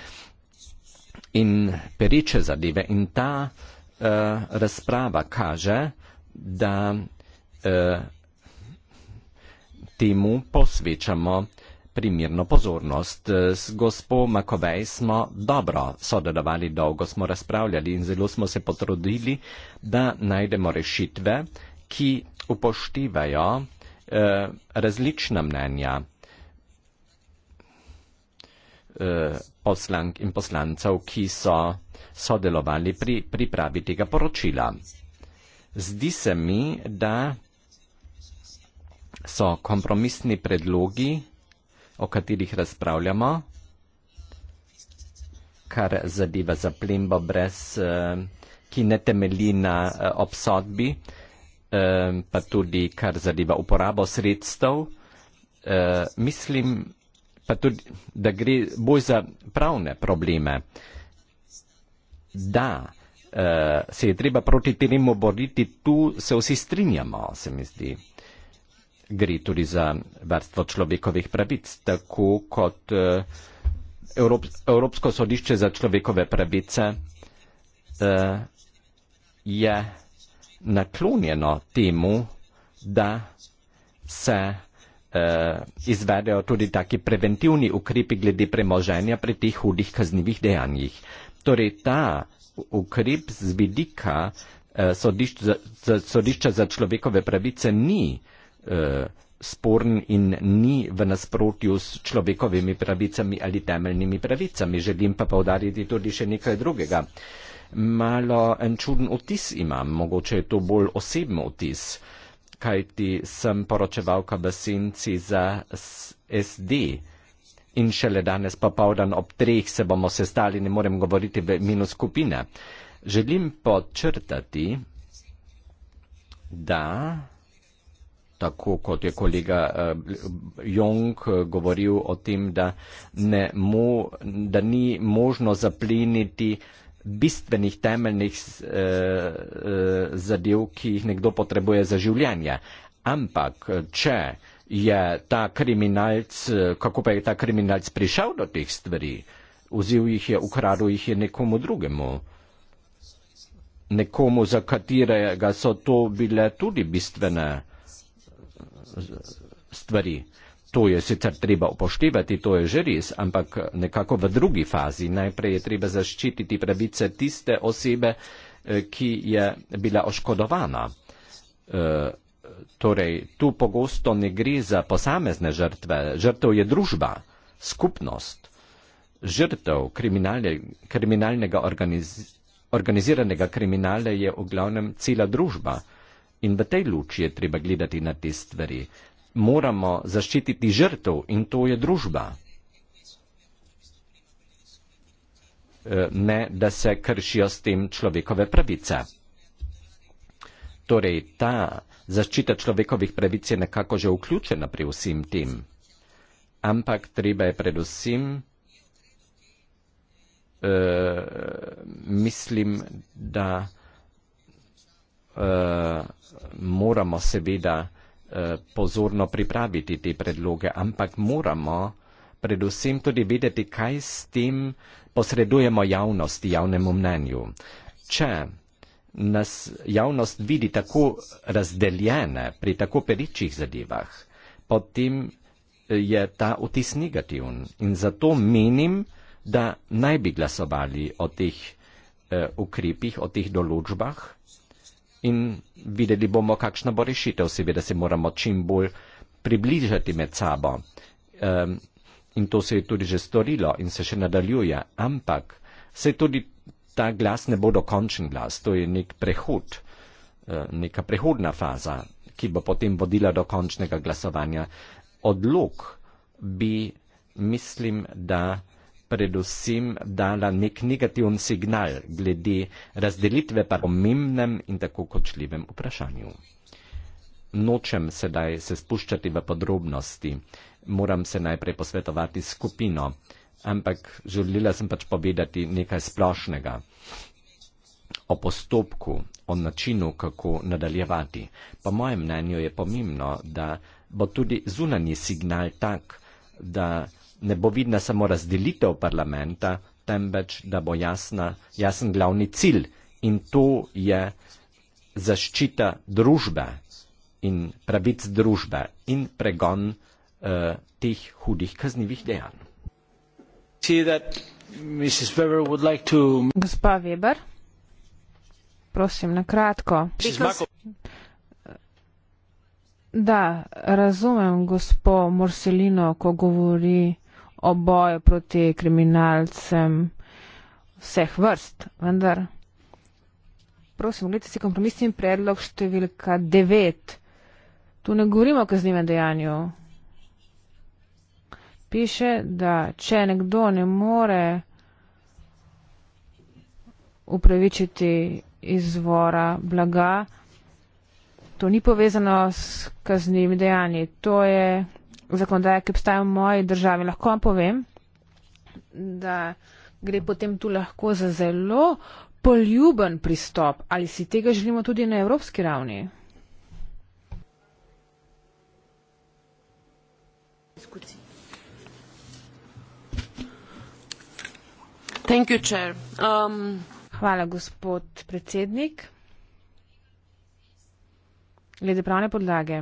in pereče zadeve. In ta uh, razprava kaže, da uh, temu posvečamo uh, primirno pozornost. S gospo Makovej smo dobro sodelovali, dolgo smo razpravljali in zelo smo se potrudili, da najdemo rešitve, ki upoštevajo eh, različna mnenja eh, poslank in poslancev, ki so sodelovali pri pripravi tega poročila. Zdi se mi, da so kompromisni predlogi o katerih razpravljamo, kar zadeva zaplembo brez, eh, ki ne temelji na eh, obsodbi, eh, pa tudi kar zadeva uporabo sredstev. Mislim pa tudi, da gre bolj za pravne probleme. Da, se je treba proti temu boriti, tu se vsi strinjamo, se mi zdi gre tudi za varstvo človekovih pravic, tako kot eh, Evropsko sodišče za človekove pravice eh, je naklonjeno temu, da se eh, izvedejo tudi taki preventivni ukrepi glede premoženja pri teh hudih kaznjivih dejanjih. Torej ta ukrep z vidika sodišča za človekove pravice ni Eh, sporn in ni v nasprotju s človekovimi pravicami ali temeljnimi pravicami. Želim pa povdariti tudi še nekaj drugega. Malo en čuden otis imam, mogoče je to bolj oseben otis, kajti sem poročevalka v senci za SD in šele danes pa povdan ob treh se bomo sestali, ne morem govoriti v minus skupine. Želim podčrtati, da tako kot je kolega eh, Jong eh, govoril o tem, da, ne mo, da ni možno zapleniti bistvenih temeljnih eh, zadev, ki jih nekdo potrebuje za življenje. Ampak, če je ta kriminalc, kako pa je ta kriminalc prišel do teh stvari, vzel jih je, ukradil jih je nekomu drugemu, nekomu, za katerega so to bile tudi bistvene stvari. To je sicer treba upoštevati, to je že res, ampak nekako v drugi fazi. Najprej je treba zaščititi pravice tiste osebe, eh, ki je bila oškodovana. Eh, torej, tu pogosto ne gre za posamezne žrtve. Žrtev je družba, skupnost. Žrtev kriminalne, kriminalnega organiz, organiziranega kriminala je v glavnem cela družba. In v tej luči je treba gledati na te stvari. Moramo zaščititi žrtev in to je družba. E, ne, da se kršijo s tem človekove pravice. Torej, ta zaščita človekovih pravic je nekako že vključena pri vsem tem. Ampak treba je predvsem, uh, mislim, da. Eh, moramo seveda eh, pozorno pripraviti te predloge, ampak moramo predvsem tudi vedeti, kaj s tem posredujemo javnosti, javnemu mnenju. Če nas javnost vidi tako razdeljene pri tako perečih zadevah, potem eh, je ta vtis negativen in zato menim, da naj bi glasovali o teh eh, ukrepih, o teh določbah, in videli bomo, kakšna bo rešitev. Seveda se moramo čim bolj približati med sabo. Um, in to se je tudi že storilo in se še nadaljuje. Ampak se tudi ta glas ne bo dokončen glas. To je nek prehod, e, neka prehodna faza, ki bo potem vodila do končnega glasovanja. Odlog bi, mislim, da predvsem dala nek negativen signal glede razdelitve pa pomembnem in tako kočljivem vprašanju. Nočem sedaj se spuščati v podrobnosti, moram se najprej posvetovati skupino, ampak želela sem pač povedati nekaj splošnega o postopku, o načinu, kako nadaljevati. Po mojem mnenju je pomembno, da bo tudi zunanji signal tak, da ne bo vidna samo razdelitev parlamenta, temveč da bo jasna, jasen glavni cilj in to je zaščita družbe in pravic družbe in pregon uh, teh hudih kaznjivih dejanj. Like to... Gospa Weber, prosim, na kratko. Da, razumem gospo Morselino, ko govori o boju proti kriminalcem vseh vrst, vendar. Prosim, gledajte si kompromisni predlog številka 9. Tu ne govorimo o kaznjivem dejanju. Piše, da če nekdo ne more upravičiti izvora blaga, to ni povezano s kaznjivim dejanjem. To je zakonodaje, ki obstaja v moji državi. Lahko vam povem, da gre potem tu lahko za zelo poljuben pristop. Ali si tega želimo tudi na evropski ravni? You, um... Hvala, gospod predsednik. Glede pravne podlage.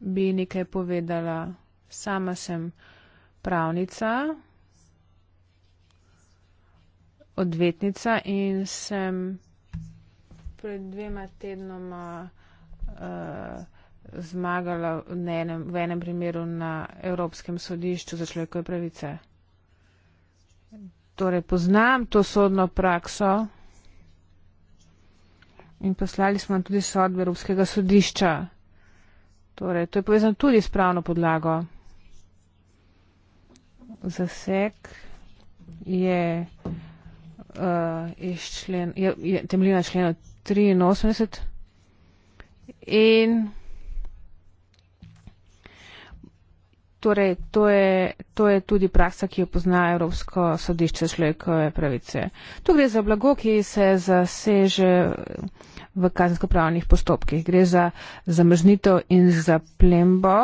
bi nekaj povedala. Sama sem pravnica, odvetnica in sem pred dvema tednoma uh, zmagala v enem, v enem primeru na Evropskem sodišču za človekove pravice. Torej, poznam to sodno prakso in poslali smo tudi sodbe Evropskega sodišča. Torej, to je povezano tudi s pravno podlago. Zaseg je, uh, člen, je, je temeljina člena 83 in torej to je, to je tudi praksa, ki jo pozna Evropsko sodišče človekove pravice. Tu gre za blago, ki se zaseže v kazensko-pravnih postopkih. Gre za zamrznitev in zaplembo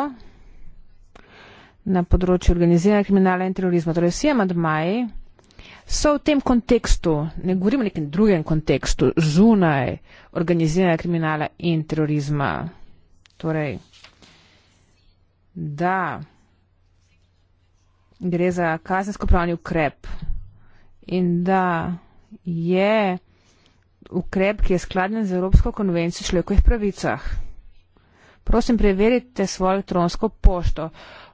na področju organiziranega kriminala in terorizma. Torej vsi amadmaji so v tem kontekstu, ne govorim o nekem drugem kontekstu, zunaj organiziranega kriminala in terorizma. Torej, da gre za kazensko pravni ukrep in da je ukrep, ki je skladen z Evropsko konvencijo o človekovih pravicah. Prosim, preverite svojo elektronsko pošto.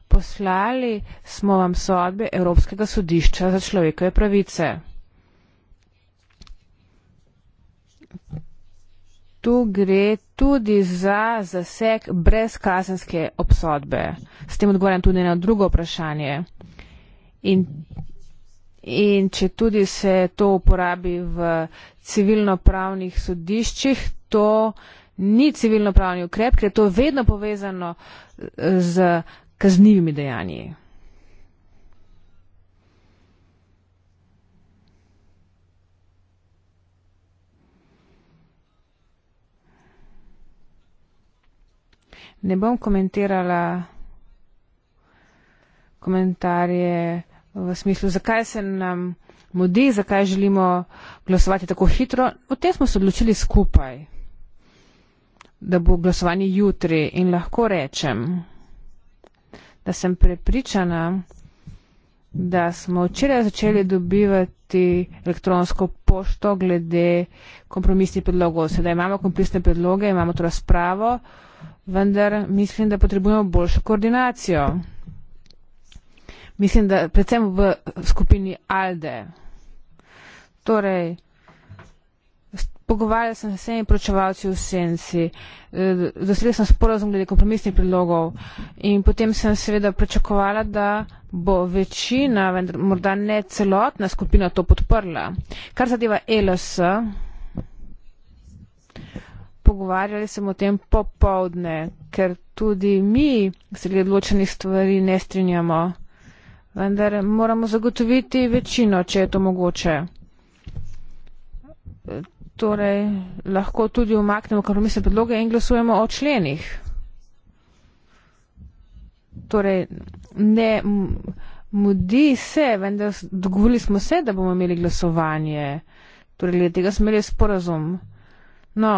Poslali smo vam sodbe Evropskega sodišča za človekove pravice. Tu gre tudi za zaseg brez kazenske obsodbe. S tem odgovarjam tudi na drugo vprašanje. In, in če tudi se to uporabi v civilno-pravnih sodiščih, to ni civilno-pravni ukrep, ker je to vedno povezano eh, z kaznjivimi dejanji. Ne bom komentirala komentarje v smislu, zakaj se nam mudi, zakaj želimo glasovati tako hitro. O tem smo se odločili skupaj, da bo glasovanje jutri in lahko rečem, da sem prepričana, da smo včeraj začeli dobivati elektronsko pošto glede kompromisnih predlogov. Sedaj imamo kompromisne predloge, imamo to razpravo, vendar mislim, da potrebujemo boljšo koordinacijo mislim, da predvsem v skupini Alde. Torej, pogovarjal sem se s vsemi pročevalci v senci, e, dosledil sem sporozum glede kompromisnih predlogov in potem sem seveda pričakovala, da bo večina, vendar morda ne celotna skupina to podprla. Kar zadeva e LS, pogovarjali sem o tem popovdne, ker tudi mi se glede odločenih stvari ne strinjamo vendar moramo zagotoviti večino, če je to mogoče. Torej, lahko tudi umaknemo kompromisne predloge in glasujemo o členih. Torej, ne mudi se, vendar dogovorili smo se, da bomo imeli glasovanje. Torej, glede tega smo imeli sporazum. No,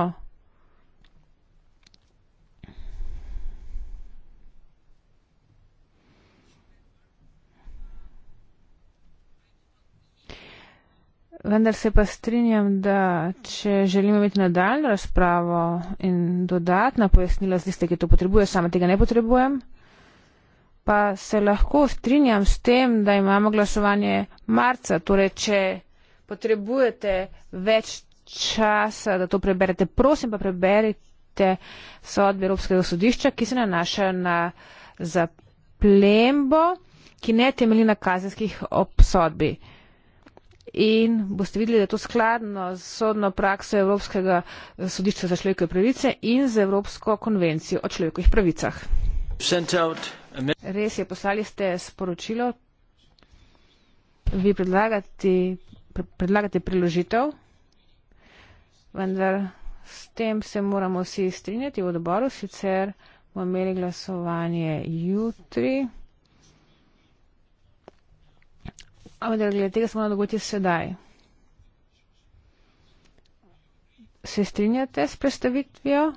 Vendar se pa strinjam, da če želimo imeti nadaljno razpravo in dodatna pojasnila z liste, ki to potrebuje, sama tega ne potrebujem, pa se lahko strinjam s tem, da imamo glasovanje marca. Torej, če potrebujete več časa, da to preberete, prosim pa preberite sodbe Evropskega sodišča, ki se nanašajo na zaplembo, ki ne temeli na kazenskih obsodbi in boste videli, da je to skladno z sodno prakso Evropskega eh, sodišča za človekove pravice in z Evropsko konvencijo o človekovih pravicah. Res je, poslali ste sporočilo. Vi predlagate, predlagate priložitev, vendar s tem se moramo vsi strinjati v odboru, sicer bomo imeli glasovanje jutri. Ampak glede tega se mora dogoditi sedaj. Se strinjate s predstavitvijo?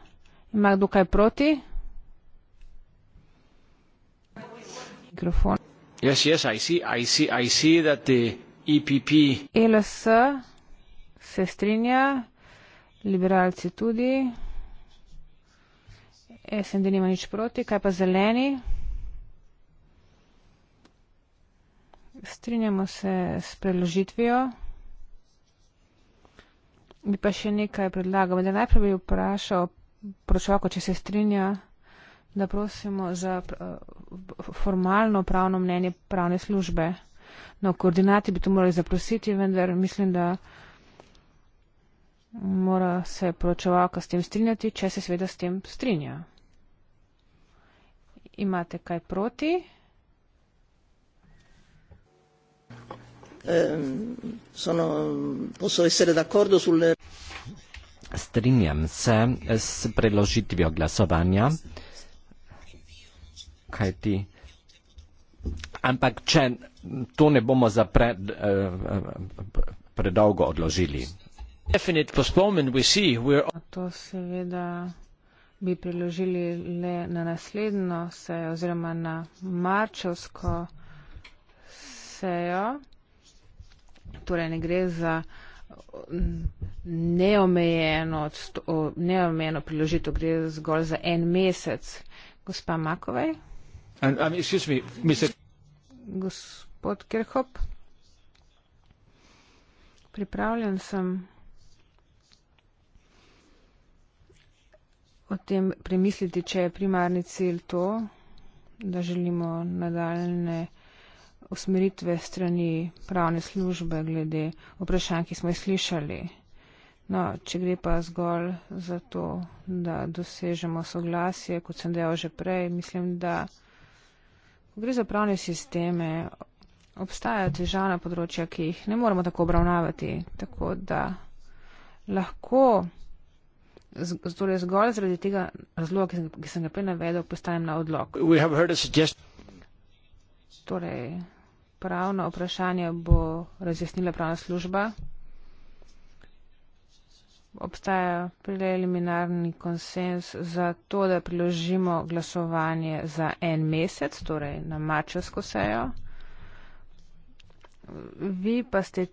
Ima kdo kaj proti? Mikrofon. Yes, yes, I see, I see, I see that the EPP. E LS se strinja, liberalci tudi. SND nima nič proti, kaj pa zeleni? strinjamo se s preložitvijo. Bi pa še nekaj predlagal. Da najprej bi vprašal pročovako, če se strinja, da prosimo za eh, formalno pravno mnenje pravne službe. No, koordinati bi to morali zaprositi, vendar mislim, da mora se pročovaka s tem strinjati, če se seveda s tem strinja. Imate kaj proti? Ehm, sono, posso essere d'accordo sul. Strinjam se s preložitvijo glasovanja, kajti. Ampak, če to ne bomo za pred, eh, predolgo odložili. To seveda bi preložili le na naslednjo sejo oziroma na marčevsko sejo torej ne gre za neomejeno, neomejeno priložitev, gre zgolj za en mesec. Gospa Makovej? Um, excuse me, Mr. Gospod Kirhop? Pripravljen sem o tem premisliti, če je primarni cilj to, da želimo nadaljne usmeritve strani pravne službe glede vprašanj, ki smo jih slišali. No, če gre pa zgolj za to, da dosežemo soglasje, kot sem dejal že prej, mislim, da gre za pravne sisteme, obstajajo težavna področja, ki jih ne moremo tako obravnavati, tako da lahko z, torej zgolj zaradi tega razloga, ki sem ga prej navedel, postanem na odlog. Torej, pravno vprašanje bo razjasnila pravna služba. Obstaja preliminarni konsens za to, da priložimo glasovanje za en mesec, torej na mačevsko sejo. Vi pa ste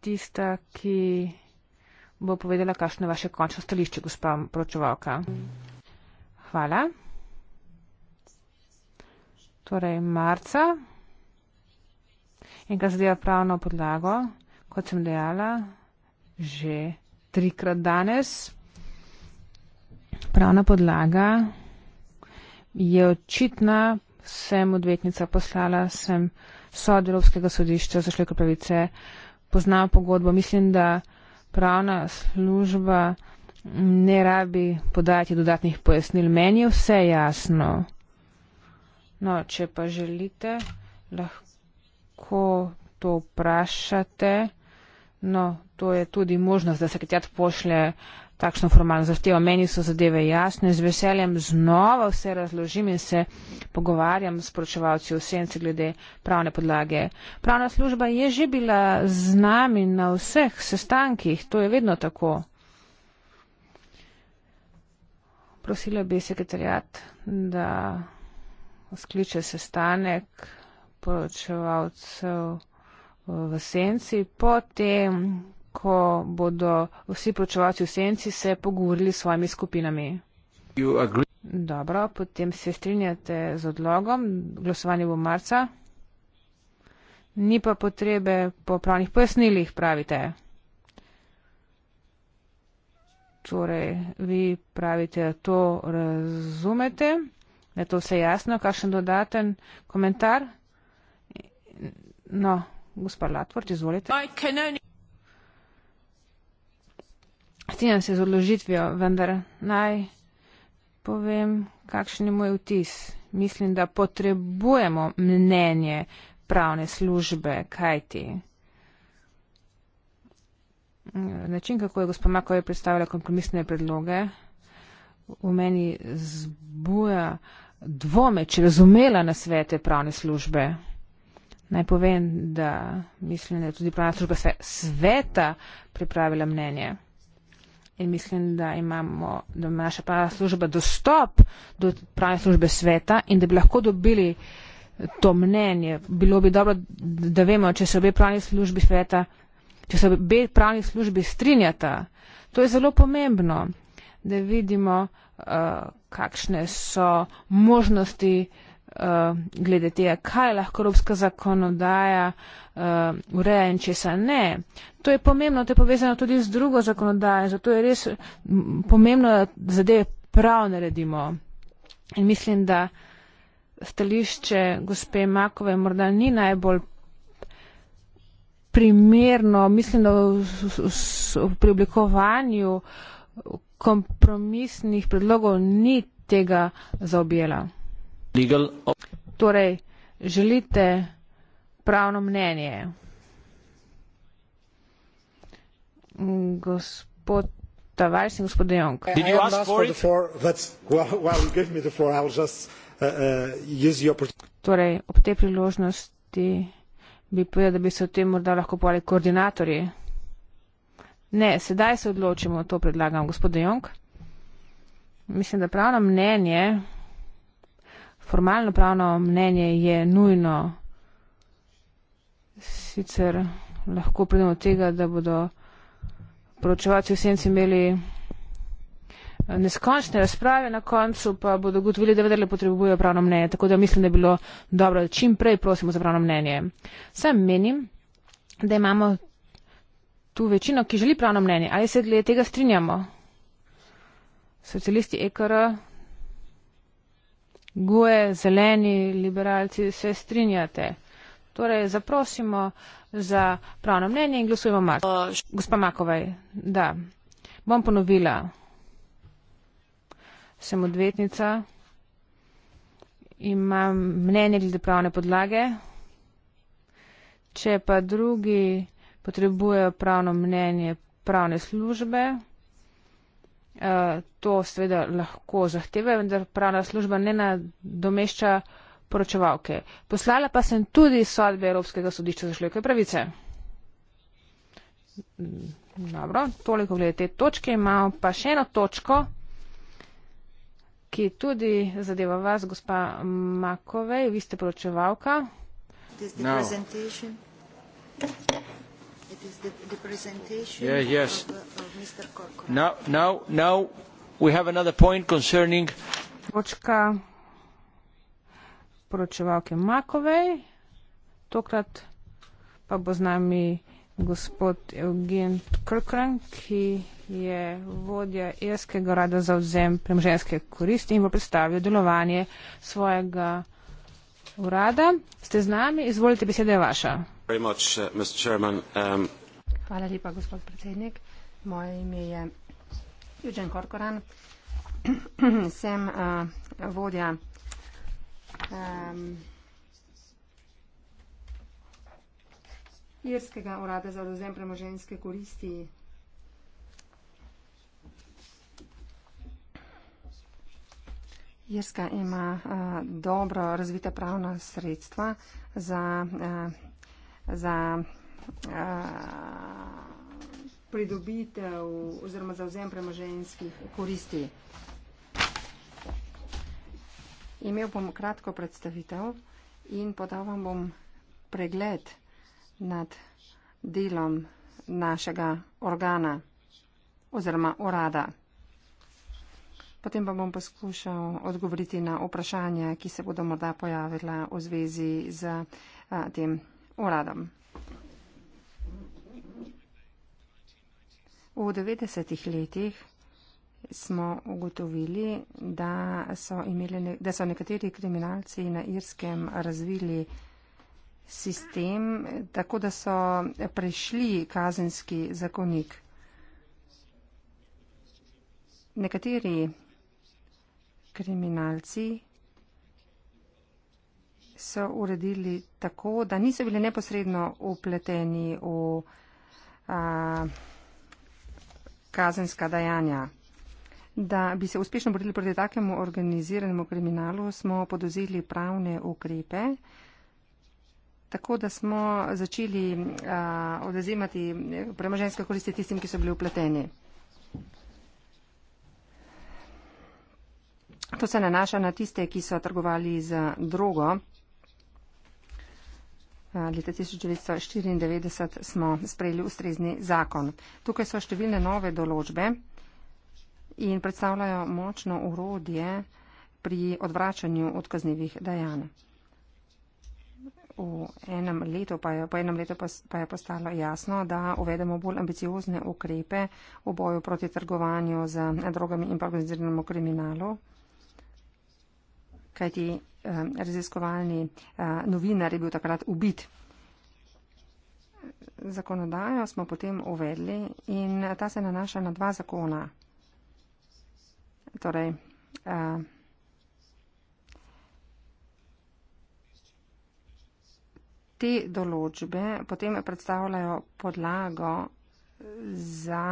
tista, ki bo povedala, kakšno je vaše končno stališče, gospa pročevalka. Hvala. Torej, marca in ga zadeva pravno podlago, kot sem dejala, že trikrat danes. Pravna podlaga je očitna, sem odvetnica poslala, sem sod Evropskega sodišča za človekove pravice, poznam pogodbo, mislim, da pravna služba ne rabi podati dodatnih pojasnil. Meni je vse jasno. No, če pa želite, lahko ko to vprašate, no, to je tudi možnost, da sekretar pošlje takšno formalno zahtevo. Meni so zadeve jasne, z veseljem znova vse razložim in se pogovarjam s poročevalci v senci glede pravne podlage. Pravna služba je že bila z nami na vseh sestankih, to je vedno tako. Prosila bi sekretarjat, da skliče sestanek poročevalcev eh, v senci. Potem, ko bodo vsi poročevalci v senci se pogovorili s svojimi skupinami. Dobro, potem se strinjate z odlogom, glasovanje bo marca. Ni pa potrebe po pravnih pojasnilih, pravite. Torej, vi pravite, da to razumete, da je to vse jasno, kakšen dodaten komentar? No, gospa Latvor, izvolite. Stinjam se z odložitvijo, vendar naj povem, kakšen je moj vtis. Mislim, da potrebujemo mnenje pravne službe, kaj ti. Način, kako je gospa Makova predstavila kompromisne predloge, v meni zbuja dvome, če razumela nasvete pravne službe. Naj povem, da mislim, da je tudi pravna služba sveta pripravila mnenje. In mislim, da imamo, da ima naša pravna služba dostop do pravne službe sveta in da bi lahko dobili to mnenje. Bilo bi dobro, da vemo, če se obe pravni službi sveta, če se obe pravni službi strinjata. To je zelo pomembno, da vidimo, uh, kakšne so možnosti uh, Eh, glede tega, kaj lahko evropska zakonodaja uh, ureja in česa ne. To je pomembno, to je povezano tudi z drugo zakonodajo, zato je res pomembno, da zadeve prav naredimo. In mislim, da stališče gospe Makove morda ni najbolj primerno. Mislim, da v, v, v, pri oblikovanju kompromisnih predlogov ni tega zaobjela. Torej, želite pravno mnenje. Gospod Tavares in gospod Dejong. Uh, uh, torej, ob tej priložnosti bi povedal, da bi se o tem morda lahko povali koordinatorji. Ne, sedaj se odločimo, to predlagam gospod Dejong. Mislim, da pravno mnenje formalno pravno mnenje je nujno. Sicer lahko pridemo od tega, da bodo poročevalci v senci imeli eh, neskončne razprave na koncu, pa bodo gotovili, da vedeli potrebujejo pravno mnenje. Tako da mislim, da je bilo dobro, da čim prej prosimo za pravno mnenje. Sam menim, da imamo tu večino, ki želi pravno mnenje. Ali se glede tega strinjamo? Socialisti EKR Gue, zeleni, liberalci, se strinjate. Torej, zaprosimo za pravno mnenje in glasujemo marca. Gospa Makovej, da, bom ponovila. Sem odvetnica, imam mnenje glede pravne podlage. Če pa drugi potrebujejo pravno mnenje pravne službe, Eh, to seveda lahko zahtevajo, vendar pravna služba ne nadomešča poročevalke. Poslala pa sem tudi sodbe Evropskega sodišča za človekove pravice. Mm, dobro, toliko glede te točke. Imamo pa še eno točko, ki tudi zadeva vas, gospa Makovej. Vi ste poročevalka. No the presentation yeah, yes. of, uh, of Mr. Corcoran. Now, now, now we have another point concerning... Točka poročevalke Makovej, tokrat pa bo z nami gospod Eugen Kirkran, ki je vodja Irskega rada za vzem premoženske koristi in bo predstavil delovanje svojega urada. Ste z nami? Izvolite, beseda je vaša. Uh, um, Hvala lepa, gospod predsednik. Moje ime je Južen Korkoran. [CLEARS THROAT] Sem uh, vodja um, Irskega urada za odozem premoženske koristi. Irska ima uh, dobro razvite pravna sredstva za uh, za a, eh, pridobitev oziroma za vzem premoženskih koristi. Imel bom kratko predstavitev in podal vam bom pregled nad delom našega organa oziroma urada. Potem pa bom poskušal odgovoriti na vprašanja, ki se bodo morda pojavila v zvezi z a, eh, tem uradom. V 90-ih letih smo ugotovili, da so, imeli, da so nekateri kriminalci na Irskem razvili sistem, tako da so prešli kazenski zakonik. Nekateri kriminalci so uredili tako, da niso bili neposredno upleteni v a, kazenska dajanja. Da bi se uspešno borili proti takemu organiziranemu kriminalu, smo podozili pravne ukrepe, tako da smo začeli a, odezimati premoženske koristi tistim, ki so bili upleteni. To se nanaša na tiste, ki so trgovali z drogo leta 1994 smo sprejeli ustrezni zakon. Tukaj so številne nove določbe in predstavljajo močno urodje pri odvračanju odkaznevih dejanj. V enem letu pa je, po enem letu pa je postalo jasno, da uvedemo bolj ambiciozne ukrepe v boju proti trgovanju z drogami in organiziranemu kriminalu kajti eh, raziskovalni eh, novinar je bil takrat ubit. Zakonodajo smo potem uvedli in ta se nanaša na dva zakona. Torej, eh, te določbe potem predstavljajo podlago za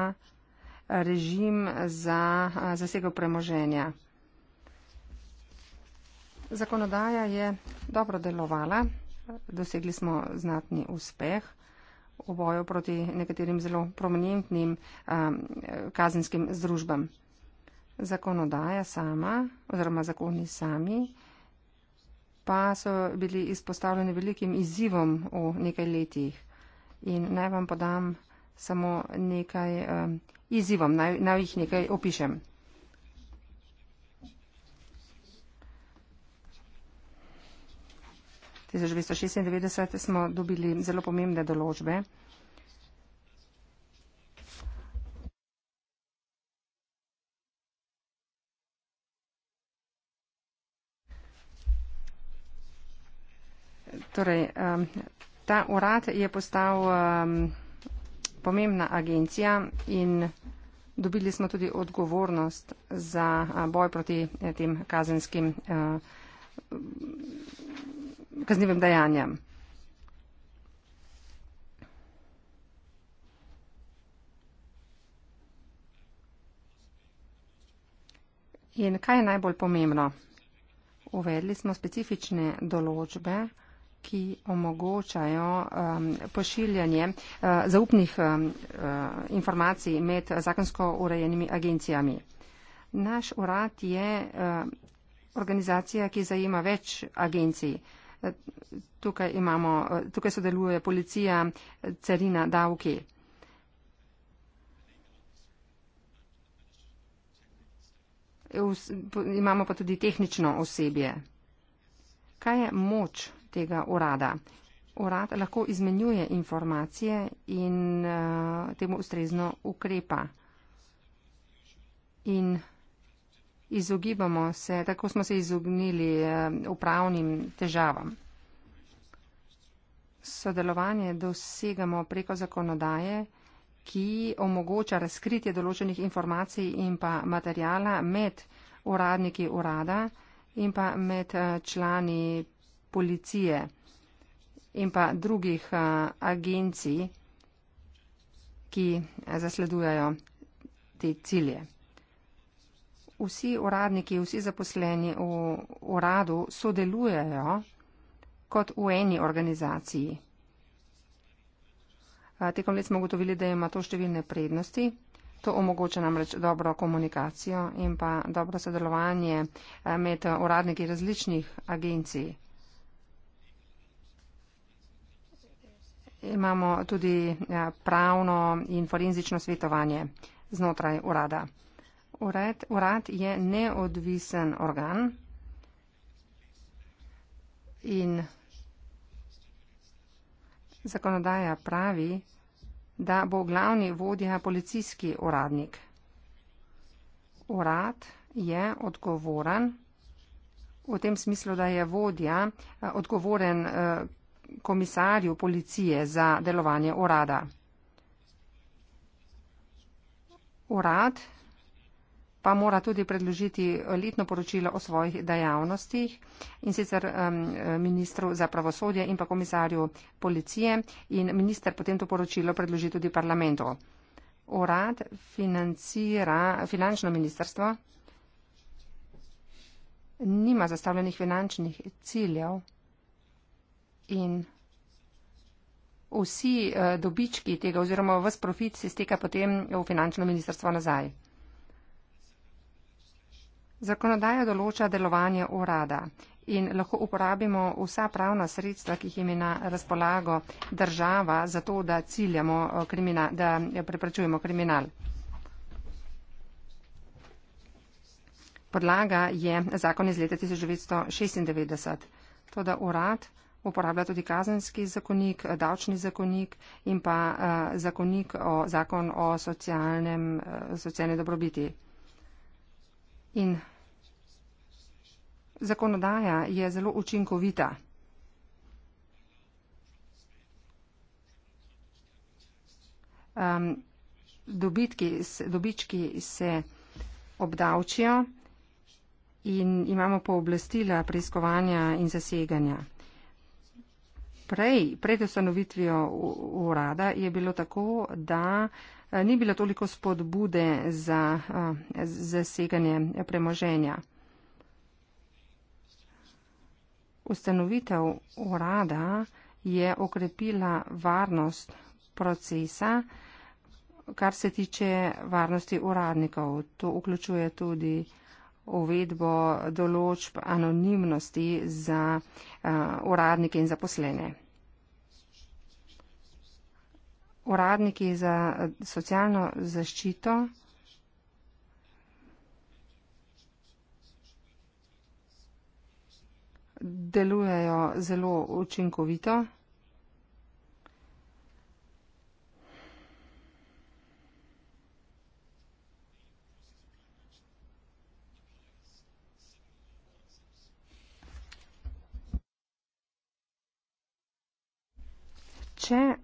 režim za zasego premoženja. Zakonodaja je dobro delovala, dosegli smo znatni uspeh v boju proti nekaterim zelo prominentnim um, kazenskim združbam. Zakonodaja sama oziroma zakoni sami pa so bili izpostavljeni velikim izzivom v nekaj letih. In naj vam podam samo nekaj um, izzivom, naj, naj jih nekaj opišem. 1996 smo dobili zelo pomembne določbe. Torej, um, ta urad je postal um, pomembna agencija in dobili smo tudi odgovornost za uh, boj proti eh, tem kazenskim uh, kaznivim dejanjem. In kaj je najbolj pomembno? Uvedli smo specifične določbe, ki omogočajo um, pošiljanje uh, zaupnih um, uh, informacij med zakonsko urejenimi agencijami. Naš urad je uh, organizacija, ki zajema več agencij. Uh, tukaj, imamo, tukaj sodeluje policija, carina, davki. Imamo pa tudi tehnično osebje. Kaj je moč tega urada? Urad lahko izmenjuje informacije in uh, temu ustrezno ukrepa. In izogibamo se, tako smo se izognili eh, upravnim težavam. Sodelovanje dosegamo preko zakonodaje, ki omogoča razkritje določenih informacij in pa materijala med uradniki urada in pa med eh, člani policije in pa drugih eh, agencij, ki zasledujajo te cilje vsi uradniki, vsi zaposleni v uradu sodelujejo kot v eni organizaciji. Tekom let smo ugotovili, da ima to številne prednosti. To omogoča namreč dobro komunikacijo in pa dobro sodelovanje med uradniki različnih agencij. Imamo tudi pravno in forenzično svetovanje znotraj urada urad, urad je neodvisen organ in zakonodaja pravi, da bo glavni vodja policijski uradnik. Urad je odgovoren v tem smislu, da je vodja eh, odgovoren eh, komisarju policije za delovanje urada. Urad pa mora tudi predložiti letno poročilo o svojih dejavnostih in sicer um, ministru za pravosodje in pa komisarju policije in minister potem to poročilo predloži tudi parlamentu. Urad financira finančno ministerstvo, nima zastavljenih finančnih ciljev in vsi eh, dobički tega oziroma vse profit se steka potem v finančno ministerstvo nazaj. Zakonodaja določa delovanje urada in lahko uporabimo vsa pravna sredstva, ki jih ima na razpolago država, zato da, eh, krimina, da eh, preprečujemo kriminal. Podlaga je zakon iz leta 1996. To, da urad uporablja tudi kazenski zakonik, eh, davčni zakonik in pa zakonik o, zakon o socialnem, socialne dobrobiti. In zakonodaja je zelo učinkovita. Um, dobitki, dobički se obdavčijo in imamo pooblastila preiskovanja in zaseganja. Prej, pred ustanovitvijo urada je bilo tako, da eh, ni bilo toliko spodbude za eh, zaseganje premoženja. Ustanovitev urada je okrepila varnost procesa, kar se tiče varnosti uradnikov. To vključuje tudi uvedbo določb anonimnosti za uh, uradnike in zaposlene. Uradniki za eh, socialno zaščito delujejo zelo učinkovito. Če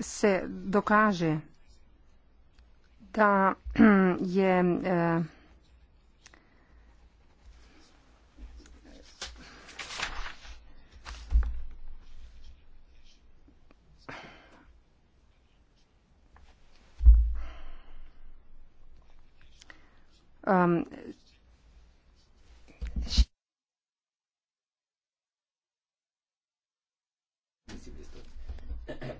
se dokaže, da [CLEARS THROAT] je eh, um, Mislim, da je to.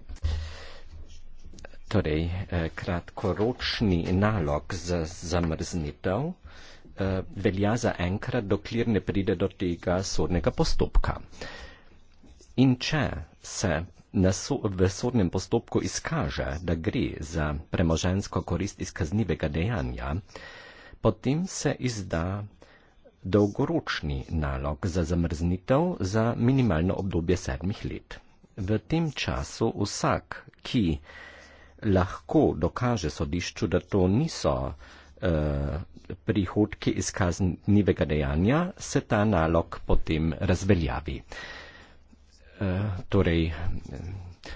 Torej, eh, kratkoročni nalog za zamrznitev eh, velja za enkrat, dokler ne pride do tega sodnega postopka. In če se so, v sodnem postopku izkaže, da gre za premožensko korist iz kaznivega dejanja, potem se izda dolgoročni nalog za zamrznitev za minimalno obdobje sedmih let. V tem času vsak, ki lahko dokaže sodišču, da to niso eh, prihodki iz kaznivega dejanja, se ta nalog potem razveljavi. Eh, torej,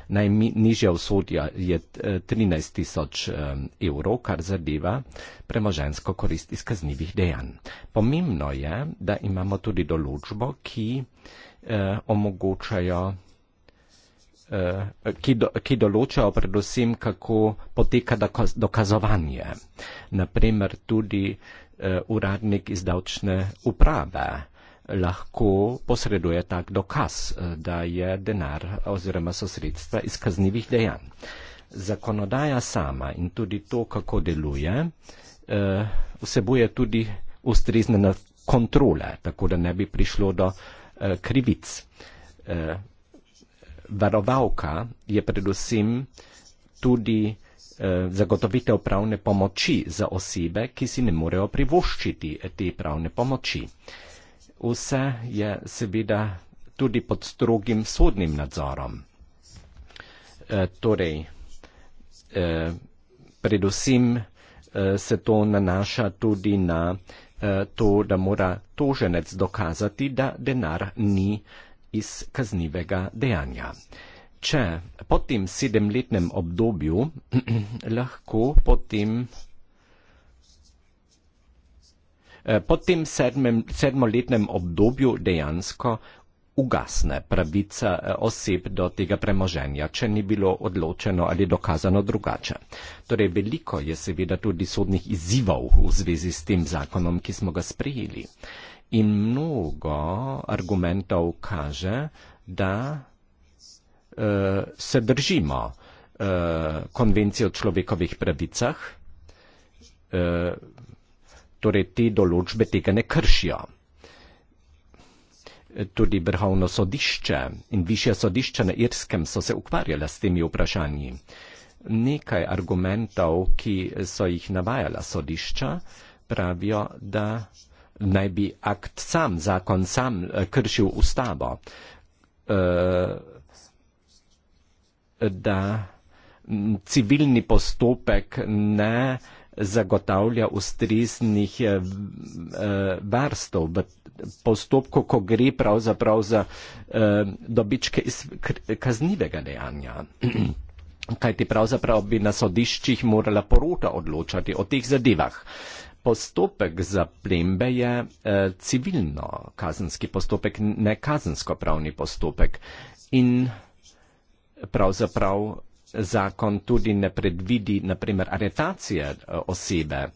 najnižja usodja je 13 eh, tisoč eh, evrov, kar zadeva premožensko korist iz kaznivih dejanj. Pomembno je, da imamo tudi določbo, ki eh, omogočajo Eh, ki, do, ki določajo predvsem, kako poteka dokazovanje. Naprimer, tudi eh, uradnik iz davčne uprave lahko posreduje tak dokaz, eh, da je denar oziroma so sredstva iz kaznivih dejanj. Zakonodaja sama in tudi to, kako deluje, vsebuje tudi ustrezne kontrole, tako da ne bi prišlo do krivic varovalka je predvsem tudi eh, zagotovitev pravne pomoči za osebe, ki si ne morejo privoščiti te pravne pomoči. Vse je seveda tudi pod strogim sodnim nadzorom. Eh, torej, eh, predvsem eh, se to nanaša tudi na eh, to, da mora toženec dokazati, da denar ni eh, iz kaznivega dejanja. Če po tem sedemletnem obdobju [CLEARS THROAT] lahko potem eh, po tem sedmem, sedmoletnem obdobju dejansko ugasne pravica eh, oseb do tega premoženja, če ni bilo odločeno ali dokazano drugače. Torej, veliko je seveda tudi sodnih izzivov v zvezi s tem zakonom, ki smo ga sprejeli. In mnogo argumentov kaže, da uh, se držimo uh, konvencije o človekovih pravicah, uh, torej te določbe tega ne kršijo. Tudi vrhovno sodišče in višja sodišča na Irskem so se ukvarjala s temi vprašanji. Nekaj argumentov, ki so jih navajala sodišča, pravijo, da naj bi akt sam, zakon sam eh, kršil ustavo, eh, da civilni postopek ne zagotavlja ustreznih eh, varstov v postopku, ko gre pravzaprav za dobičke iz kaznivega dejanja. [CLEARS THROAT] Kaj ti pravzaprav bi na sodiščih morala poroča odločati o teh zadevah? postopek zaplembe je eh, civilno kazenski postopek, ne kazensko pravni postopek. In pravzaprav zakon tudi ne predvidi, naprimer, aretacije eh, osebe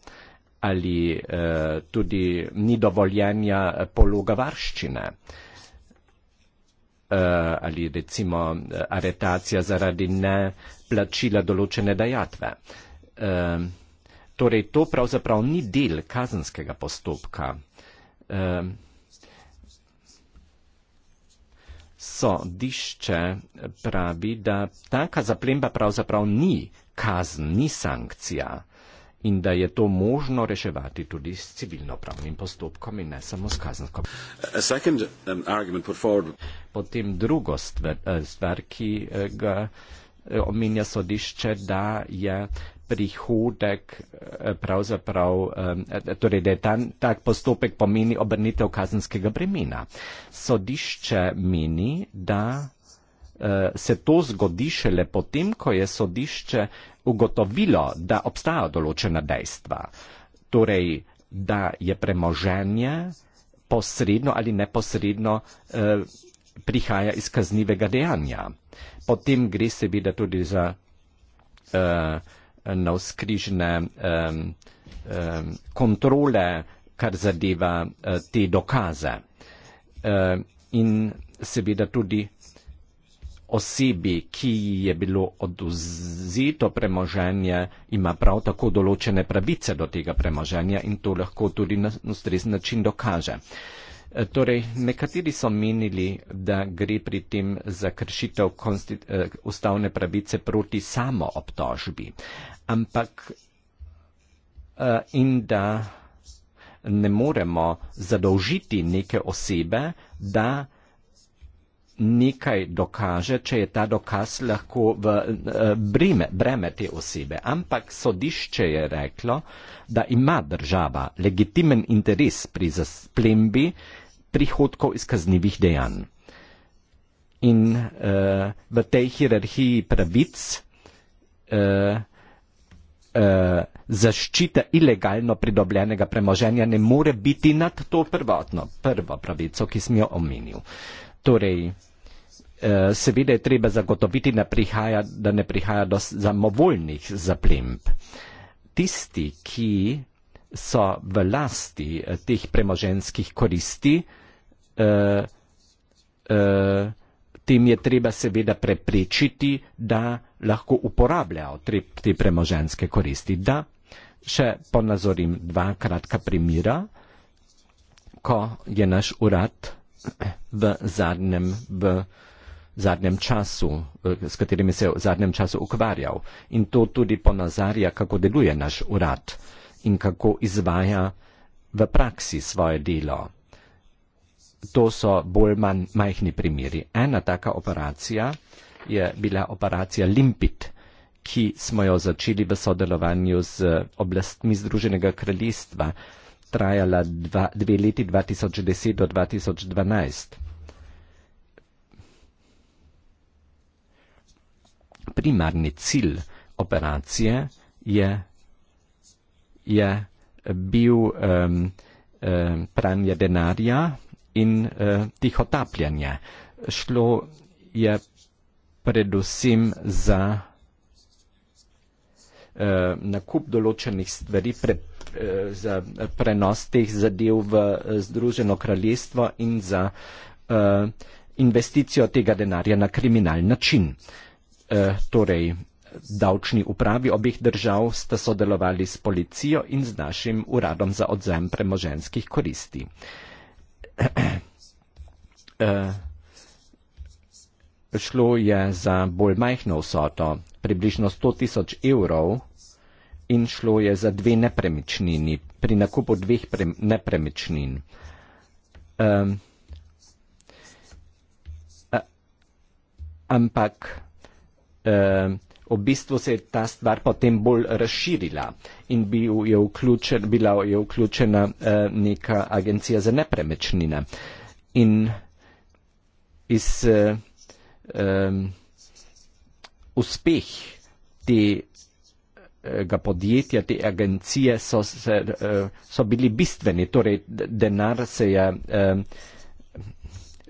ali eh, tudi ni dovoljenja pologa varščine eh, ali recimo eh, aretacija zaradi neplačila določene dajatve. Eh, Torej, to pravzaprav ni del kazenskega postopka. E, sodišče pravi, da taka zaplemba pravzaprav ni kazn, ni sankcija in da je to možno reševati tudi s civilnopravnim postopkom in ne samo s kazenskom. Second, um, Potem drugo stvar, eh, stvar ki eh, ga eh, omenja sodišče, da je prihodek, eh, pravzaprav, eh, eh, torej, da je ta, ta postopek pomeni obrnitev kazenskega bremena. Sodišče meni, da se to zgodi šele potem, ko je sodišče ugotovilo, da obstajajo določena dejstva. Torej, da je premoženje posredno ali neposredno prihaja iz kaznivega dejanja. Potem gre seveda tudi za uh, navskrižne um, um, kontrole, kar zadeva uh, te dokaze. Uh, in seveda tudi osebi, ki je bilo oduzeto premoženje, ima prav tako določene pravice do tega premoženja in to lahko tudi na ustrezen način dokaže. Uh, Eh, torej, nekateri so menili, da gre pri tem za kršitev eh, ustavne pravice proti samo obtožbi, ampak eh, in da ne moremo zadolžiti neke osebe, da nekaj dokaže, če je ta dokaz lahko v breme, breme te osebe. Ampak sodišče je reklo, da ima država legitimen interes pri zasplembi, prihodkov iz kaznivih dejanj. In uh, v tej hierarhiji pravic uh, uh, zaščita ilegalno pridobljenega premoženja ne more biti nad to prvotno, prvo pravico, ki sem jo omenil. Torej, uh, seveda je treba zagotoviti, da, prihaja, da ne prihaja do zamovoljnih zaplemb. Tisti, ki so v lasti uh, teh premoženskih koristi, uh, uh, uh, tem je treba seveda preprečiti, da lahko uporabljajo te, te premoženske koristi. Da še ponazorim dva kratka primira, ko je naš urad v zadnjem, v zadnjem času, eh, s katerimi se je v zadnjem času ukvarjal. In to tudi ponazarja, kako deluje naš urad in kako izvaja v praksi svoje delo to so bolj manj majhni primeri. Ena taka operacija je bila operacija Limpit, ki smo jo začeli v sodelovanju z eh, oblastmi Združenega kraljestva, trajala dva, dve leti 2010 do 2012. Primarni cilj operacije je, je bil um, um, pranje denarja, in uh, tihotapljanje. Šlo je predvsem za uh, nakup določenih stvari, pre, uh, za prenos teh zadev v Združeno kraljestvo in za uh, investicijo tega denarja na kriminalni način. Uh, torej, davčni upravi obeh držav sta sodelovali s policijo in z našim uradom za odzem premoženskih koristi. Uh, Eh, šlo je za bolj majhno vsoto, približno 100 tisoč evrov in šlo je za dve nepremičnini, pri nakupu dveh pre, nepremičnin. Um, a, ampak um, v bistvu se je ta stvar potem bolj razširila in bil je vključen, bila je vključena eh, neka agencija za nepremečnine. In iz eh, eh, uspeh tega podjetja, te agencije so, se, eh, so bili bistveni, torej denar se je, eh,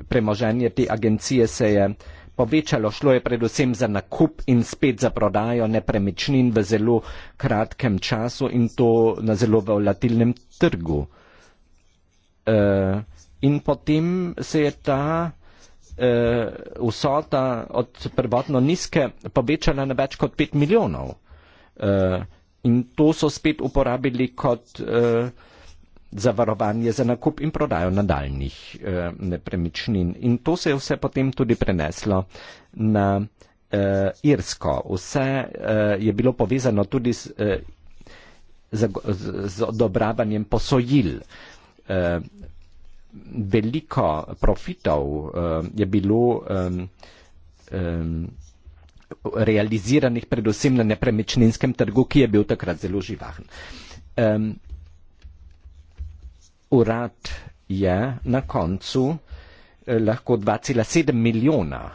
premoženje te agencije se je eh, povečalo. Šlo je predvsem za nakup in spet za prodajo nepremičnin v zelo kratkem času in to na zelo volatilnem trgu. E, in potem se je ta e, vsota od prvotno nizke povečala na več kot 5 milijonov. E, in to so spet uporabili kot. E, zavarovanje za nakup in prodajo nadaljnih eh, nepremičnin. In to se je vse potem tudi preneslo na eh, Irsko. Vse eh, je bilo povezano tudi eh, z, eh, z, z odobravanjem posojil. Eh, veliko profitov eh, je bilo eh, eh, realiziranih predvsem na nepremičninskem trgu, ki je bil takrat zelo živahen. Eh, urad je na koncu eh, lahko 2,7 milijona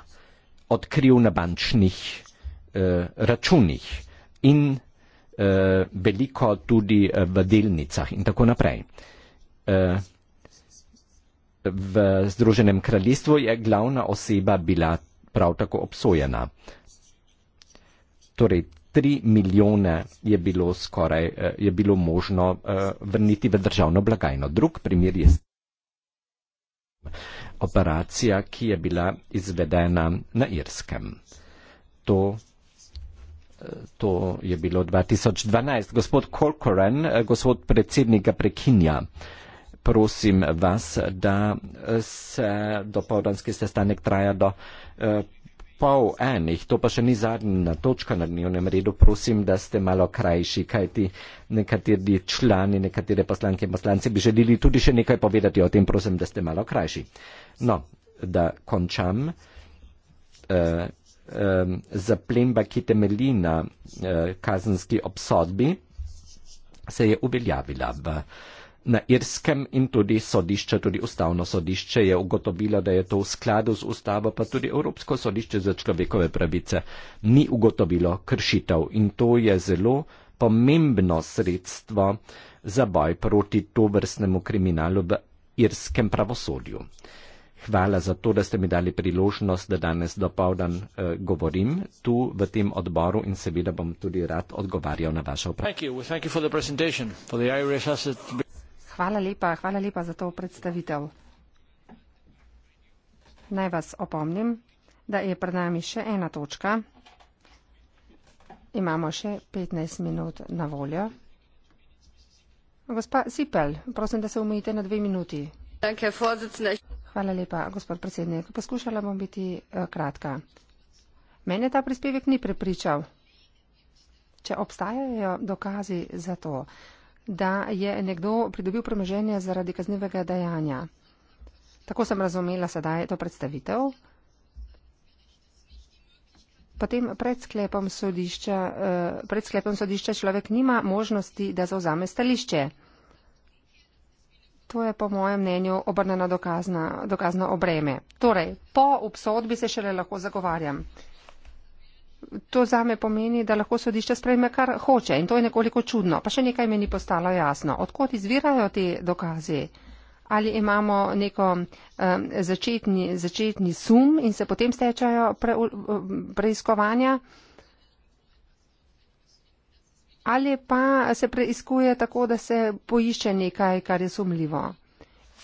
odkril na bančnih eh, računih in eh, veliko tudi eh, v delnicah in tako naprej. Eh, v Združenem kraljestvu je glavna oseba bila prav tako obsojena. Torej, tri milijone je bilo skoraj, eh, je bilo možno eh, vrniti v državno blagajno. Drug primer je operacija, ki je bila izvedena na Irskem. To, eh, to je bilo 2012. Gospod Corcoran, gospod predsednika prekinja, prosim vas, da se dopovdanski sestanek traja do pol enih, to pa še ni zadnja točka na dnevnem redu, prosim, da ste malo krajši, kajti nekateri člani, nekatere poslanke in poslanci bi želeli tudi še nekaj povedati o tem, prosim, da ste malo krajši. No, da končam. Uh, eh, uh, eh, za plemba, ki temelji na uh, kazenski obsodbi, se je uveljavila v. Uh, na Irskem in tudi sodišče, tudi ustavno sodišče je ugotovilo, da je to v skladu z ustavo, pa tudi Evropsko sodišče za človekove pravice ni ugotovilo kršitev in to je zelo pomembno sredstvo za boj proti to vrstnemu kriminalu v irskem pravosodju. Hvala za to, da ste mi dali priložnost, da danes dopovdan eh, govorim tu v tem odboru in seveda bom tudi rad odgovarjal na vaše vprašanje. Hvala lepa, hvala lepa za to predstavitev. Naj vas opomnim, da je pred nami še ena točka. Imamo še 15 minut na voljo. Gospa Sipel, prosim, da se umijete na dve minuti. Hvala lepa, gospod predsednik. Poskušala bom biti eh, kratka. Mene ta prispevek ni prepričal. Če obstajajo dokazi za to, da je nekdo pridobil premoženje zaradi kaznivega dejanja. Tako sem razumela sedaj to predstavitev. Potem pred sklepom sodišča, eh, pred sklepom sodišča človek nima možnosti, da zauzame stališče. To je po mojem mnenju obrnjeno dokazno obreme. Torej, po obsodbi se šele lahko zagovarjam. To zame pomeni, da lahko sodišče sprejme, kar hoče in to je nekoliko čudno. Pa še nekaj mi ni postalo jasno. Odkot izvirajo ti dokazi? Ali imamo neko um, začetni, začetni sum in se potem stečajo pre, preiskovanja? Ali pa se preiskuje tako, da se poišče nekaj, kar je sumljivo?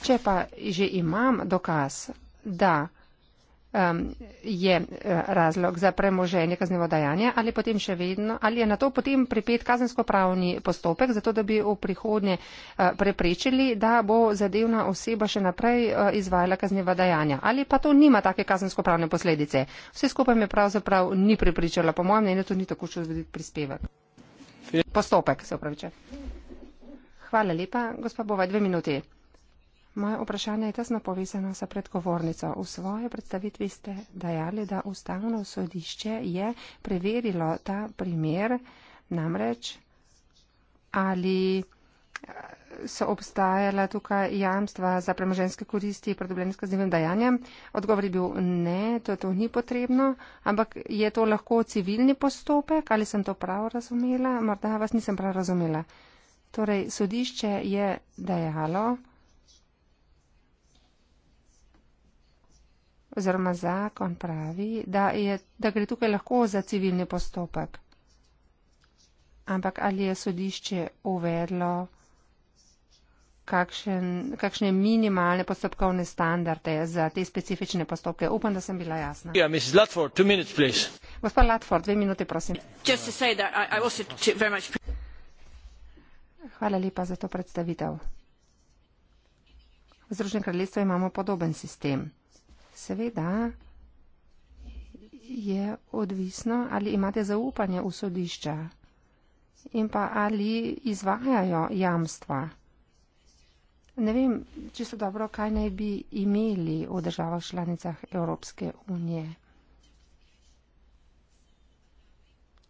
Če pa že imam dokaz, da um, je eh, razlog za premoženje kaznevo dajanje ali, vedno, ali je na to potem pripet kazensko pravni postopek, zato da bi v prihodnje uh, preprečili, da bo zadevna oseba še naprej uh, izvajala kaznevo dajanje ali pa to nima take kazensko pravne posledice. Vse skupaj me pravzaprav ni pripričala, po mojem mnenju, to ni tako čudovit prispevek. Postopek, se upravičujem. Hvala lepa, gospod Bova, dve minuti. Moje vprašanje je tesno povezano sa predgovornico. V svoji predstavitvi ste dajali, da ustavno sodišče je preverilo ta primer, namreč ali eh, so obstajala tukaj jamstva za premoženske koristi pred obljenim kaznivim dajanjem. Odgovor je bil ne, to, to ni potrebno, ampak je to lahko civilni postopek, ali sem to prav razumela, morda vas nisem prav razumela. Torej, sodišče je dajalo. oziroma zakon pravi, da, je, da gre tukaj lahko za civilni postopek. Ampak ali je sodišče uvedlo kakšen, kakšne minimalne postopkovne standarde za te specifične postopke? Upam, da sem bila jasna. Gospod Latford, dve minuti, prosim. Hvala lepa za to predstavitev. V Združenem kraljestvu imamo podoben sistem. Seveda je odvisno, ali imate zaupanje v sodišča in pa ali izvajajo jamstva. Ne vem, če so dobro, kaj naj bi imeli v državah članicah Evropske unije.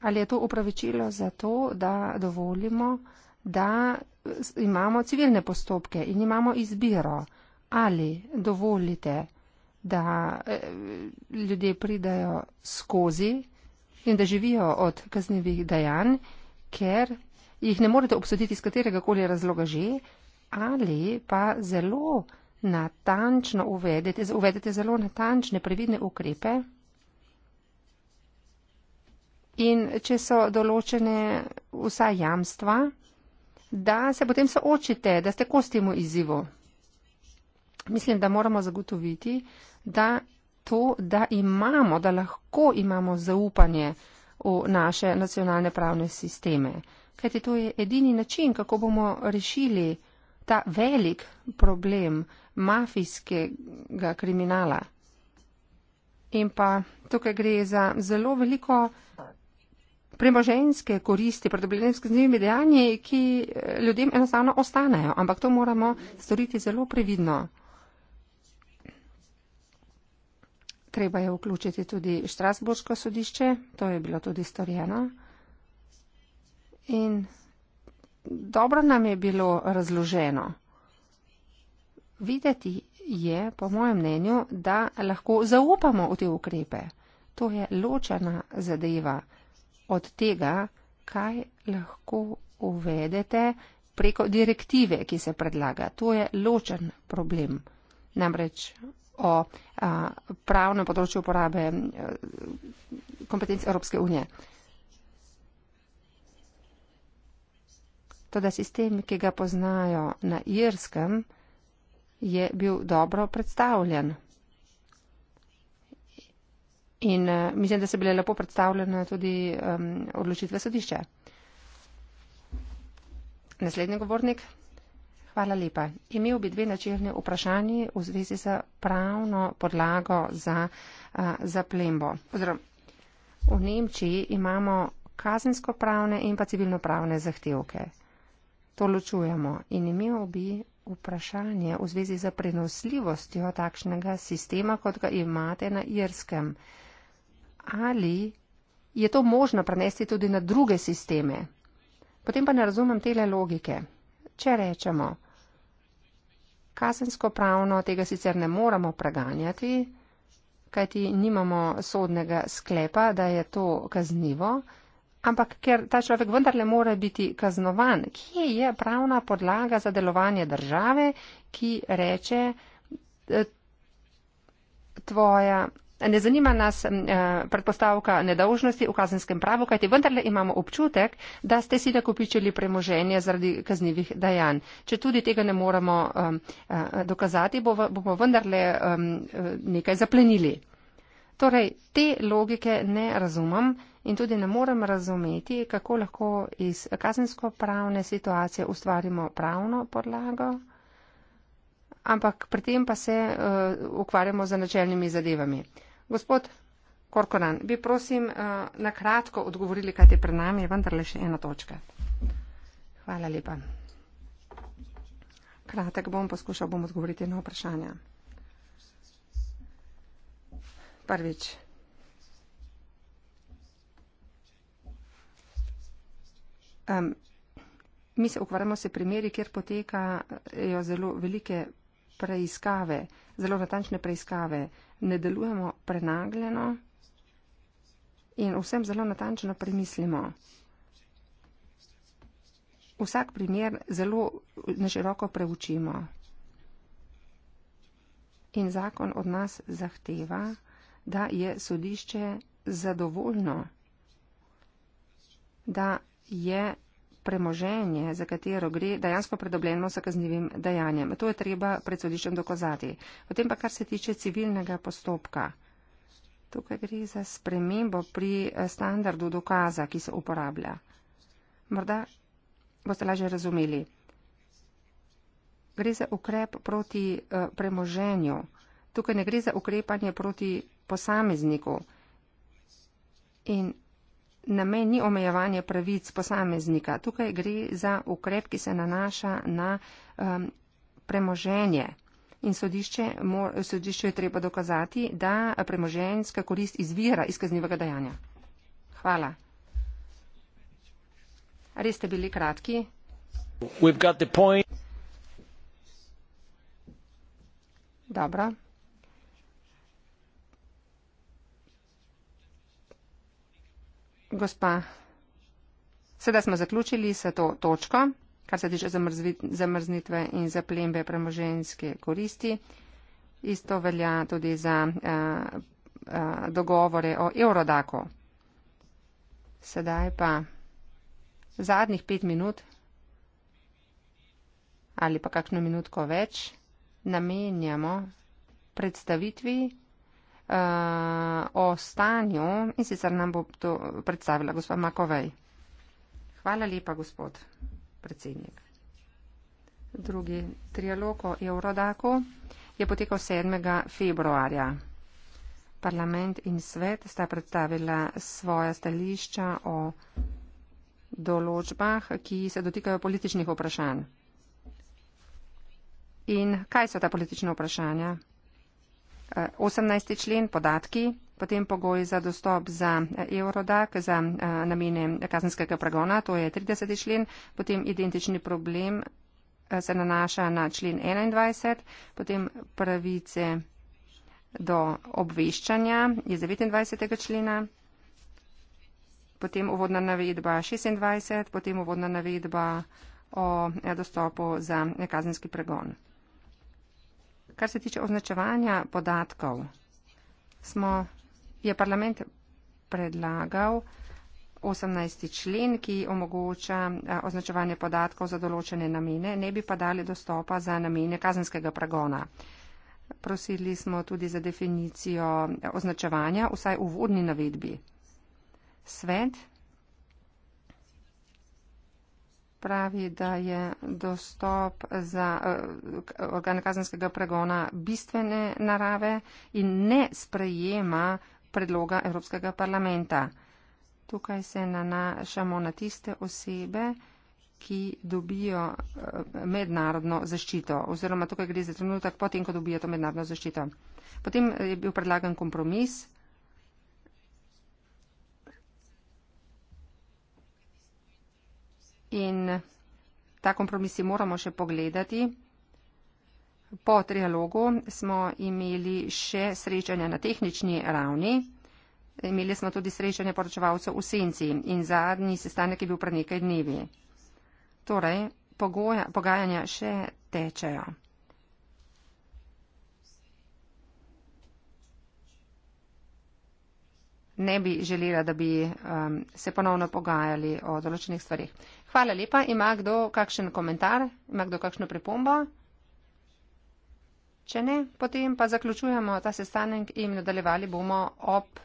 Ali je to upravičilo za to, da dovolimo, da imamo civilne postopke in imamo izbiro, ali dovolite da eh, ljudje pridajo skozi in da živijo od kaznjivih dejanj, ker jih ne morete obsoditi iz katerega koli razloga že, ali pa zelo natančno uvedete, uvedete zelo natančne previdne ukrepe. In če so določene vsa jamstva, da se potem soočite, da ste kostimo izzivu mislim, da moramo zagotoviti, da to, da imamo, da lahko imamo zaupanje v naše nacionalne pravne sisteme. Kajti to je edini način, kako bomo rešili ta velik problem mafijskega kriminala. In pa tukaj gre za zelo veliko premoženske koristi, predobljene s kaznjivimi dejanji, ki eh, ljudem enostavno ostanejo. Ampak to moramo storiti zelo previdno. treba je vključiti tudi Štrasburško sodišče, to je bilo tudi storjeno. In dobro nam je bilo razloženo. Videti je, po mojem mnenju, da lahko zaupamo v te ukrepe. To je ločena zadeva od tega, kaj lahko uvedete preko direktive, ki se predlaga. To je ločen problem. Namreč o a, pravnem področju uporabe a, e, kompetenc Evropske unije. Teda sistem, ki ga poznajo na Irskem, je bil dobro predstavljen. In a, e, mislim, da so bile lepo predstavljene tudi a, e, odločitve sodišča. Naslednji govornik. Hvala lepa. Imel bi dve načelne vprašanje v zvezi z pravno podlago za zaplembo. V Nemčiji imamo kazensko-pravne in pa civilno-pravne zahtevke. To ločujemo in imel bi vprašanje v zvezi z prenosljivostjo takšnega sistema, kot ga imate na Irskem. Ali je to možno prenesti tudi na druge sisteme? Potem pa ne razumem tele logike. Če rečemo, Kazensko pravno tega sicer ne moramo preganjati, kajti nimamo sodnega sklepa, da je to kaznivo, ampak ker ta človek vendarle mora biti kaznovan, kje je pravna podlaga za delovanje države, ki reče, eh, tvoja Ne zanima nas eh, predpostavka nedolžnosti v kazenskem pravu, kajti vendarle imamo občutek, da ste si nakopičili premoženje zaradi kaznjivih dajanj. Če tudi tega ne moremo eh, dokazati, bomo vendarle eh, nekaj zaplenili. Torej, te logike ne razumem in tudi ne morem razumeti, kako lahko iz kazensko pravne situacije ustvarimo pravno podlago. Ampak pri tem pa se uh, ukvarjamo z načelnimi zadevami. Gospod Korkoran, bi prosim eh, na kratko odgovorili, kaj je pred nami, je vendar le še ena točka. Hvala lepa. Kratek bom poskušal, bom odgovoriti na vprašanja. Prvič. Um, mi se ukvarjamo se primeri, kjer potekajo zelo velike preiskave, zelo natančne preiskave, uh, ne delujemo prenagljeno in vsem zelo natančno premislimo. Vsak primer zelo neširoko preučimo. In zakon od nas zahteva, da je sodišče zadovoljno, da je premoženje, za katero gre dejansko predobljeno s kaznjivim dejanjem. To je treba pred sodiščem dokazati. Potem pa kar se tiče civilnega postopka. Tukaj gre za spremembo pri eh, standardu dokaza, ki se uporablja. Morda boste lažje razumeli. Gre za ukrep proti eh, premoženju. Tukaj ne gre za ukrepanje proti posamezniku. In namen ni omejevanje pravic posameznika. Tukaj gre za ukrep, ki se nanaša na um, premoženje. In sodišče, mor, sodišče je treba dokazati, da premoženjska korist izvira iz kaznivega dejanja. Hvala. Res ste bili kratki? Dobro. gospa. Sedaj smo zaključili s to točko, kar se tiče zamrznitve in zaplembe premoženske koristi. Isto velja tudi za a, eh, a, eh, dogovore o Eurodako. Sedaj pa zadnjih pet minut ali pa kakšno minutko več namenjamo predstavitvi uh, o stanju in sicer nam bo to predstavila gospa Makovej. Hvala lepa, gospod predsednik. Drugi trialog o Eurodaku je potekal 7. februarja. Parlament in svet sta predstavila svoja stališča o določbah, ki se dotikajo političnih vprašanj. In kaj so ta politična vprašanja? 18. člen podatki, potem pogoj za dostop za eh, Eurodac za eh, namene kazenskega pragona, to je 30. člen, potem identični problem eh, se nanaša na člen 21, potem pravice do obveščanja iz 29. člena, potem uvodna navedba 26, potem uvodna navedba o dostopu za kazenski pregon. Kar se tiče označevanja podatkov, smo, je parlament predlagal 18. člen, ki omogoča označevanje podatkov za določene namene, ne bi pa dali dostopa za namene kazenskega pragona. Prosili smo tudi za definicijo označevanja, vsaj v vodni navedbi. Svet pravi, da je dostop za eh, organe kazenskega pregona bistvene narave in ne sprejema predloga Evropskega parlamenta. Tukaj se nanašamo na tiste osebe, ki dobijo eh, mednarodno zaščito oziroma tukaj gre za trenutek potem, ko dobijo to mednarodno zaščito. Potem eh, je bil predlagan kompromis, in ta kompromisi moramo še pogledati. Po trialogu smo imeli še srečanja na tehnični ravni. Imeli smo tudi srečanje poročevalcev v senci in zadnji sestanek je bil pred nekaj dnevi. Torej, pogoja, pogajanja še tečejo. Ne bi želela, da bi um, se ponovno pogajali o določenih stvarih. Hvala lepa. Ima kdo kakšen komentar? Ima kdo kakšno pripombo? Če ne, potem pa zaključujemo ta sestanek in nadaljevali bomo ob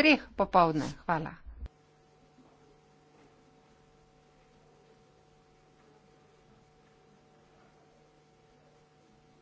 treh popovdne. Hvala.